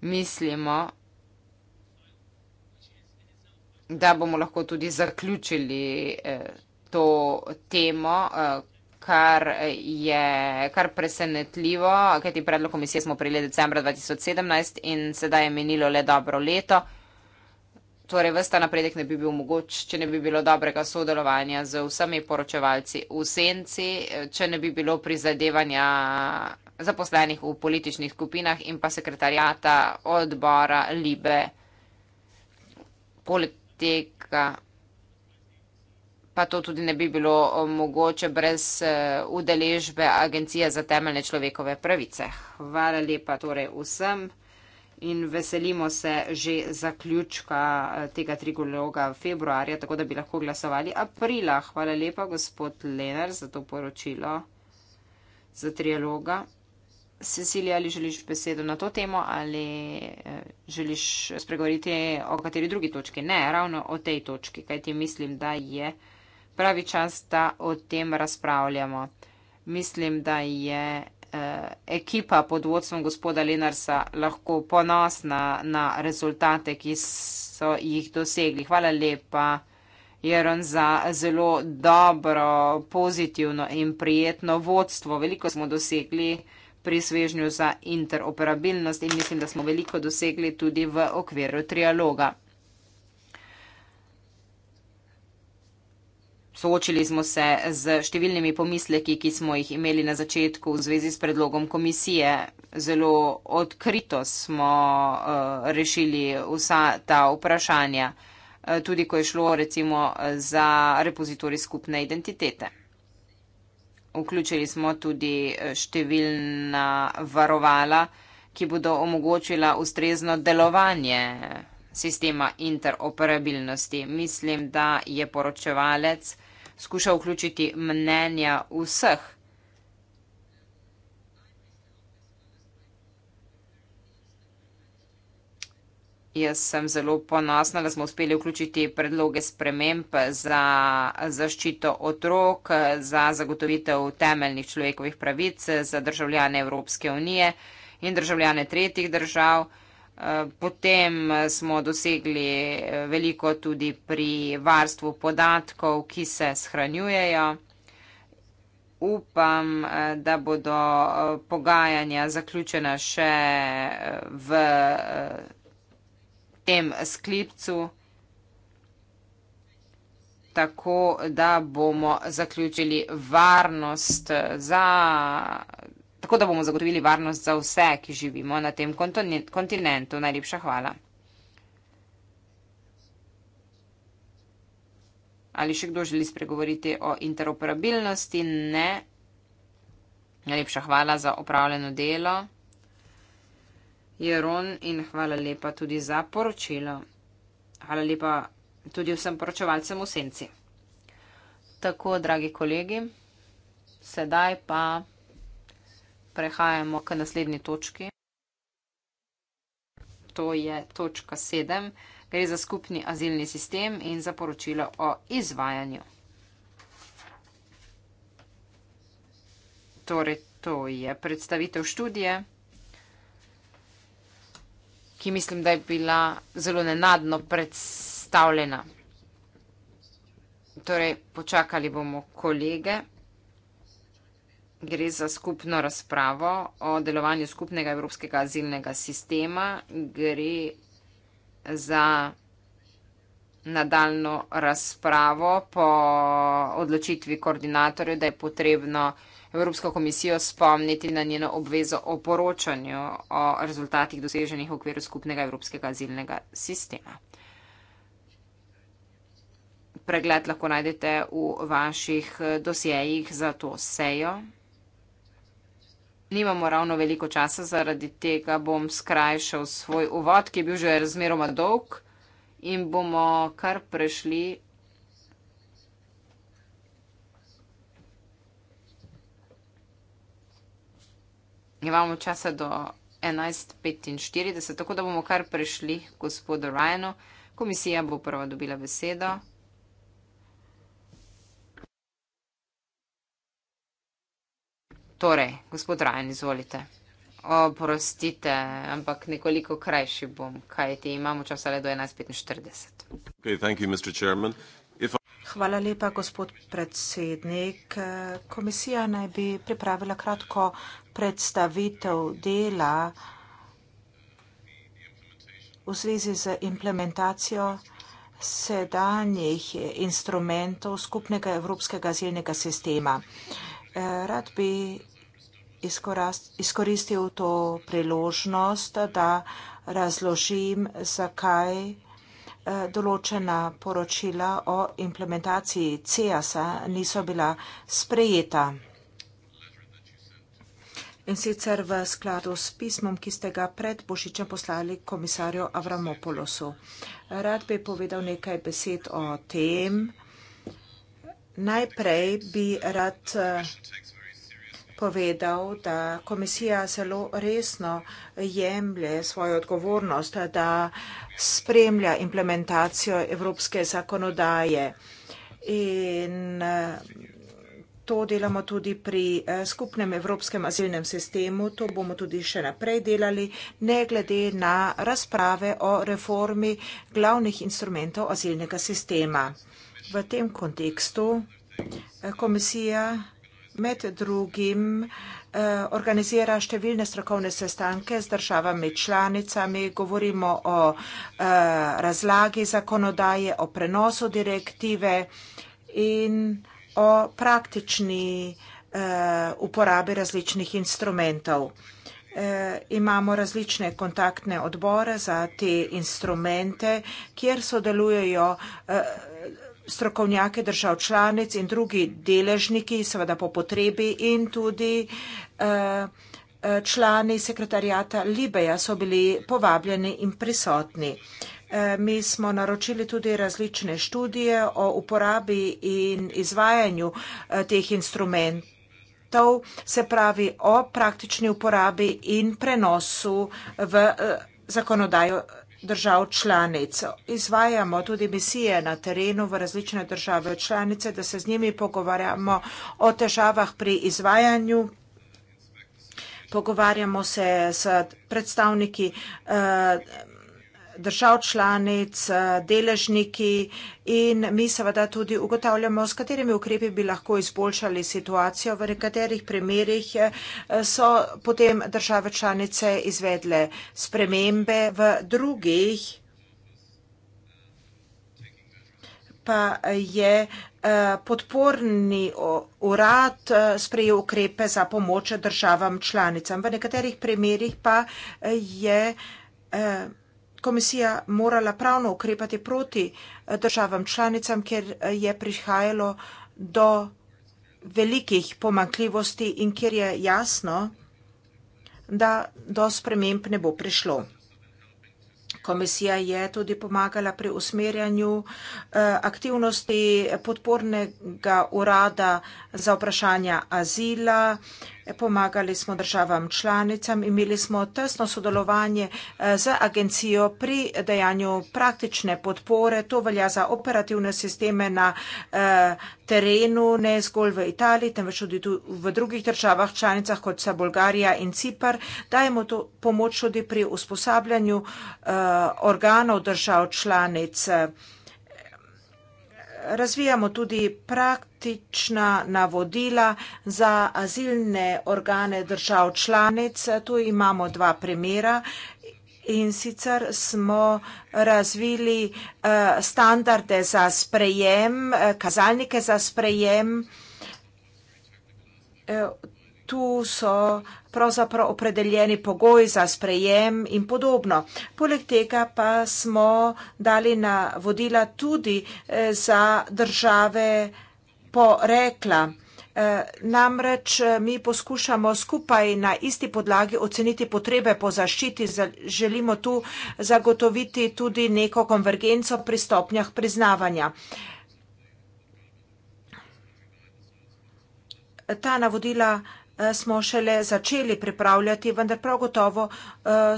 mislimo, da bomo lahko tudi zaključili eh, to temo, eh, kar je kar presenetljivo, kajti predlog komisije smo prijeli decembra 2017 in sedaj je menilo le dobro leto torej vsta napredek ne bi bil mogoč, če ne bi bilo dobrega sodelovanja z vsemi poročevalci v senci, če ne bi bilo prizadevanja zaposlenih v političnih skupinah in pa sekretarjata odbora Libe. Poleg tega pa to tudi ne bi bilo mogoče brez eh, udeležbe Agencije za temeljne človekove pravice. Hvala lepa torej vsem in veselimo se že zaključka eh, tega trigologa februarja, tako da bi lahko glasovali aprila. Hvala lepa, gospod Lenar, za to poročilo za trialoga. Cecilija, ali želiš besedo na to temo ali eh, želiš spregovoriti o kateri drugi točki? Ne, ravno o tej točki, kajti mislim, da je pravi čas, da o tem razpravljamo. Mislim, da je eh, ekipa pod vodstvom gospoda Lenarsa lahko ponosna na rezultate, ki so jih dosegli. Hvala lepa, Jeron, za zelo dobro, pozitivno in prijetno vodstvo. Veliko smo dosegli pri svežnju za interoperabilnost in mislim, da smo veliko dosegli tudi v okviru trialoga. Soočili smo se z številnimi pomisleki, ki smo jih imeli na začetku v zvezi s predlogom komisije. Zelo odkrito smo uh, rešili vsa ta vprašanja, uh, tudi ko je šlo recimo za repozitori skupne identitete. Vključili smo tudi eh, številna varovala, ki bodo omogočila ustrezno delovanje sistema interoperabilnosti. Mislim, da je poročevalec, skuša vključiti mnenja vseh. Jaz sem zelo ponosna, da smo uspeli vključiti predloge sprememb za zaščito otrok, za zagotovitev temeljnih človekovih pravic, za državljane Evropske unije in državljane tretjih držav. Potem eh, smo dosegli eh, veliko tudi pri varstvu podatkov, ki se shranjujejo. Upam, eh, da bodo pogajanja zaključena še v tem sklipcu, tako da bomo zaključili varnost za tako da bomo zagotovili varnost za vse, ki živimo na tem kontinentu. Najlepša hvala. Ali še kdo želi spregovoriti o interoperabilnosti? Ne. Najlepša hvala za opravljeno delo. Jeron in hvala lepa tudi za poročilo. Hvala lepa tudi vsem poročevalcem v senci. Tako, dragi kolegi, sedaj pa prehajamo k naslednji točki. To je točka sedem. Gre za skupni azilni sistem in za poročilo o izvajanju. Torej, to je predstavitev študije, ki mislim, da je bila zelo nenadno predstavljena. Torej, počakali bomo kolege. Gre za skupno razpravo o delovanju skupnega evropskega azilnega sistema, gre za nadaljno razpravo po odločitvi koordinatorja, da je potrebno Evropsko komisijo spomniti na njeno obvezo o poročanju o rezultatih doseženih v okviru skupnega evropskega azilnega sistema. Pregled lahko najdete v vaših dosjejih za to sejo. Nimamo ravno veliko časa, zaradi tega bom skrajšal svoj uvod, ki je bil že razmeroma dolg in bomo kar prešli. Imamo časa do 11.45, tako da bomo kar prešli gospodu Rajnu. Komisija bo prva dobila besedo. Torej, gospod Rajan, izvolite. Oprostite, ampak nekoliko krajši bom, kaj ti imamo časa le do 11.45. Okay, I... Hvala lepa, gospod predsednik. Komisija naj bi pripravila kratko predstavitev dela v zvezi z implementacijo sedanjih instrumentov skupnega evropskega azilnega sistema. Eh, rad bi izkoristil to priložnost, da razložim, zakaj eh, določena poročila o implementaciji CEAS-a niso bila sprejeta. In sicer v skladu s pismom, ki ste ga pred Božičem poslali komisarju Avramopolosu. Rad bi povedal nekaj besed o tem, Najprej bi rad eh, povedal, da komisija zelo resno jemlje svojo odgovornost, da spremlja implementacijo evropske zakonodaje. In eh, to delamo tudi pri eh, skupnem evropskem azilnem sistemu, to bomo tudi še naprej delali, ne glede na razprave o reformi glavnih instrumentov azilnega sistema. V tem kontekstu eh, komisija med drugim eh, organizira številne strokovne sestanke z državami članicami, govorimo o eh, razlagi zakonodaje, o prenosu direktive in o praktični uporabi različnih instrumentov. Imamo različne kontaktne odbore za te instrumente, kjer sodelujejo različne strokovnjake držav članic in drugi deležniki, seveda po potrebi in tudi eh, eh, člani sekretarjata Libeja so bili povabljeni in prisotni. Eh, mi smo naročili tudi različne študije o uporabi in izvajanju teh instrumentov, se pravi o praktični uporabi in prenosu v zakonodajo držav članic. Izvajamo tudi misije na terenu v različne države članice, da se z njimi pogovarjamo o težavah pri izvajanju. Pogovarjamo se s predstavniki uh, držav članic, eh, deležniki in mi seveda tudi ugotavljamo, s katerimi ukrepi bi lahko izboljšali situacijo, v nekaterih primerjih eh, so potem države članice izvedle spremembe, v drugih pa je eh, podporni urad sprejel ukrepe za pomoč državam članicam. V nekaterih primerjih pa je vsega, komisija morala pravno ukrepati proti eh, državam članicam, ker eh, je prihajalo do velikih pomankljivosti in ker je jasno, da do sprememb ne bo prišlo. Komisija je tudi pomagala pri usmerjanju eh, aktivnosti podpornega urada za vprašanja azila, Pomagali smo državam članicam, imeli smo tesno sodelovanje eh, z agencijo pri dejanju praktične podpore. To velja za operativne sisteme na eh, terenu, ne zgolj v Italiji, temveč tudi v drugih državah članicah, kot so Bolgarija in Cipar. Dajemo to pomoč tudi pri usposabljanju eh, organov držav članic razvijamo tudi praktična navodila za azilne organe držav članic. Tu imamo dva primera. In sicer smo razvili eh, standarde za sprejem, eh, kazalnike za sprejem. Eh, tu so pravzaprav opredeljeni pogoji za sprejem in podobno. Poleg tega pa smo dali na vodila tudi eh, za države porekla. Eh, namreč eh, mi poskušamo skupaj na isti podlagi oceniti potrebe po zaščiti, želimo tu zagotoviti tudi neko konvergenco pri stopnjah priznavanja. Ta navodila Eh, smo šele začeli pripravljati, vendar prav gotovo eh,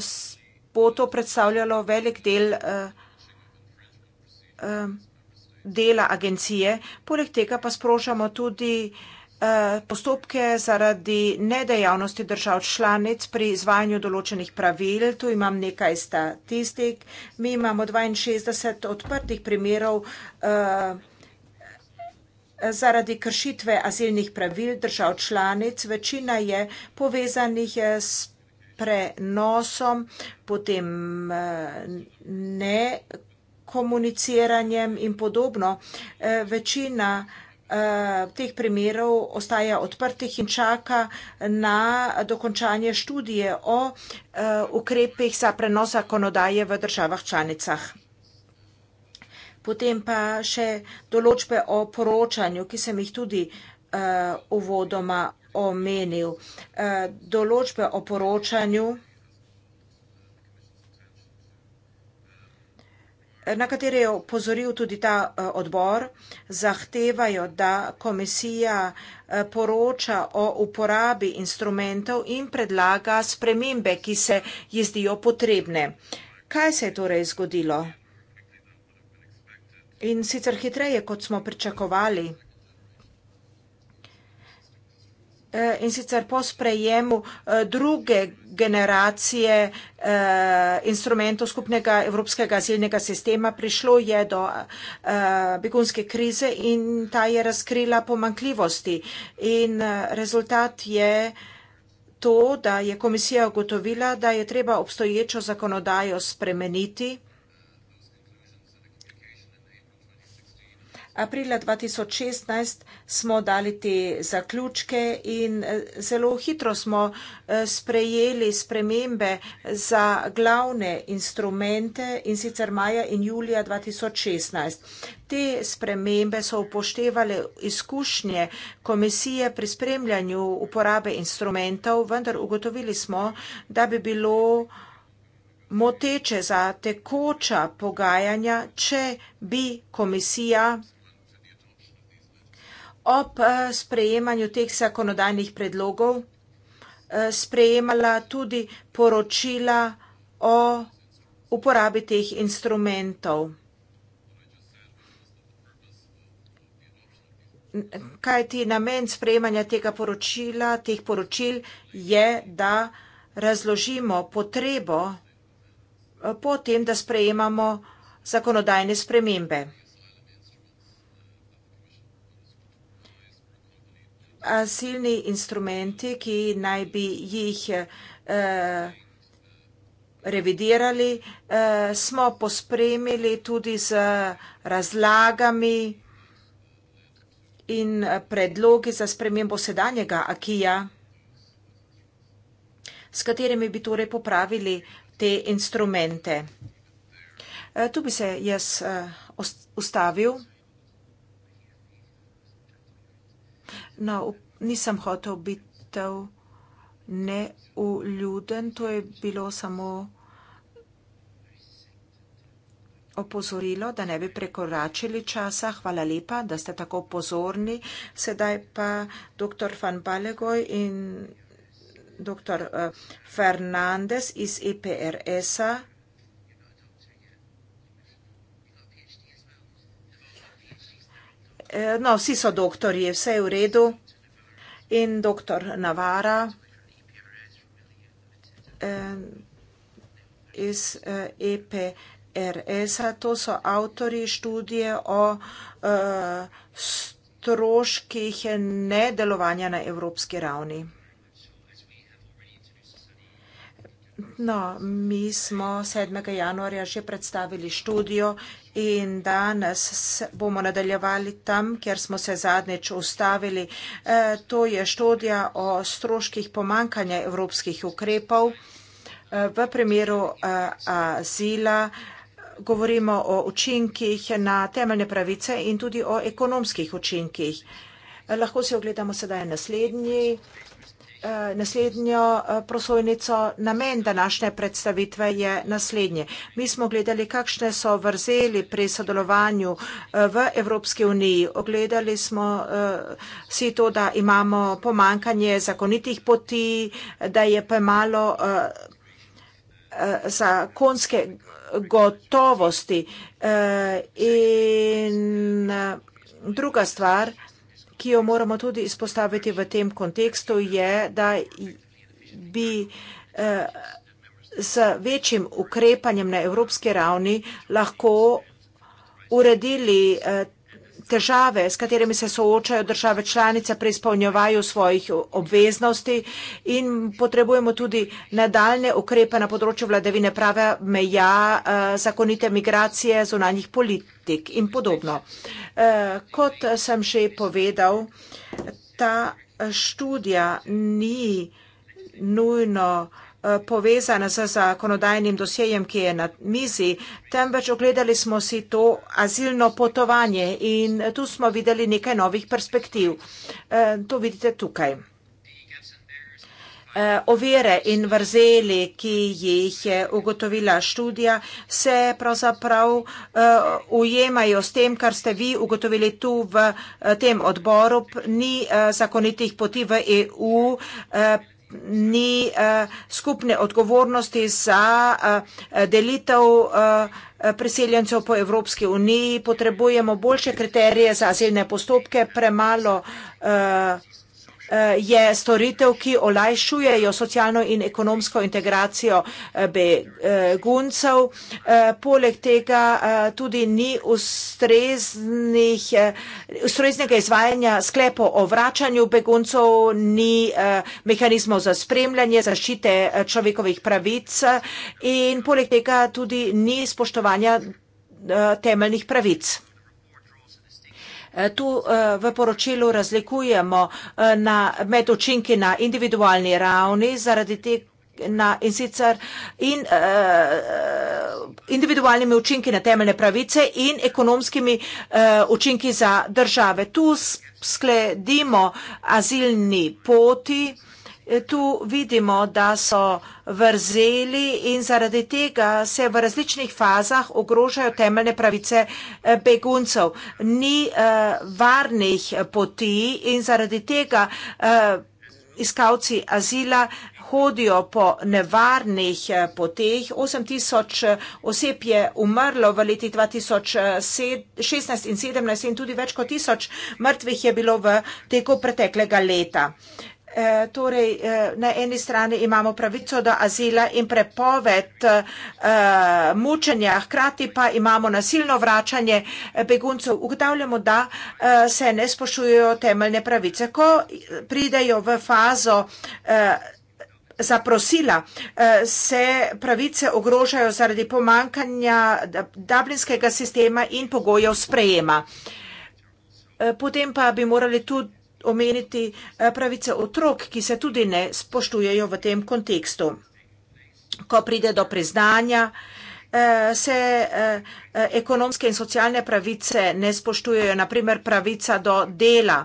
bo to predstavljalo velik del eh, dela agencije. Poleg tega pa sprožamo tudi postopke zaradi nedejavnosti držav članic pri izvajanju določenih pravil. Tu imam nekaj statistik. Mi imamo 62 odprtih primerov vsega, zaradi kršitve azilnih pravil držav članic, večina je povezanih eh, s prenosom, potem eh, ne komuniciranjem in podobno. Eh, večina teh primerov ostaja odprtih in čaka na dokončanje študije o ukrepih za prenos zakonodaje v državah članicah. Potem pa še določbe o poročanju, ki sem jih tudi uh, uvodoma omenil. Uh, določbe o poročanju, na katere je opozoril tudi ta uh, odbor, zahtevajo, da komisija poroča o uporabi instrumentov in predlaga spremembe, ki se jih zdijo potrebne. Kaj se je torej zgodilo? In sicer hitreje, kot smo pričakovali. E, in sicer po sprejemu e, druge generacije e, instrumentov skupnega evropskega azilnega sistema prišlo je do begunske krize in ta je razkrila pomankljivosti. In rezultat je to, da je komisija ugotovila, da je treba obstoječo zakonodajo spremeniti. aprila 2016 smo dali te zaključke in eh, zelo hitro smo eh, sprejeli spremembe za glavne instrumente in sicer maja in julija 2016. Te spremembe so upoštevali izkušnje komisije pri spremljanju uporabe instrumentov, vendar ugotovili smo, da bi bilo moteče za tekoča pogajanja, če bi komisija ob eh, sprejemanju teh zakonodajnih predlogov eh, sprejemala tudi poročila o uporabi teh instrumentov. Kajti namen sprejemanja tega poročila, teh poročil je, da razložimo potrebo eh, po tem, da sprejemamo zakonodajne spremembe. silni instrumenti, ki naj bi jih e, revidirali, e, smo pospremili tudi z razlagami in predlogi za spremembo sedanjega akija, s katerimi bi torej popravili te instrumente. E, tu bi se jaz ustavil. na, no, nisem hotel biti neuljuden, to je bilo samo opozorilo, da ne bi prekoračili časa. Hvala lepa, da ste tako pozorni. Sedaj pa dr. Van Balegoj in dr. Eh, Fernandez iz EPRS-a. Eh, no, vsi so doktorji, vse je v redu. In doktor Navara eh, iz EPRS, eh, e to so avtori študije o stroških nedelovanja na evropski ravni. No, mi smo 7. januarja že predstavili študijo in danes bomo nadaljevali tam, kjer smo se zadnjič ustavili. E, to je študija o stroških pomankanja evropskih ukrepov e, v primeru e, azila. Govorimo o učinkih na temeljne pravice in tudi o ekonomskih učinkih. Lahko si ogledamo sedaj naslednji Eh, naslednjo eh, prosojnico. Namen današnje predstavitve je naslednje. Mi smo gledali, kakšne so vrzeli pri sodelovanju eh, v Evropski uniji. Ogledali smo si to, da imamo pomankanje zakonitih poti, da je premalo zakonske gotovosti. In druga stvar, ki jo moramo tudi izpostaviti v tem kontekstu, je, da bi eh, z večjim ukrepanjem na evropski ravni lahko uredili tudi, eh, težave, s katerimi se soočajo države članice pri izpolnjevanju svojih obveznosti in potrebujemo tudi nadaljne ukrepe na področju vladavine prava, meja, eh, zakonite migracije, zunanjih politik in podobno. Eh, kot sem že povedal, ta študija ni nujno povezana z zakonodajnim dosjejem, ki je na mizi, temveč ogledali smo si to azilno potovanje in tu smo videli nekaj novih perspektiv. E, to vidite tukaj. E, ovire in vrzeli, ki jih je ugotovila študija, se pravzaprav e, ujemajo s tem, kar ste vi ugotovili tu v tem odboru. Ni zakonitih poti v EU, ni uh, skupne odgovornosti za uh, delitev uh, priseljencev po Evropski uniji, potrebujemo boljše kriterije za azilne postopke, premalo uh, Eh, je storitev, ki olajšujejo socialno in ekonomsko integracijo eh, beguncev. Eh, poleg tega tudi ni ustreznega izvajanja sklepo o vračanju beguncev, ni mehanizmov za spremljanje, zaščite človekovih pravic in poleg tega tudi ni spoštovanja temeljnih pravic. Eh, tu eh, v poročilu razlikujemo eh, na, med učinki na individualni ravni zaradi te na in sicer in uh, individualnimi učinki na temeljne pravice in ekonomskimi uh, učinki za države. Tu skledimo azilni poti tu vidimo, da so vrzeli in zaradi tega se v različnih fazah ogrožajo temeljne pravice eh, beguncev. Ni uh, varnih poti in zaradi tega uh, iskalci azila hodijo po nevarnih poteh. 8 tisoč oseb je umrlo v leti 2016 in 2017 in tudi več kot tisoč mrtvih je bilo v teku preteklega leta. Uh, Eh, torej, eh, na eni strani imamo pravico do azila in prepoved eh, mučenja, hkrati pa imamo nasilno vračanje beguncev. Ugotavljamo, da se ne spoštujejo temeljne pravice. Ko pridejo v fazo zaprosila, se pravice ogrožajo zaradi pomankanja dublinskega sistema in pogojev sprejema. Potem pa bi morali tudi omeniti eh, pravice otrok, ki se tudi ne spoštujejo v tem kontekstu. Ko pride do priznanja, eh, se eh, ekonomske in socialne pravice ne spoštujejo, naprimer pravica do dela,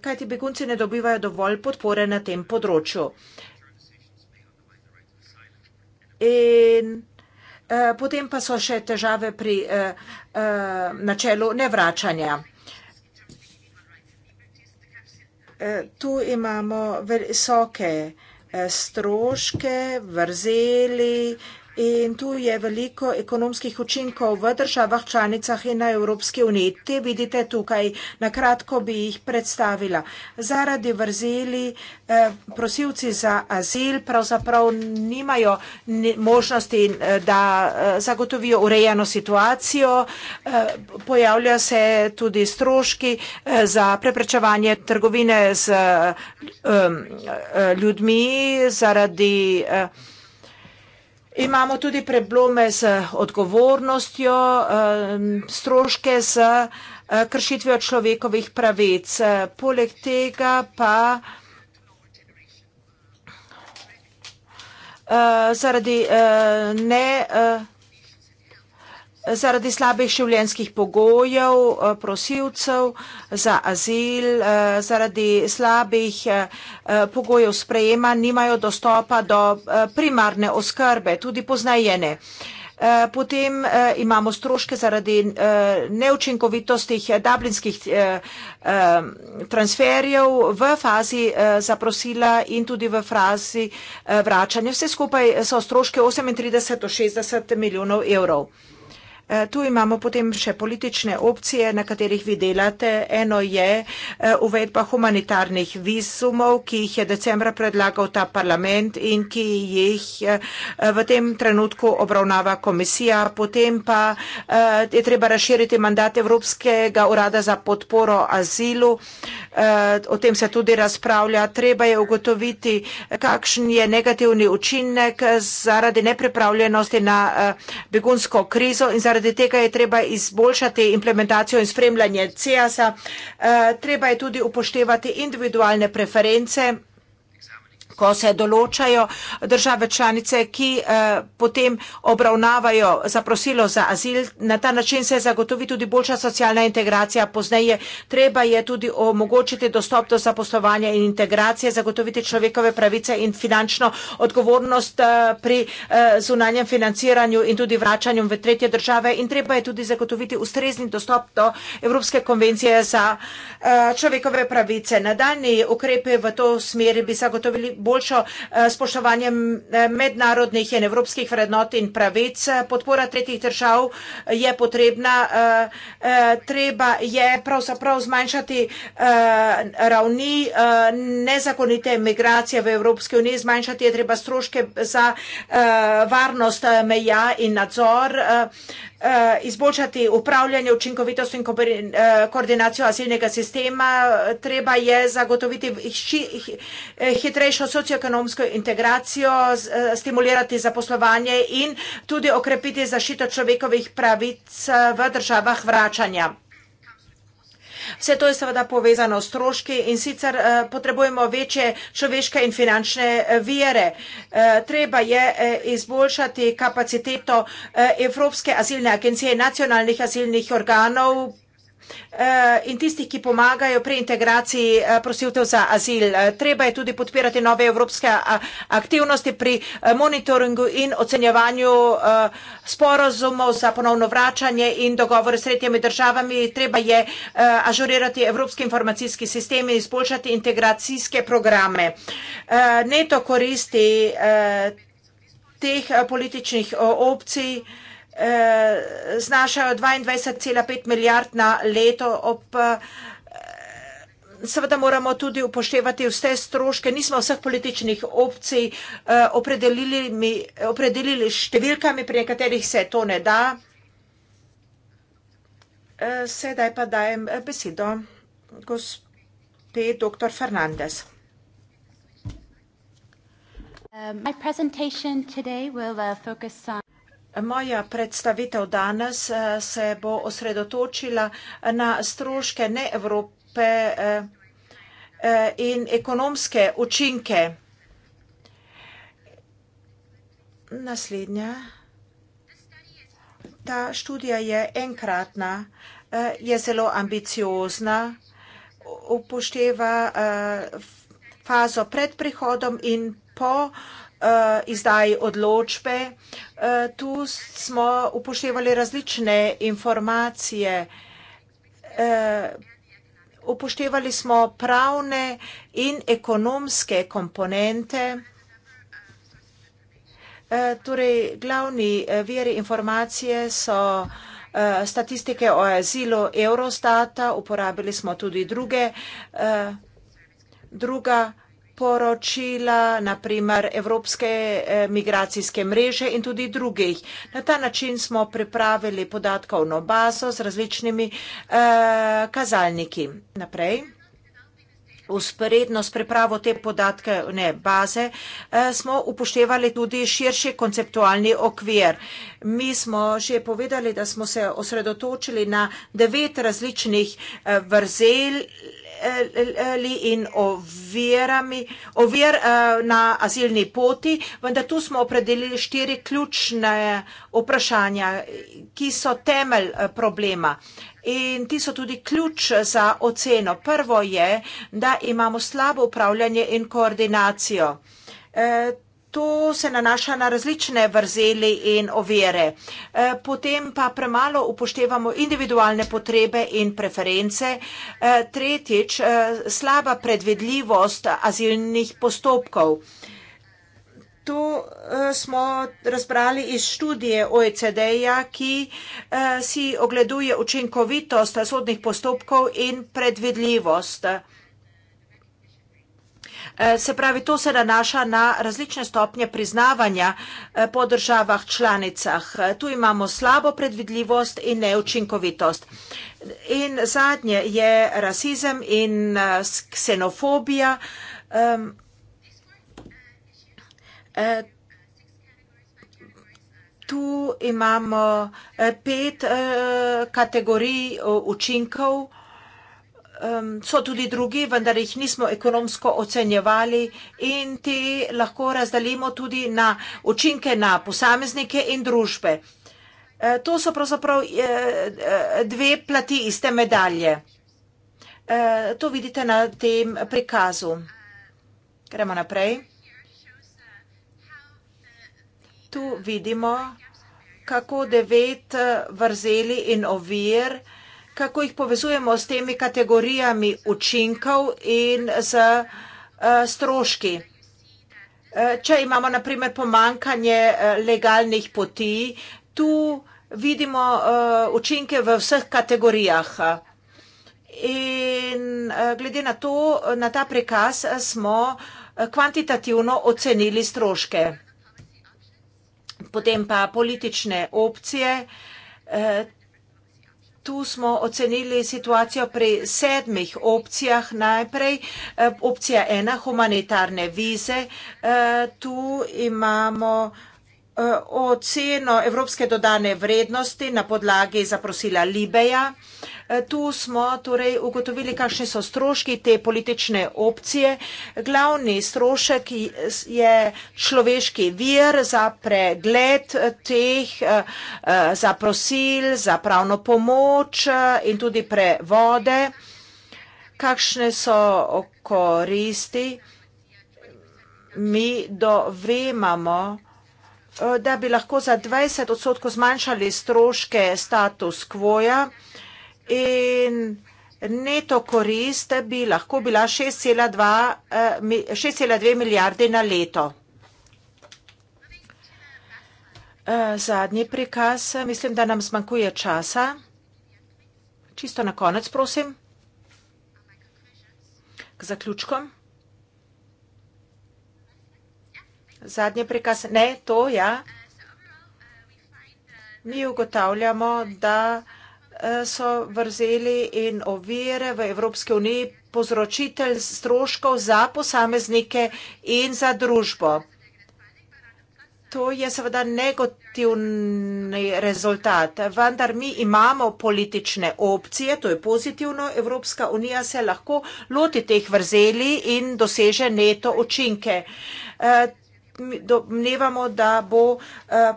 kaj ti begunci ne dobivajo dovolj podpore na tem področju. In potem pa so še težave pri načelu nevračanja. Eh, tu imamo visoke eh, stroške, vrzeli, In tu je veliko ekonomskih učinkov v državah članicah in na Evropski uniji. Te vidite tukaj, na kratko bi jih predstavila. Zaradi vrzeli eh, prosilci za azil pravzaprav nimajo možnosti, eh, da eh, zagotovijo urejeno situacijo. Pojavljajo se tudi stroški za preprečevanje trgovine z ljudmi zaradi. Imamo tudi preblome z odgovornostjo, stroške z eh, kršitvijo človekovih pravec. Poleg tega pa eh, zaradi eh, ne zaradi slabih življenjskih pogojev eh, prosilcev za azil, eh, zaradi slabih eh, pogojev sprejema nimajo dostopa do primarne oskrbe, tudi poznajene. Potem imamo stroške zaradi neučinkovitostih dublinskih transferjev v fazi zaprosila in tudi v fazi vračanja. Vse skupaj so stroške 38 do 60 milijonov evrov. Eh, tu imamo potem še politične opcije, na katerih vi delate. Eno je eh, uvedba humanitarnih visumov, ki jih je decembra predlagal ta parlament in ki jih eh, v tem trenutku obravnava komisija. Potem pa je treba razširiti mandat Evropskega urada za podporo azilu. O tem se tudi razpravlja. Treba je ugotoviti, kakšen je negativni učinek zaradi nepripravljenosti na begunsko krizo in zaradi zaradi tega je treba izboljšati implementacijo in spremljanje CSA. Eh, treba je tudi upoštevati individualne preference ko se določajo države članice, ki eh, potem obravnavajo zaprosilo za azil. Na ta način se zagotovi tudi boljša socialna integracija. Pozneje treba je tudi omogočiti dostop do zaposlovanja in integracije, zagotoviti človekove pravice in finančno odgovornost eh, pri eh, zunanjem financiranju in tudi vračanju v tretje države. In treba je tudi zagotoviti ustrezni dostop do Evropske konvencije za eh, človekove pravice. Nadaljni ukrepe v to smeri bi zagotovili boljšo eh, spoštovanje eh, mednarodnih in evropskih vrednot in pravic. Podpora tretjih držav eh, je potrebna. Treba je pravzaprav zmanjšati ravni nezakonite migracije v Evropski uniji, zmanjšati je treba stroške za varnost meja in nadzor. Eh, izboljšati upravljanje, učinkovitost in eh, koordinacijo azilnega sistema. Treba je zagotoviti eh, hitrejšo socioekonomsko integracijo, stimulirati zaposlovanje in tudi okrepiti zašito človekovih pravic v državah vračanja. Vse to je seveda povezano s stroški in sicer eh, potrebujemo večje človeške in finančne eh, vire. Eh, treba je izboljšati kapaciteto Evropske azilne agencije, nacionalnih azilnih organov, Eh, in tistih, ki pomagajo pri integraciji eh, prosilcev za azil. Eh, treba je tudi podpirati nove evropske aktivnosti pri monitoringu in ocenjevanju sporozumov za ponovno vračanje in dogovore s tretjimi državami. Treba je ažurirati evropski informacijski sistem in izboljšati integracijske programe. Neto koristi teh političnih opcij Eh, znašajo 22,5 milijard na leto. Ob, eh, Seveda moramo tudi upoštevati vse stroške. Nismo vseh političnih opcij eh, opredelili, opredelili številkami, pri nekaterih se to ne da. Sedaj pa dajem besedo gospe dr. Fernandez. Uh, my presentation today will uh, focus on. Moja predstavitev danes eh, se bo osredotočila na stroške ne Evrope eh, eh, in ekonomske učinke. Naslednja. Ta študija je enkratna, je zelo ambiciozna, upošteva fazo pred prihodom in po prihodom Eh, izdaji odločbe. Eh, tu smo upoštevali različne informacije. Eh, upoštevali smo pravne in ekonomske komponente. Torej, glavni veri informacije so statistike o azilu Eurostata, uporabili smo tudi druge, druga poročila, naprimer Evropske eh, migracijske mreže in tudi drugih. Na ta način smo pripravili podatkovno bazo z različnimi eh, kazalniki. Naprej. Usporedno s pripravo te podatkovne baze eh, smo upoštevali tudi širši konceptualni okvir. Mi smo že povedali, da smo se osredotočili na devet različnih vrzel in ovirami, ovir eh, na azilni poti, vendar tu smo opredelili štiri ključne vprašanja, ki so temelj eh, problema. In ti so tudi ključ za oceno. Prvo je, da imamo slabo upravljanje in koordinacijo. Eh, To se nanaša na različne vrzeli in ovire. E, potem pa premalo upoštevamo individualne potrebe in preference. E, tretjič, e, slaba predvedljivost azilnih postopkov. To smo razbrali iz študije OECD-ja, ki si ogleduje učinkovitost sodnih postopkov in predvedljivost. Eh, se pravi, to se nanaša na različne stopnje priznavanja eh, po državah članicah. Eh, tu imamo slabo predvidljivost in neučinkovitost. In zadnje je rasizem in ksenofobija. Tu imamo pet kategorij učinkov um, so tudi drugi, vendar jih nismo ekonomsko ocenjevali in ti lahko razdalimo tudi na učinke na posameznike in družbe. E, to so pravzaprav e, e, dve plati iste medalje. E, to vidite na tem prikazu. Gremo naprej. Tu vidimo, kako devet vrzeli in ovir uh, kako jih povezujemo s temi kategorijami učinkov in z eh, stroški. Eh, če imamo naprimer pomankanje eh, legalnih poti, tu vidimo učinke v vseh kategorijah. In glede na to, na ta prikaz smo kvantitativno ocenili stroške. Potem pa politične opcije, Tu smo ocenili situacijo pri sedmih opcijah najprej. Eh, opcija ena, humanitarne vize. Eh, tu imamo eh, oceno evropske dodane vrednosti na podlagi zaprosila Libeja. Eh, tu smo torej ugotovili, kakšni so stroški te politične opcije. Glavni strošek je človeški vir za pregled teh eh, eh, zaprosil, za pravno pomoč in tudi prevode. Kakšne so koristi? Mi dovemamo, da bi lahko za 20 odstotkov zmanjšali stroške status quoja in neto korist bi lahko bila 6,2 eh, milijarde na leto. Eh, zadnji prikaz, eh, mislim, da nam zmanjkuje časa. Čisto na konec, prosim. K zaključkom. Zadnji prikaz, ne, to, ja. Mi ugotavljamo, da vsega, so vrzeli in ovire v Evropski uniji povzročitelj stroškov za posameznike in za družbo. To je seveda negativni rezultat, vendar mi imamo politične opcije, to je pozitivno, Evropska unija se lahko loti teh vrzeli in doseže neto učinke. Eh, domnevamo, da bo eh,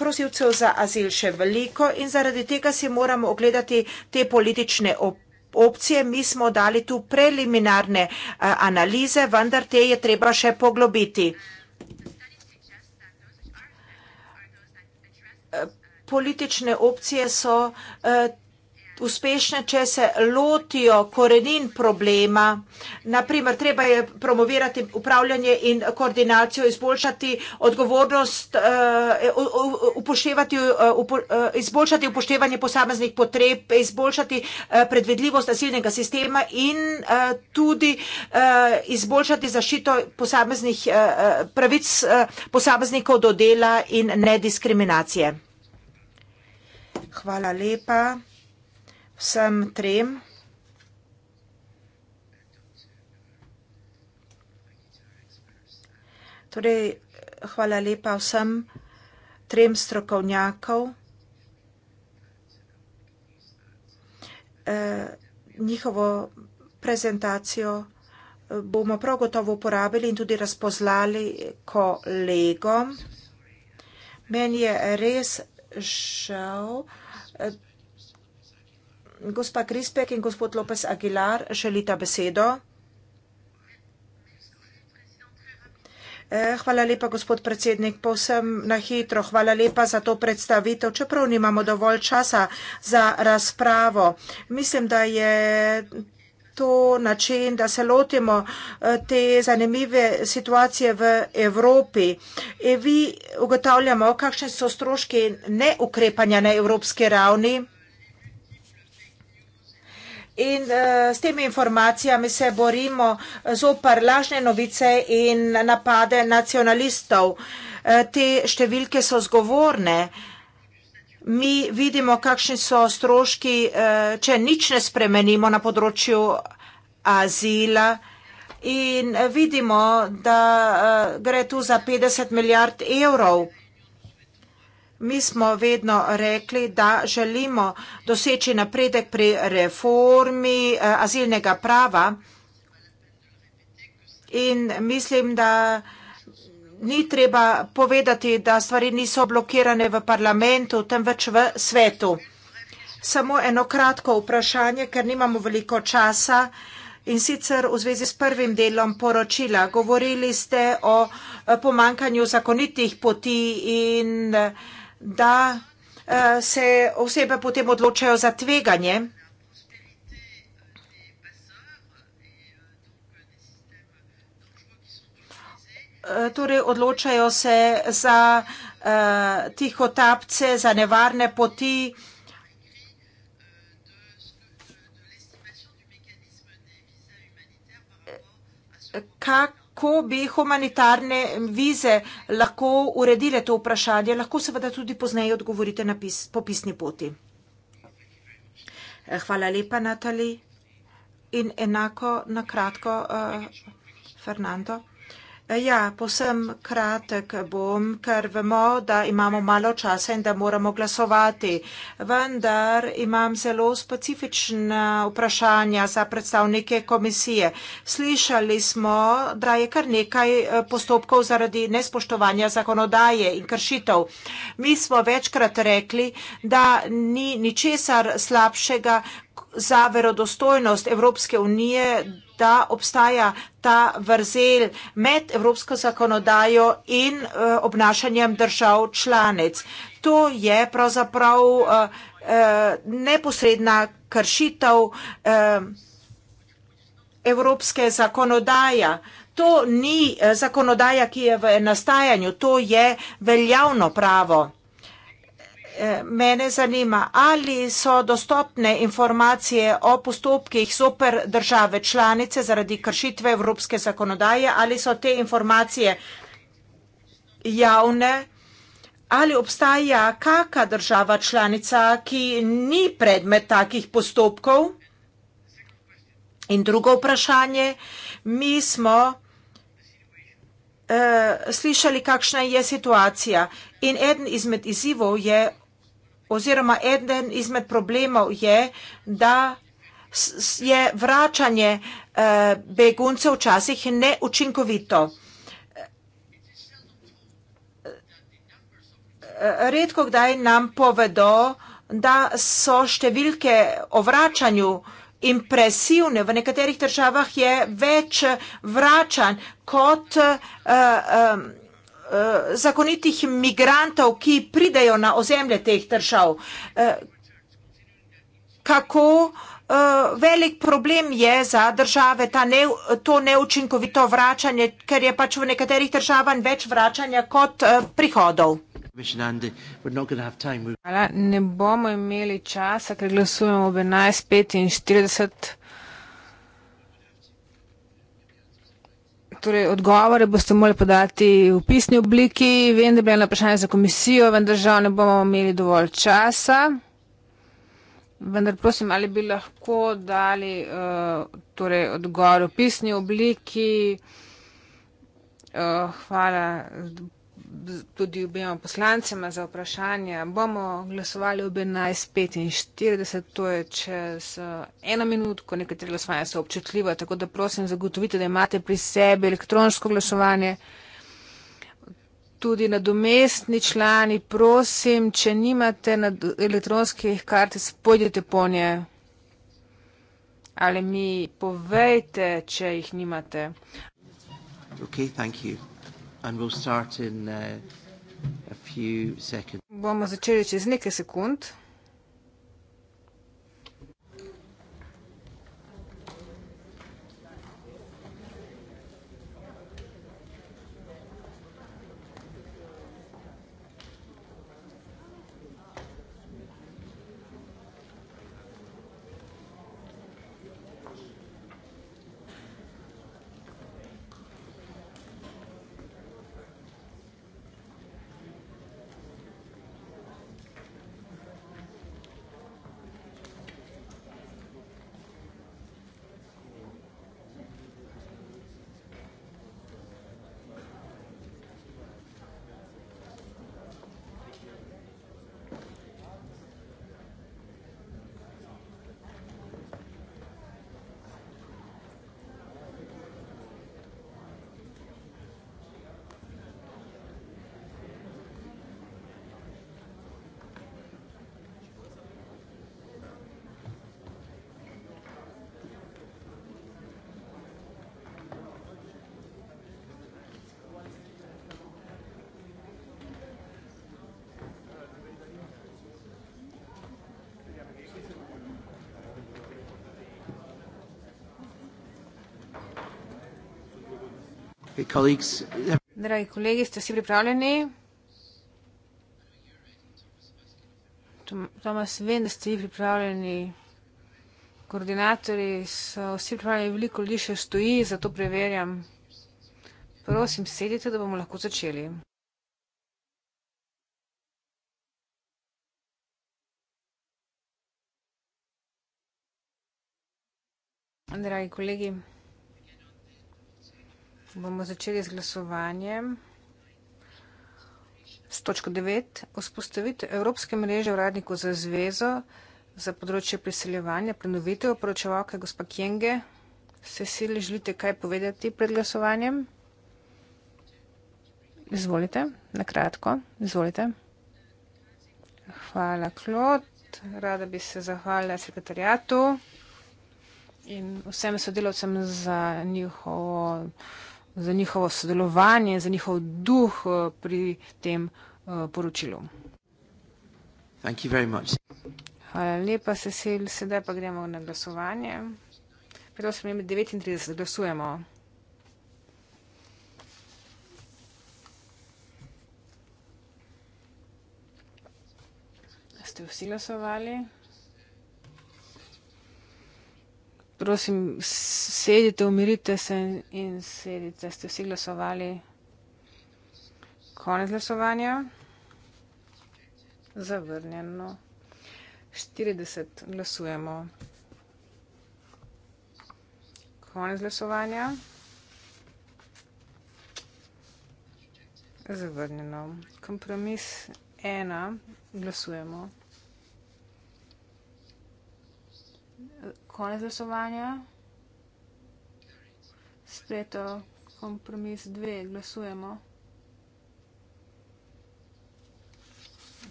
prosilcev za azil še veliko in zaradi tega si moramo ogledati te politične opcije. Opcije. Mi smo dali tu preliminarne eh, analize, vendar te je treba še poglobiti. Eh, politične opcije so eh, uspešne, če se lotijo korenin problema. Naprimer, treba je promovirati upravljanje in koordinacijo, izboljšati odgovornost, eh, upoštevati, eh, eh, izboljšati upoštevanje posameznih potreb, izboljšati predvedljivost nasilnega sistema in tudi izboljšati zašito posameznih pravic posameznikov do dela in nediskriminacije. Hvala lepa vsem trem. Torej, hvala lepa vsem trem strokovnjakov. Eh, njihovo prezentacijo eh, bomo prav gotovo uporabili in tudi razpoznali kolegom. Meni je res žal, eh, Gospa Krispek in gospod Lopez Aguilar želita besedo. Eh, hvala lepa, gospod predsednik. Povsem na hitro hvala lepa za to predstavitev, čeprav nimamo dovolj časa za razpravo. Mislim, da je to način, da se lotimo eh, te zanimive situacije v Evropi. In e, vi ugotavljamo, kakšne so stroški neukrepanja na evropski ravni. In uh, s temi informacijami se borimo zopr lažne novice in napade nacionalistov. Uh, te številke so zgovorne. Mi vidimo, kakšni so stroški, uh, če nič ne spremenimo na področju azila. In vidimo, da uh, gre tu za 50 milijard evrov. Mi smo vedno rekli, da želimo doseči napredek pri reformi eh, azilnega prava in mislim, da ni treba povedati, da stvari niso blokirane v parlamentu, temveč v svetu. Samo eno kratko vprašanje, ker nimamo veliko časa in sicer v zvezi s prvim delom poročila. Govorili ste o eh, pomankanju zakonitih poti in vsega, eh, da eh, se osebe potem odločajo za tveganje. Eh, torej odločajo se za eh, tihotapce, za nevarne poti. Kak kako bi humanitarne vize lahko uredile to vprašanje, lahko seveda tudi pozneje odgovorite na pis, popisni poti. Eh, hvala lepa, Natali. In enako na kratko, uh, Fernando. Ja, posem kratek bom, ker vemo, da imamo malo časa in da moramo glasovati. Vendar imam zelo specifična vprašanja za predstavnike komisije. Slišali smo, da je kar nekaj eh, postopkov zaradi nespoštovanja zakonodaje in kršitev. Mi smo večkrat rekli, da ni ničesar slabšega za verodostojnost Evropske unije da obstaja ta vrzel med evropsko zakonodajo in eh, obnašanjem držav članec. To je pravzaprav eh, eh, neposredna kršitev evropske zakonodaje. To ni zakonodaja, ki je v nastajanju, to je veljavno pravo mene zanima, ali so dostopne informacije o postopkih super države članice zaradi kršitve evropske zakonodaje, ali so te informacije javne, ali obstaja kaka država članica, ki ni predmet takih postopkov? In drugo vprašanje, mi smo eh, slišali, kakšna je situacija. In eden izmed izzivov je oziroma eden izmed problemov je, da je vračanje eh, beguncev včasih neučinkovito. Eh, redko kdaj nam povedo, da so številke o vračanju impresivne. V nekaterih državah je več vračanj kot vračanj eh, Eh, zakonitih migrantov, ki pridejo na ozemlje teh držav. Eh, kako eh, velik problem je za države ta ne, to neučinkovito vračanje, ker je pač v nekaterih državah več vračanja kot prihodov. Hvala. Ne bomo imeli časa, ker glasujemo ob 11.45. Torej, odgovore boste morali podati v pisni obliki. Vem, da je bilo eno vprašanje za komisijo, vendar žal ne bomo imeli dovolj časa. Vendar prosim, ali bi lahko dali uh, torej, odgovor v pisni obliki. Uh, hvala tudi objema poslancema za vprašanje. Bomo glasovali ob 11.45, to je čez eh, eno minut, ko nekatere glasovanja so občutljiva, tako da prosim zagotovite, da imate pri sebi elektronsko glasovanje. Tudi na domestni člani, prosim, če nimate na elektronskih kartic, pojdite po nje. Ali mi povejte, če jih nimate. Okay, thank you. Uh, Bomo začeli čez nekaj sekund. Dragi kolegi, ste vsi pripravljeni? Tomas, vem, da ste vi pripravljeni. Koordinatori so vsi pripravljeni, veliko ljudi še stoji, zato preverjam. Prosim, sedite, da bomo lahko začeli. Dragi kolegi, bomo začeli z glasovanjem. S točko 9. Vzpostaviti Evropske mreže uradnikov za zvezo za področje priseljevanja, prenovitev poročevalke gospa Kjenge. Se si li želite kaj povedati pred glasovanjem? Izvolite, na kratko. Izvolite. Hvala, Klot. Rada bi se zahvalila sekretarjatu in vsem sodelovcem za njihovo za njihovo sodelovanje, za njihov duh eh, pri tem eh, poročilu. Hvala lepa, Cecil. Sedaj pa gremo na glasovanje. Prosim, ime 39, glasujemo. Ste vsi glasovali? prosim, sedite, umirite se in, in sedite. Ste vsi glasovali? Konec glasovanja. Zavrnjeno. 40 glasujemo. Konec glasovanja. Zavrnjeno. Kompromis 1. Glasujemo konec glasovanja. Spet o kompromis 2 glasujemo.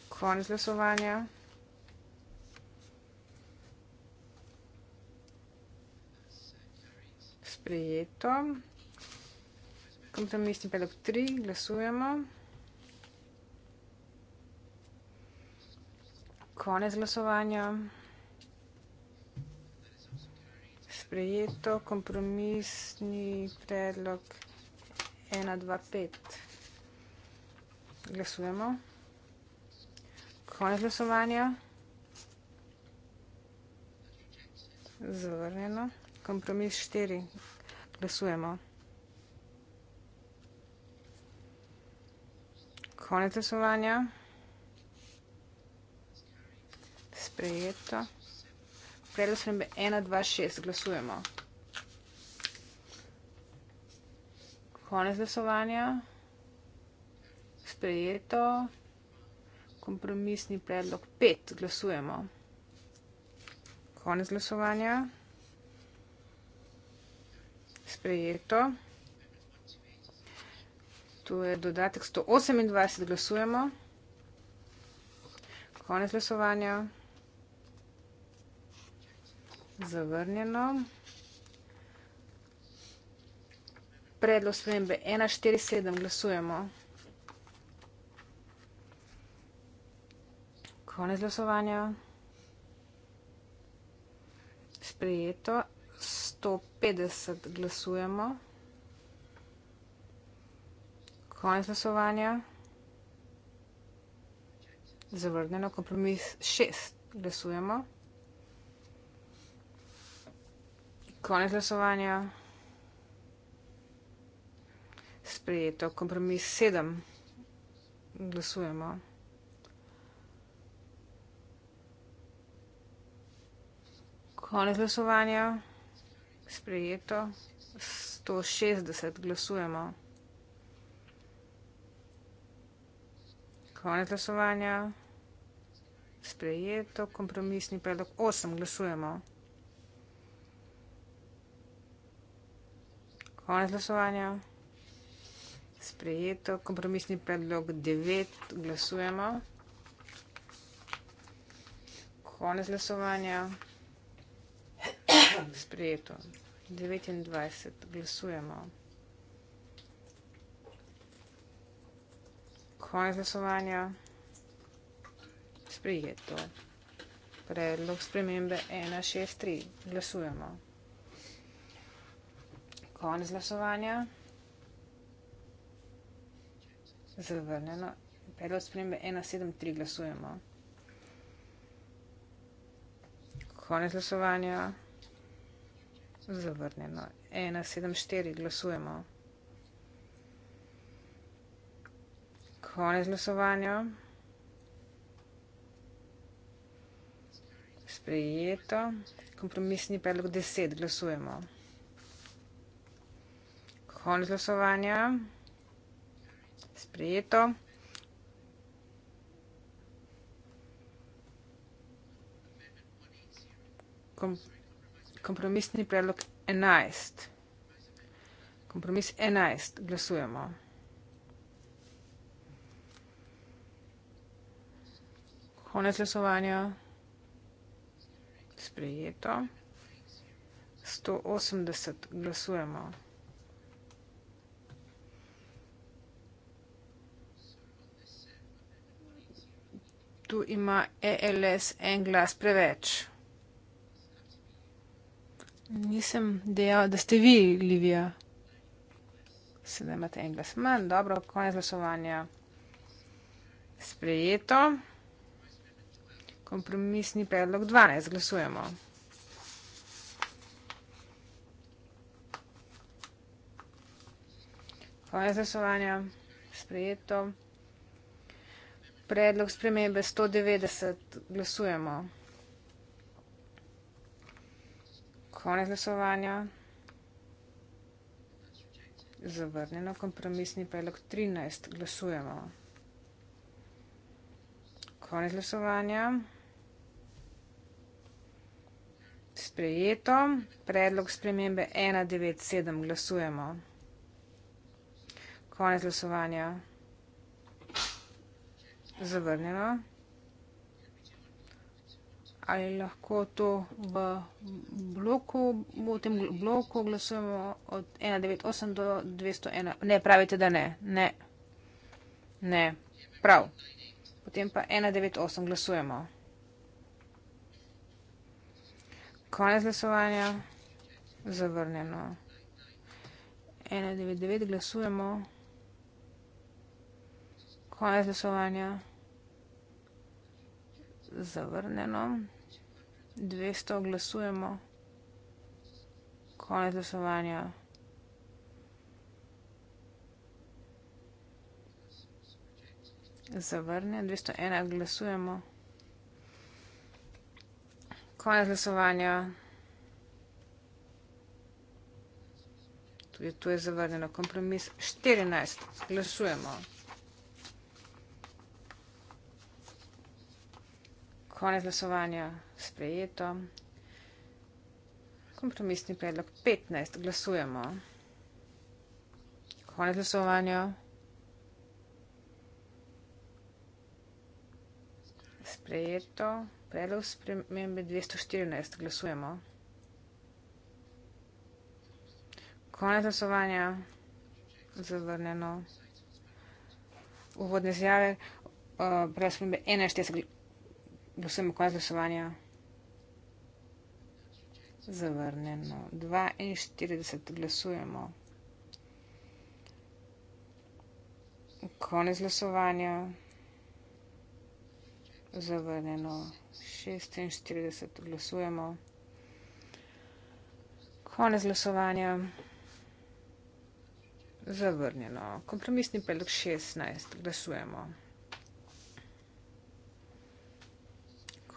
Konec glasovanja. Sprejeto. Kompromis in predlog 3 glasujemo. Konec glasovanja. sprejeto. Kompromisni predlog 1.2.5. Glasujemo. Konec glasovanja. Zavrnjeno. Kompromis 4. Glasujemo. Konec glasovanja. Sprejeto predlog spremembe ena, dva, šest. Glasujemo. Konec glasovanja. Sprejeto. Kompromisni predlog pet. Glasujemo. Konec glasovanja. Sprejeto. Tu je dodatek 128. Glasujemo. Konec glasovanja zavrnjeno. Predlog spremembe 1.4.7 glasujemo. Konec glasovanja. Sprejeto. 150 glasujemo. Konec glasovanja. Zavrnjeno kompromis 6 glasujemo. konec glasovanja. Sprejeto, kompromis sedem. Glasujemo. Konec glasovanja. Sprejeto. 160 glasujemo. Konec glasovanja. Sprejeto. Kompromisni predlog 8 glasujemo. Konec glasovanja. Sprejeto. Kompromisni predlog 9. Glasujemo. Konec glasovanja. Sprejeto. 29. Glasujemo. Konec glasovanja. Sprejeto. Predlog spremembe 163. Glasujemo konec glasovanja. Zavrnjeno. Predlog spremembe 173 glasujemo. Konec glasovanja. Zavrnjeno. 174 glasujemo. Konec glasovanja. Sprejeto. Kompromisni predlog 10 glasujemo. Konc glasovanja. Sprejeto. Kom kompromisni predlog 11. Kompromis 11. Glasujemo. Konec glasovanja. Sprejeto. 180 glasujemo. tu ima ELS en glas preveč. Nisem dejal, da ste vi, Livija. Sedaj imate en glas manj, dobro, konec glasovanja. Sprejeto. Kompromisni predlog 12. Glasujemo. Konec glasovanja. Sprejeto predlog spremembe 190. Glasujemo. Konec glasovanja. Zavrnjeno. Kompromisni predlog 13. Glasujemo. Konec glasovanja. Sprejeto. Predlog spremembe 197. Glasujemo. Konec glasovanja zavrnjeno. Ali lahko to v bloku, v tem bloku glasujemo od 198 do 201. Ne, pravite, da ne. Ne. Ne. Prav. Potem pa 198 glasujemo. Konec glasovanja. Zavrnjeno. 199 glasujemo. Konec glasovanja. Zavrnjeno. 200 glasujemo. Konec glasovanja. Zavrnjeno. 201 glasujemo. Konec glasovanja. Tudi tu je zavrnjeno. Kompromis 14. Glasujemo. Konec glasovanja sprejeto. Kompromisni predlog 15. Glasujemo. Konec glasovanja. Sprejeto. Predlog spremembe 214. Glasujemo. Konec glasovanja. Zavrnjeno. Uvodne izjave. Uh, predlog spremembe 41 da sem konec glasovanja zavrnjeno. 42 glasujemo. Konec glasovanja zavrnjeno. 46 glasujemo. Konec glasovanja zavrnjeno. Kompromisni predlog 16 glasujemo.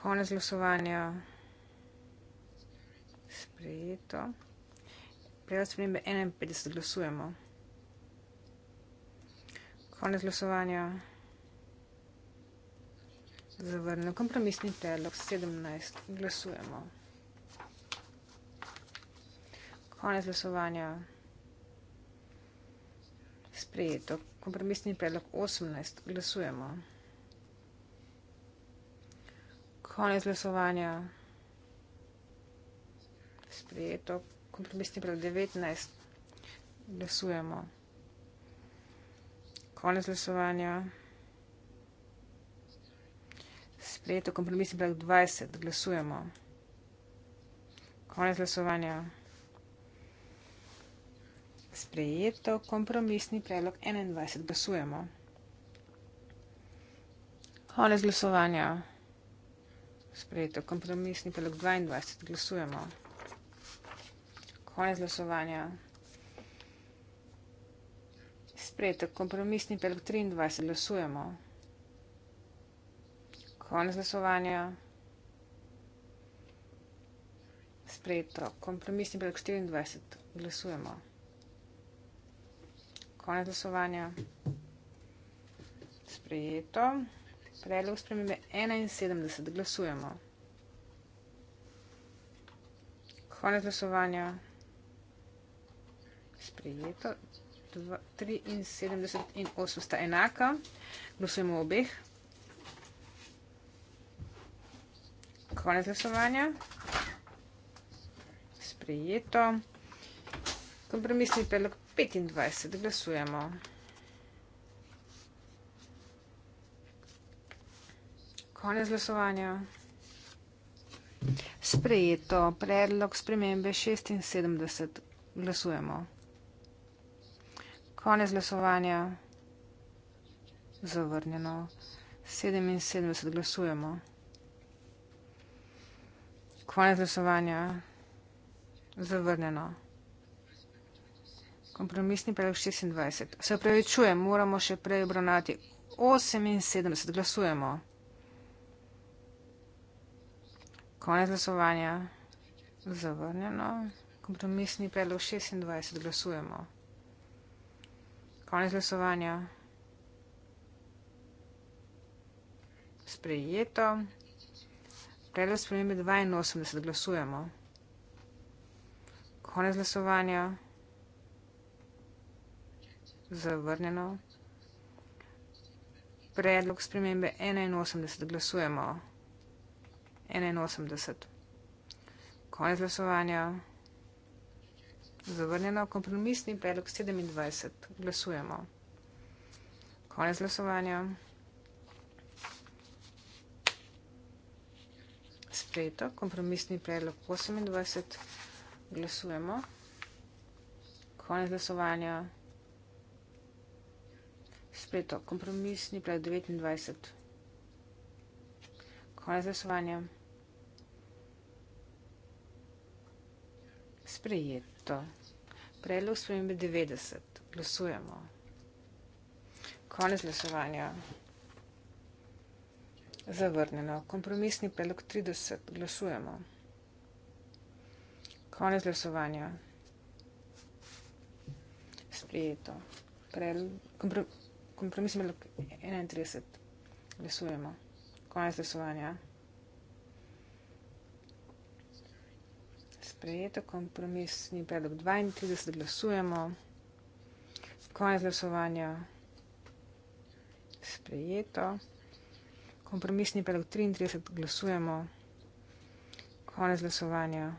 konec glasovanja sprejeto. Prijava spremembe 51 glasujemo. Konec glasovanja zavrnil kompromisni predlog 17 glasujemo. Konec glasovanja sprejeto. Kompromisni predlog 18 glasujemo konec glasovanja. Sprejeto. Kompromisni prav 19. Glasujemo. Konec glasovanja. Sprejeto. Kompromisni prav 20. Glasujemo. Konec glasovanja. Sprejeto. Kompromisni predlog 21. Glasujemo. Konec glasovanja sprejeto. Kompromisni predlog 22. Glasujemo. Konec glasovanja. Sprejeto. Kompromisni predlog 23. Glasujemo. Konec glasovanja. Sprejeto. Kompromisni predlog 24. Glasujemo. Konec glasovanja. Sprejeto. Predlog spremembe 71. Glasujemo. Konec glasovanja. Sprejeto. 73 in 8 sta enaka. Glasujemo obeh. Konec glasovanja. Sprejeto. Kompromisni predlog 25. Glasujemo. Konec glasovanja. Sprejeto. Predlog spremembe 76. Glasujemo. Konec glasovanja. Zavrnjeno. 77. Glasujemo. Konec glasovanja. Zavrnjeno. Kompromisni predlog 26. Se pravi, čujem, moramo še prej obravnati 78. Glasujemo. Konec glasovanja. Zavrnjeno. Kompromisni predlog 26. Glasujemo. Konec glasovanja. Sprejeto. Predlog spremembe 82. Glasujemo. Konec glasovanja. Zavrnjeno. Predlog spremembe 81. Glasujemo. 81. Konec glasovanja. Zavrnjeno. Kompromisni predlog 27. Glasujemo. Konec glasovanja. Sprejeto. Kompromisni predlog 28. Glasujemo. Konec glasovanja. Sprejeto. Kompromisni predlog 29. Konec glasovanja. Sprejeto. Predlog spremembe 90. Glasujemo. Konec glasovanja. Zavrnjeno. Kompromisni predlog 30. Glasujemo. Konec glasovanja. Sprejeto. Kompromisni predlog 31. Glasujemo. Konec glasovanja. sprejeto kompromisni predlog 32, glasujemo. Konec glasovanja. Sprejeto. Kompromisni predlog 33, glasujemo. Konec glasovanja.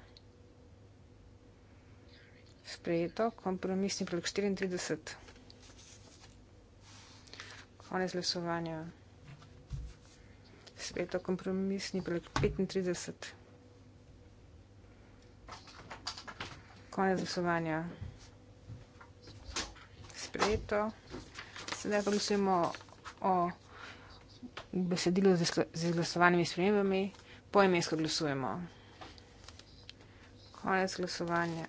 Sprejeto. Kompromisni predlog 34. Konec glasovanja. Sprejeto. Kompromisni predlog 35. Konec glasovanja. Sprejeto. Sedaj pa glasujemo o besedilu z izglasovanimi spremembami. Poimensko glasujemo. Konec glasovanja.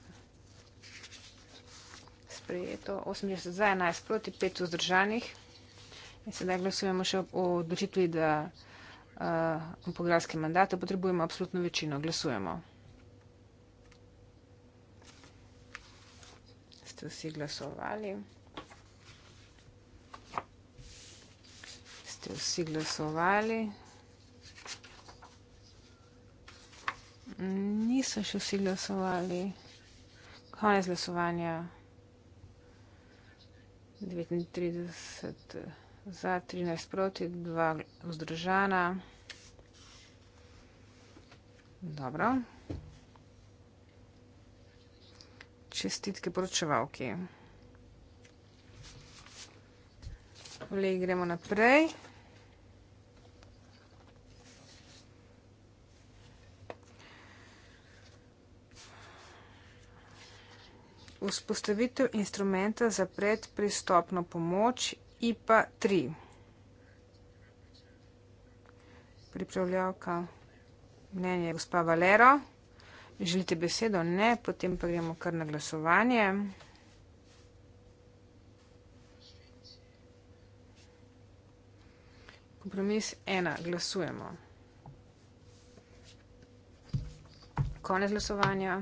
Sprejeto. 80 za, 11 proti, 5 vzdržanih. In sedaj glasujemo še o odločitvi, da uh, eh, v pogledalskem mandatu potrebujemo absolutno večino. Glasujemo. ste vsi glasovali? Ste vsi glasovali? Niso še vsi glasovali. Konec glasovanja. 39 za, 13 proti, 2 vzdržana. Dobro. čestitke poročevalki. Vlej, gremo naprej. Vzpostavitev instrumenta za predpristopno pomoč IPA 3. Pripravljavka mnenje gospa Valero. Želite besedo? Ne, potem pa gremo kar na glasovanje. Kompromis ena, glasujemo. Konec glasovanja.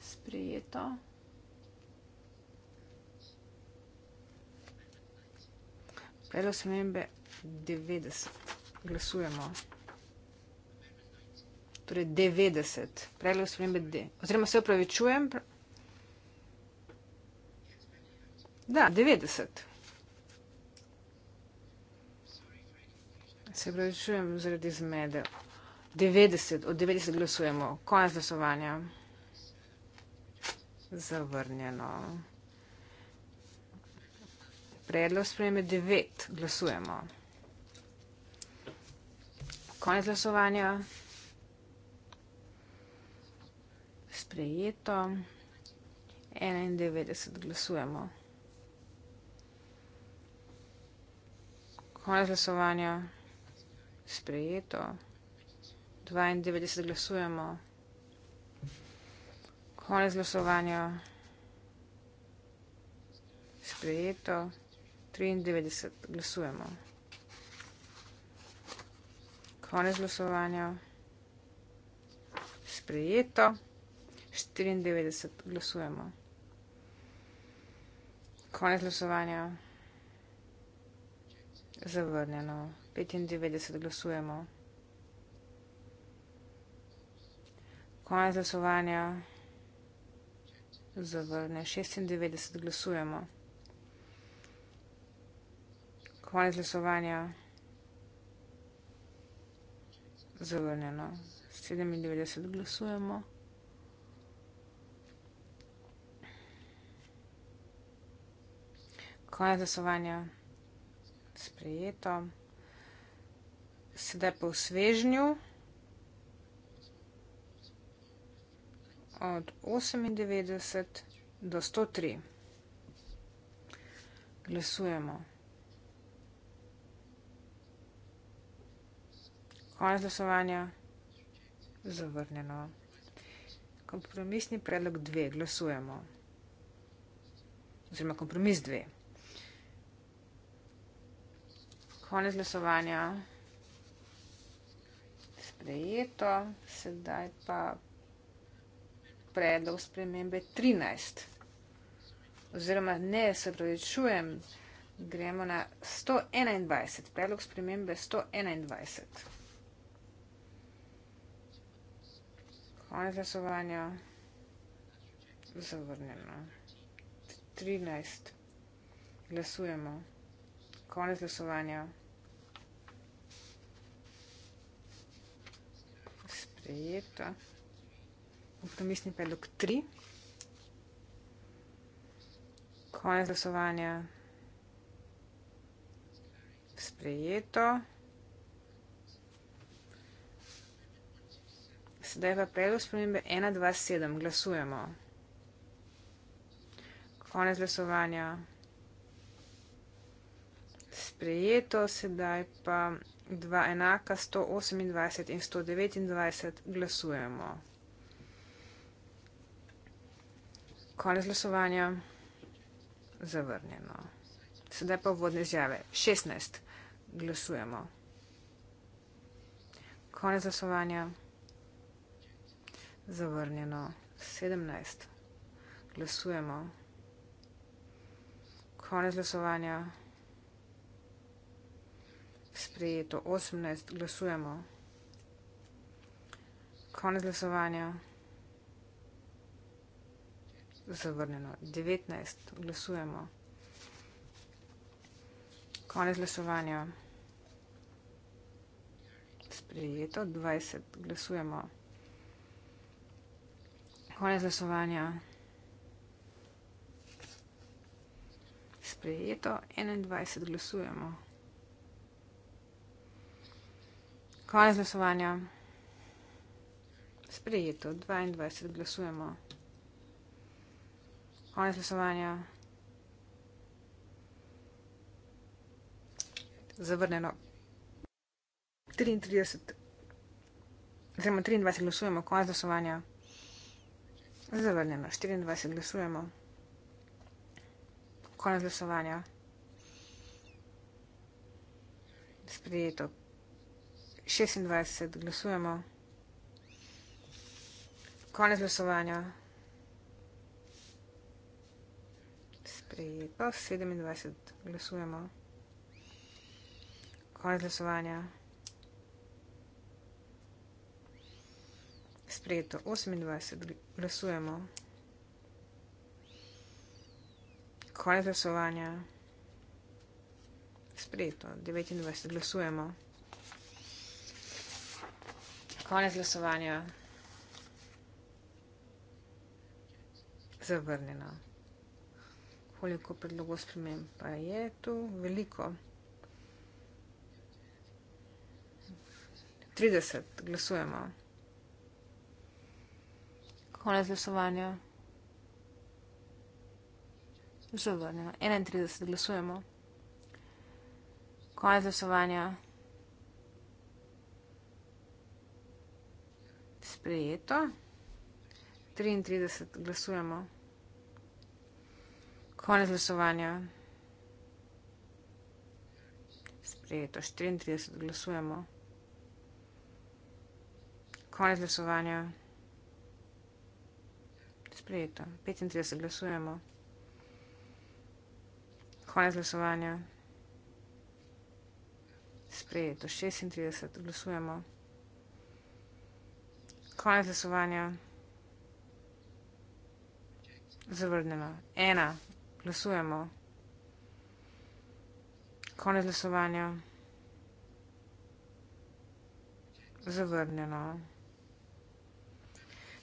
Sprijeto. Predlog spremembe 90. Glasujemo torej 90, predlog spremembe D. Oziroma se upravičujem, da, 90. Se upravičujem zaradi zmede. 90, od 90 glasujemo. Konec glasovanja. Zavrnjeno. Predlog spremembe 9 glasujemo. Konec glasovanja. sprejeto. 91 glasujemo. Konec glasovanja. Sprejeto. 92 glasujemo. Konec glasovanja. Sprejeto. 93 glasujemo. Konec glasovanja. Sprejeto. 94 glasujemo. Konec glasovanja. Zavrnjeno. 95 glasujemo. Konec glasovanja. Zavrne. 96 glasujemo. Konec glasovanja. Zavrnjeno. 97 glasujemo. konec glasovanja sprejeto. Sedaj pa v svežnju od 98 do 103. Glasujemo. Konec glasovanja zavrnjeno. Kompromisni predlog 2. Glasujemo. Oziroma kompromis 2. Konec glasovanja. Sprejeto, sedaj pa predlog spremembe 13. Oziroma, ne, se pravičujem, gremo na 121, predlog spremembe 121. Konec glasovanja, zavrnjeno. 13, glasujemo. Konec glasovanja. Eta. Optimistični predlog 3. Konec glasovanja. Sprejeto. Sedaj pa predlog spremembe 127. Glasujemo. Konec glasovanja. Sprejeto. Sedaj pa dva enaka, 128 in 129, glasujemo. Konec glasovanja. Zavrnjeno. Sedaj pa vodne izjave. 16. Glasujemo. Konec glasovanja. Zavrnjeno. 17. Glasujemo. Konec glasovanja sprejeto. 18 glasujemo. Konec glasovanja. Zavrnjeno. 19 glasujemo. Konec glasovanja. Sprejeto. 20 glasujemo. Konec glasovanja. Sprejeto. 21 glasujemo. Konec glasovanja. Sprejeto. 22. Glasujemo. Konec glasovanja. Zavrnjeno. 33. Oziroma 23 glasujemo. Konec glasovanja. Zavrnjeno. 24 glasujemo. Konec glasovanja. Sprejeto. 26, glasujemo. Konec glasovanja. Sprejeto, 27, glasujemo. Konec glasovanja. Sprejeto, 28, glasujemo. Konec glasovanja. Sprejeto, 29, glasujemo konec glasovanja. Zavrnjeno. Koliko predlogov sprememb pa je tu? Veliko. 30. Glasujemo. Konec glasovanja. Zavrnjeno. 31. Glasujemo. Konec glasovanja. sprejeto. 33 glasujemo. Konec glasovanja. Sprejeto. 34 glasujemo. Konec glasovanja. Sprejeto. 35 glasujemo. Konec glasovanja. Sprejeto. 36 glasujemo. Konec glasovanja. Zavrnemo. Ena. Glasujemo. Konec glasovanja. Zavrnjeno.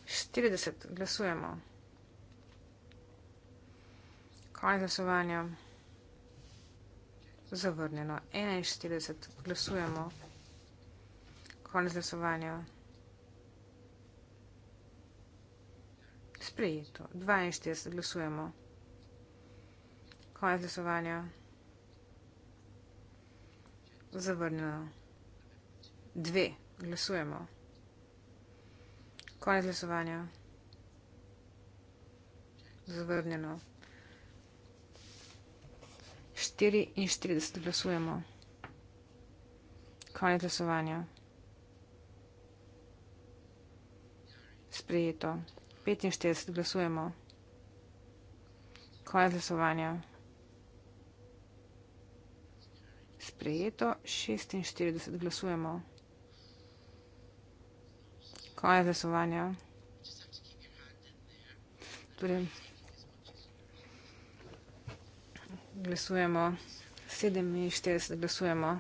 40. Glasujemo. Konec glasovanja. Zavrnjeno. 41. Glasujemo. Konec glasovanja. sprejeto. 42 glasujemo. Konec glasovanja. Zavrnjeno. 2 glasujemo. Konec glasovanja. Zavrnjeno. 44 glasujemo. Konec glasovanja. Sprejeto. 45 glasujemo. Konec glasovanja. Sprejeto. 46 glasujemo. Konec glasovanja. Torej, glasujemo. 47 glasujemo.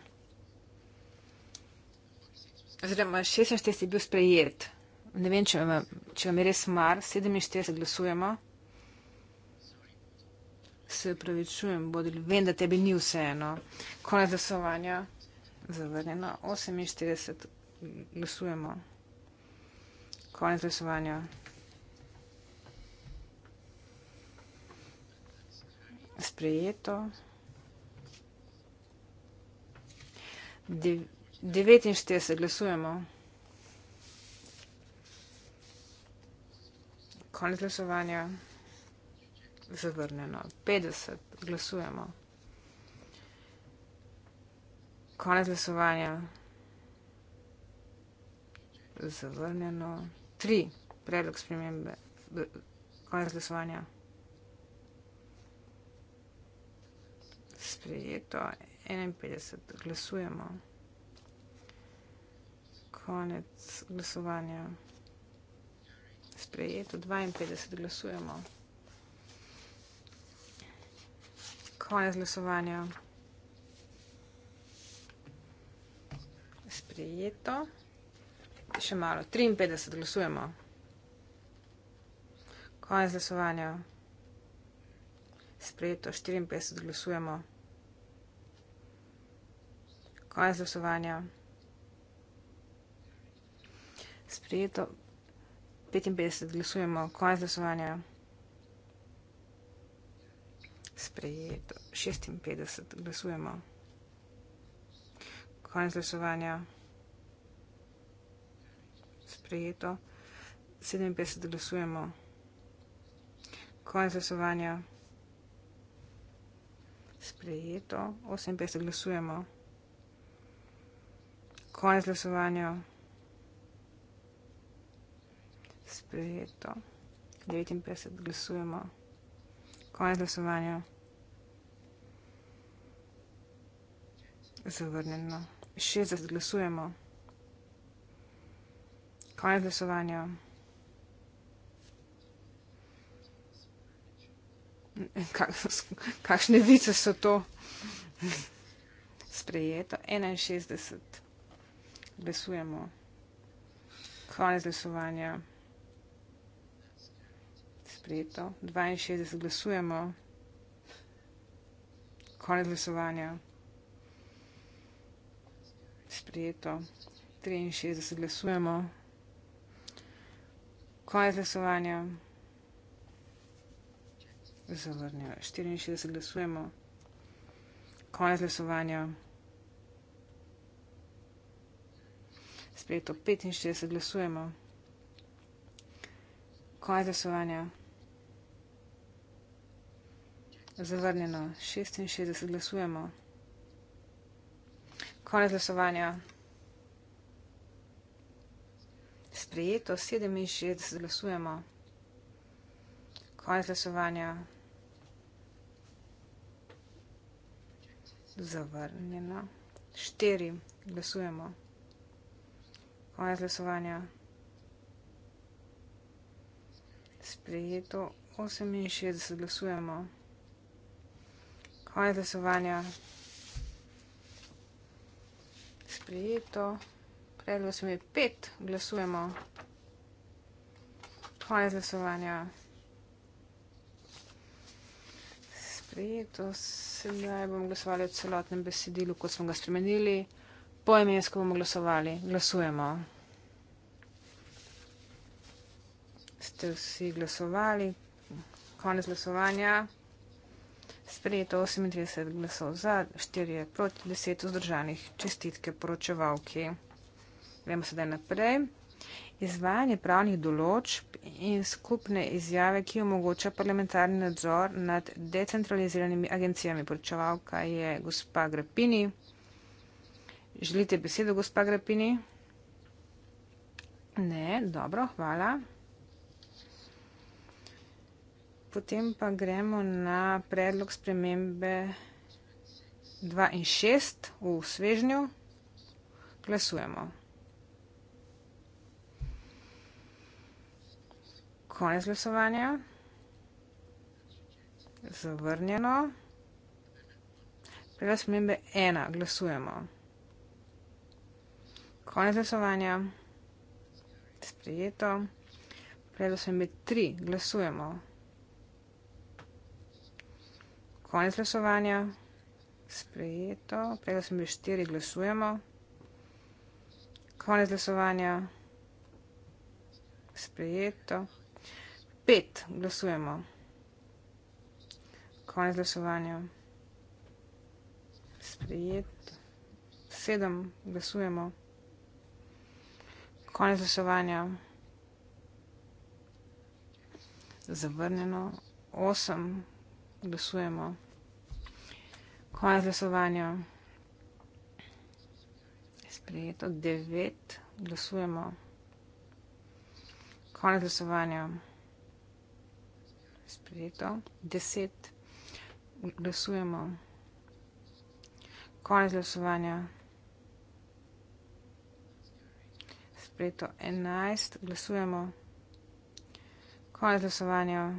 Oziroma, 46 je bil sprejet. Ne vem, če vam, če vam je res mar, 47 glasujemo. Se upravičujem, bodili. Vem, da tebi ni vseeno. Konec glasovanja. Zavrnjeno. 48 glasujemo. Konec glasovanja. Sprejeto. 49 glasujemo. konec glasovanja. Zavrnjeno. 50. Glasujemo. Konec glasovanja. Zavrnjeno. 3. Predlog spremembe. Konec glasovanja. Sprejeto. 51. Glasujemo. Konec glasovanja sprejeto, 52 glasujemo. Konec glasovanja. Sprejeto. Še malo, 53 glasujemo. Konec glasovanja. Sprejeto, 54 glasujemo. Konec glasovanja. Sprejeto. 55 glasujemo, konec glasovanja. Sprejeto. 56 glasujemo. Konec glasovanja. Sprejeto. 57 glasujemo. Konec glasovanja. Sprejeto. 58 glasujemo. Konec glasovanja sprejeto. 59 glasujemo. Konec glasovanja. Zavrnjeno. 60 glasujemo. Konec glasovanja. Kakšne vice so to? Sprejeto. 61. Glasujemo. Konec glasovanja sprejeto. 62 glasujemo. Konec glasovanja. Sprejeto. 63 glasujemo. Konec glasovanja. Zavrnjeno. 64 glasujemo. Konec glasovanja. Sprejeto. 65 glasujemo. Konec glasovanja. Zavrnjeno. 66 glasujemo. Konec glasovanja. Sprejeto. 67 glasujemo. Konec glasovanja. Zavrnjeno. 4 glasujemo. Konec glasovanja. Sprejeto. 68 glasujemo. Ona je glasovanja sprejeto. Predlog sem je pet, glasujemo. Ona je glasovanja sprejeto. Sedaj bomo glasovali o celotnem besedilu, kot smo ga spremenili. Poimensko bomo glasovali. Glasujemo. Ste vsi glasovali? Konec glasovanja sprejeto 38 glasov za, 4 proti 10 vzdržanih čestitke poročevalki. Gremo sedaj naprej. Izvajanje pravnih določb in skupne izjave, ki omogoča parlamentarni nadzor nad decentraliziranimi agencijami. Poročevalka je gospa Grapini. Želite besedo, gospa Grapini? Ne, dobro, hvala potem pa gremo na predlog spremembe 2 in 6 v svežnju. Glasujemo. Konec glasovanja. Zavrnjeno. Predlog spremembe 1. Glasujemo. Konec glasovanja. Sprejeto. Predlog spremembe 3. Glasujemo. Glasujemo. Konec glasovanja. Sprejeto. Prej smo bili štiri, glasujemo. Konec glasovanja. Sprejeto. Pet glasujemo. Konec glasovanja. Sprejeto. Sedem glasujemo. Konec glasovanja. Zavrnjeno. Osem glasujemo. Konec glasovanja. Sprejeto 9. Glasujemo. Konec glasovanja. Sprejeto 10. Glasujemo. Konec glasovanja. Sprejeto 11. Glasujemo. Konec glasovanja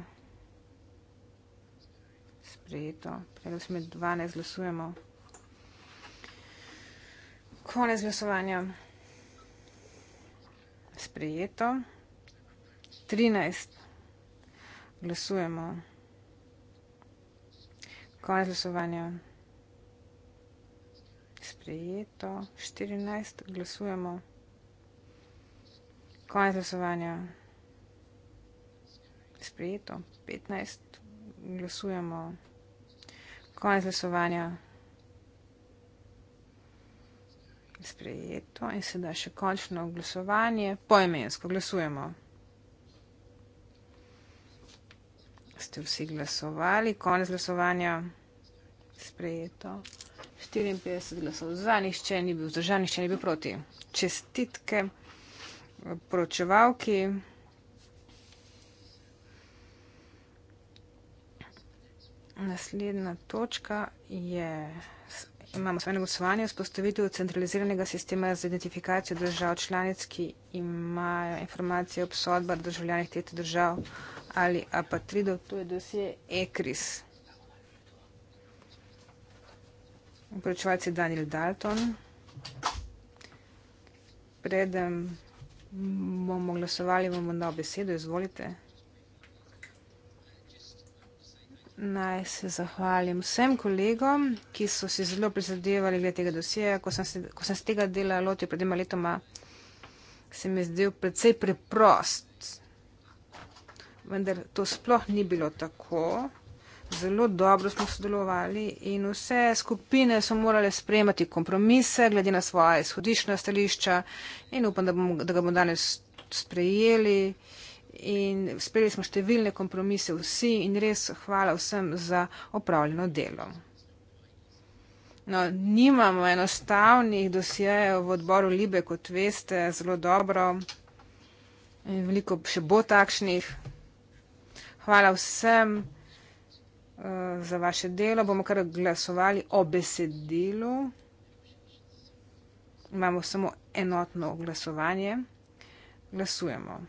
sprejeto. Predlog smo 12 glasujemo. Konec glasovanja. Sprejeto. 13 glasujemo. Konec glasovanja. Sprejeto. 14 glasujemo. Konec glasovanja. Sprejeto. 15 glasujemo konec glasovanja. Sprejeto in sedaj še končno glasovanje. Poimensko glasujemo. Ste vsi glasovali? Konec glasovanja. Sprejeto. 54 glasov za, nišče ni bil vzdržan, nišče ni bil proti. Čestitke poročevalki. Naslednja točka je, imamo svojeno glasovanje, spostavitev centraliziranega sistema za identifikacijo držav članic, ki imajo informacije o sodbah državljanih teh držav ali apatridov. To je dosje ECRIS. Upravičevalec je Daniel Dalton. Preden bomo glasovali, vam bom dal besedo. Izvolite. naj se zahvalim vsem kolegom, ki so si zelo prizadevali glede tega dosjeja. Ko, ko sem se tega dela lotil pred dvema letoma, se mi je zdel precej preprost. Vendar to sploh ni bilo tako. Zelo dobro smo sodelovali in vse skupine so morale sprejemati kompromise glede na svoje izhodišna stališča in upam, da, bom, da ga bomo danes sprejeli in sprejeli smo številne kompromise vsi in res hvala vsem za opravljeno delo. No, nimamo enostavnih dosjejev v odboru Libe, kot veste, zelo dobro. In veliko še bo takšnih. Hvala vsem uh, za vaše delo. Bomo kar glasovali o besedilu. Imamo samo enotno glasovanje. Glasujemo.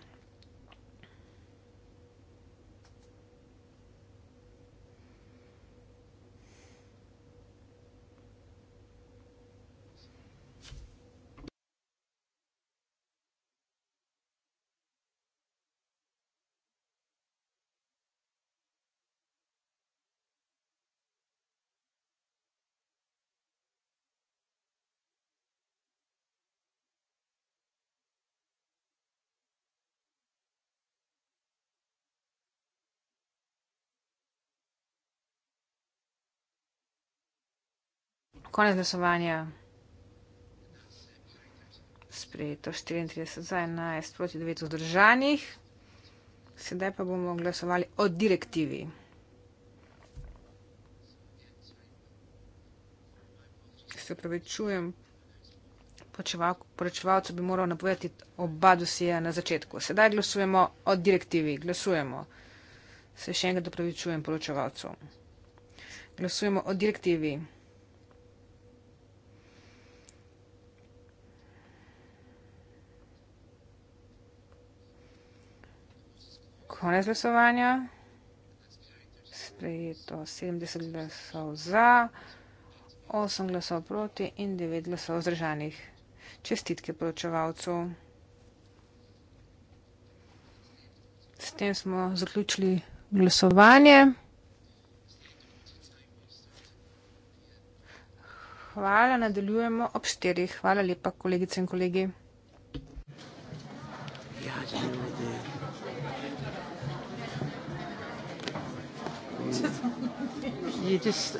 konec glasovanja. Sprejeto 34 za 11 proti 9 vzdržanih. Sedaj pa bomo glasovali o direktivi. Se pravičujem, poročevalcu bi moral napovedati oba dosija na začetku. Sedaj glasujemo o direktivi. Glasujemo. Se še enkrat pravičujem poročevalcu. Glasujemo o direktivi. konec glasovanja. Sprejeto 70 glasov za, 8 glasov proti in 9 glasov vzdržanih. Čestitke poročevalcu. S tem smo zaključili glasovanje. Hvala, nadaljujemo ob 4. Hvala lepa, kolegice in kolegi. Ja, ja, ja. you just.